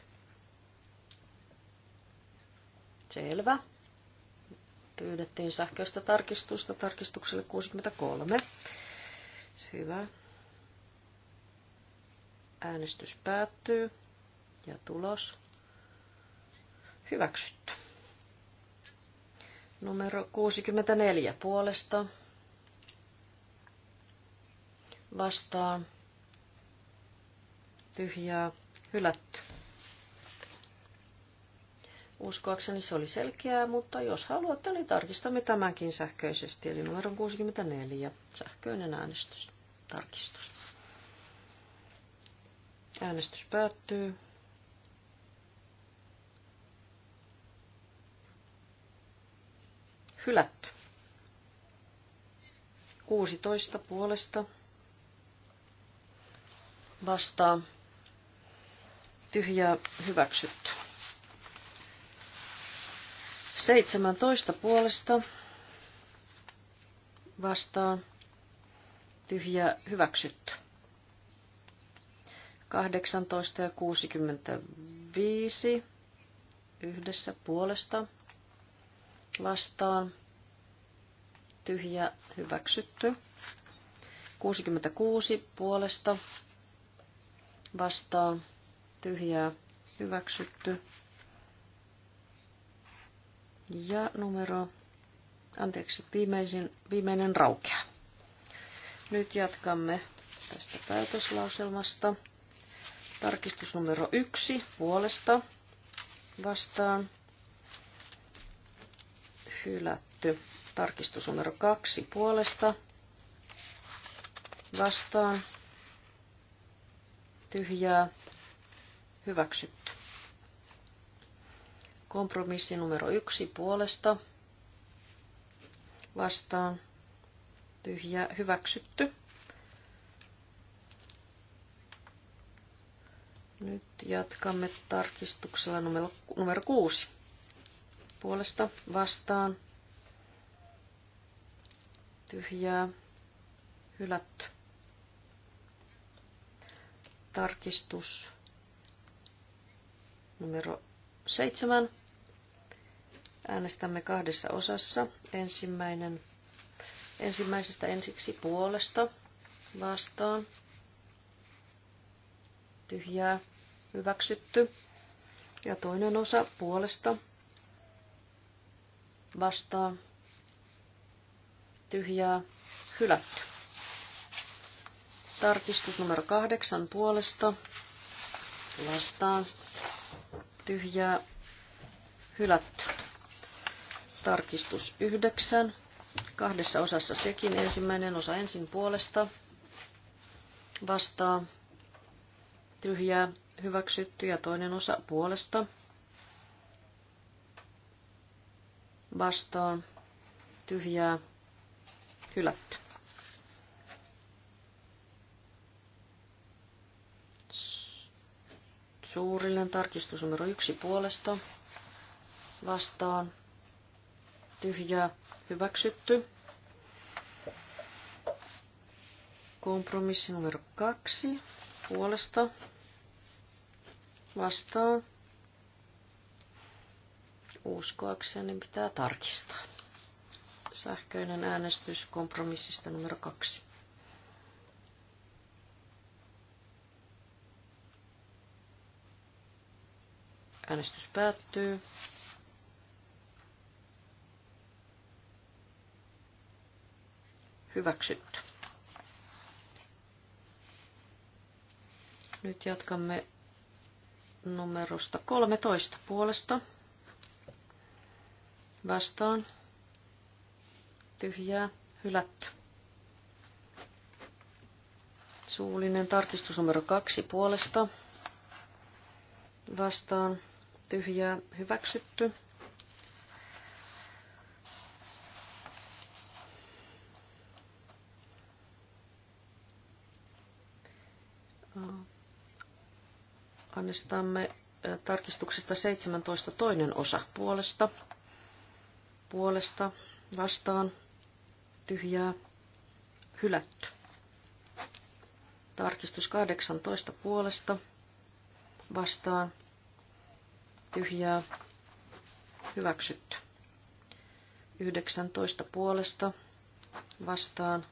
Selvä. Pyydettiin sähköistä tarkistusta tarkistukselle 63. Hyvä. Äänestys päättyy ja tulos hyväksytty. Numero 64 puolesta vastaan tyhjää hylätty. Uskoakseni se oli selkeää, mutta jos haluatte, niin tarkistamme tämänkin sähköisesti, eli numero 64, sähköinen äänestys, tarkistus. Äänestys päättyy. Hylätty. 16 puolesta vastaan tyhjää hyväksytty. 17 puolesta vastaan tyhjä hyväksytty. 18 ja 65 yhdessä puolesta vastaan tyhjä hyväksytty. 66 puolesta vastaan tyhjää hyväksytty. Ja numero, anteeksi, viimeisin, viimeinen raukea. Nyt jatkamme tästä päätöslauselmasta. Tarkistus numero yksi puolesta vastaan hylätty. Tarkistus numero kaksi puolesta vastaan tyhjää hyväksytty. Kompromissi numero yksi puolesta vastaan tyhjä hyväksytty. Nyt jatkamme tarkistuksella numero, numero kuusi. Puolesta vastaan tyhjää hylätty. Tarkistus numero seitsemän Äänestämme kahdessa osassa. Ensimmäinen, ensimmäisestä ensiksi puolesta vastaan. Tyhjää hyväksytty. Ja toinen osa puolesta vastaan. Tyhjää hylätty. Tarkistus numero kahdeksan puolesta vastaan. Tyhjää hylätty. Tarkistus 9. Kahdessa osassa sekin. Ensimmäinen osa ensin puolesta. Vastaa. Tyhjää. Hyväksytty. Ja toinen osa puolesta. Vastaa. Tyhjää. Hylätty. Suurilleen tarkistus numero yksi puolesta vastaan tyhjää hyväksytty. Kompromissi numero kaksi puolesta vastaan. Uskoakseni pitää tarkistaa. Sähköinen äänestys kompromissista numero kaksi. Äänestys päättyy. Hyväksytty. Nyt jatkamme numerosta 13 puolesta. Vastaan. Tyhjää. Hylätty. Suullinen tarkistus numero 2 puolesta. Vastaan. Tyhjää. Hyväksytty. Äänestamme tarkistuksesta 17 toinen osa puolesta. Puolesta vastaan tyhjää hylätty. Tarkistus 18 puolesta vastaan tyhjää hyväksytty. 19 puolesta vastaan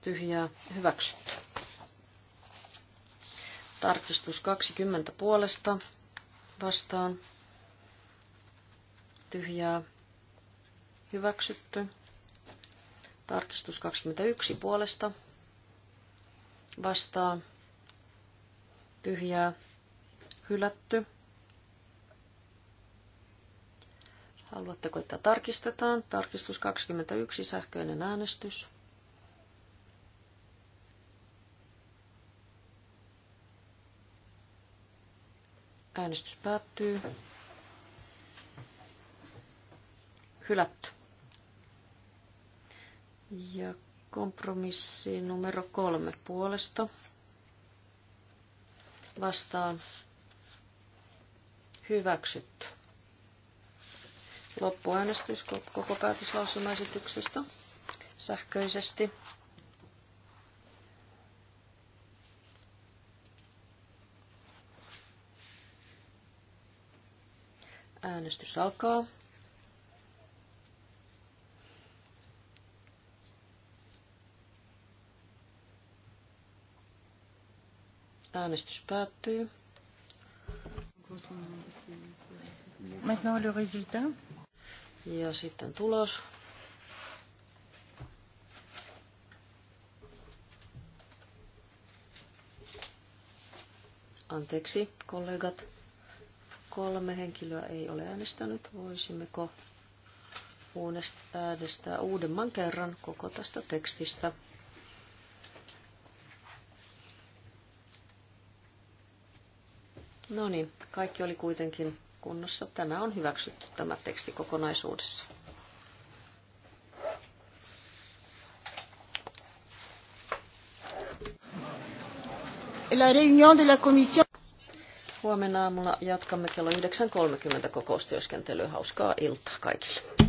tyhjää hyväksytty. Tarkistus 20 puolesta vastaan. Tyhjää. Hyväksytty. Tarkistus 21 puolesta vastaan. Tyhjää. Hylätty. Haluatteko, että tarkistetaan? Tarkistus 21, sähköinen äänestys. Äänestys päättyy. Hylätty. Ja kompromissi numero kolme puolesta. Vastaan. Hyväksytty. Loppuäänestys koko päätöslausumaisityksestä sähköisesti. Äänestys alkaa. Äänestys päättyy. Maintenant le résultat. Ja sitten tulos. Anteeksi, kollegat. Kolme henkilöä ei ole äänestänyt. Voisimmeko äänestää uudemman kerran koko tästä tekstistä? No niin, kaikki oli kuitenkin kunnossa. Tämä on hyväksytty tämä teksti kokonaisuudessa. La réunion de la commission Huomenna aamulla jatkamme kello 9.30 kokoustyöskentelyä. Hauskaa iltaa kaikille.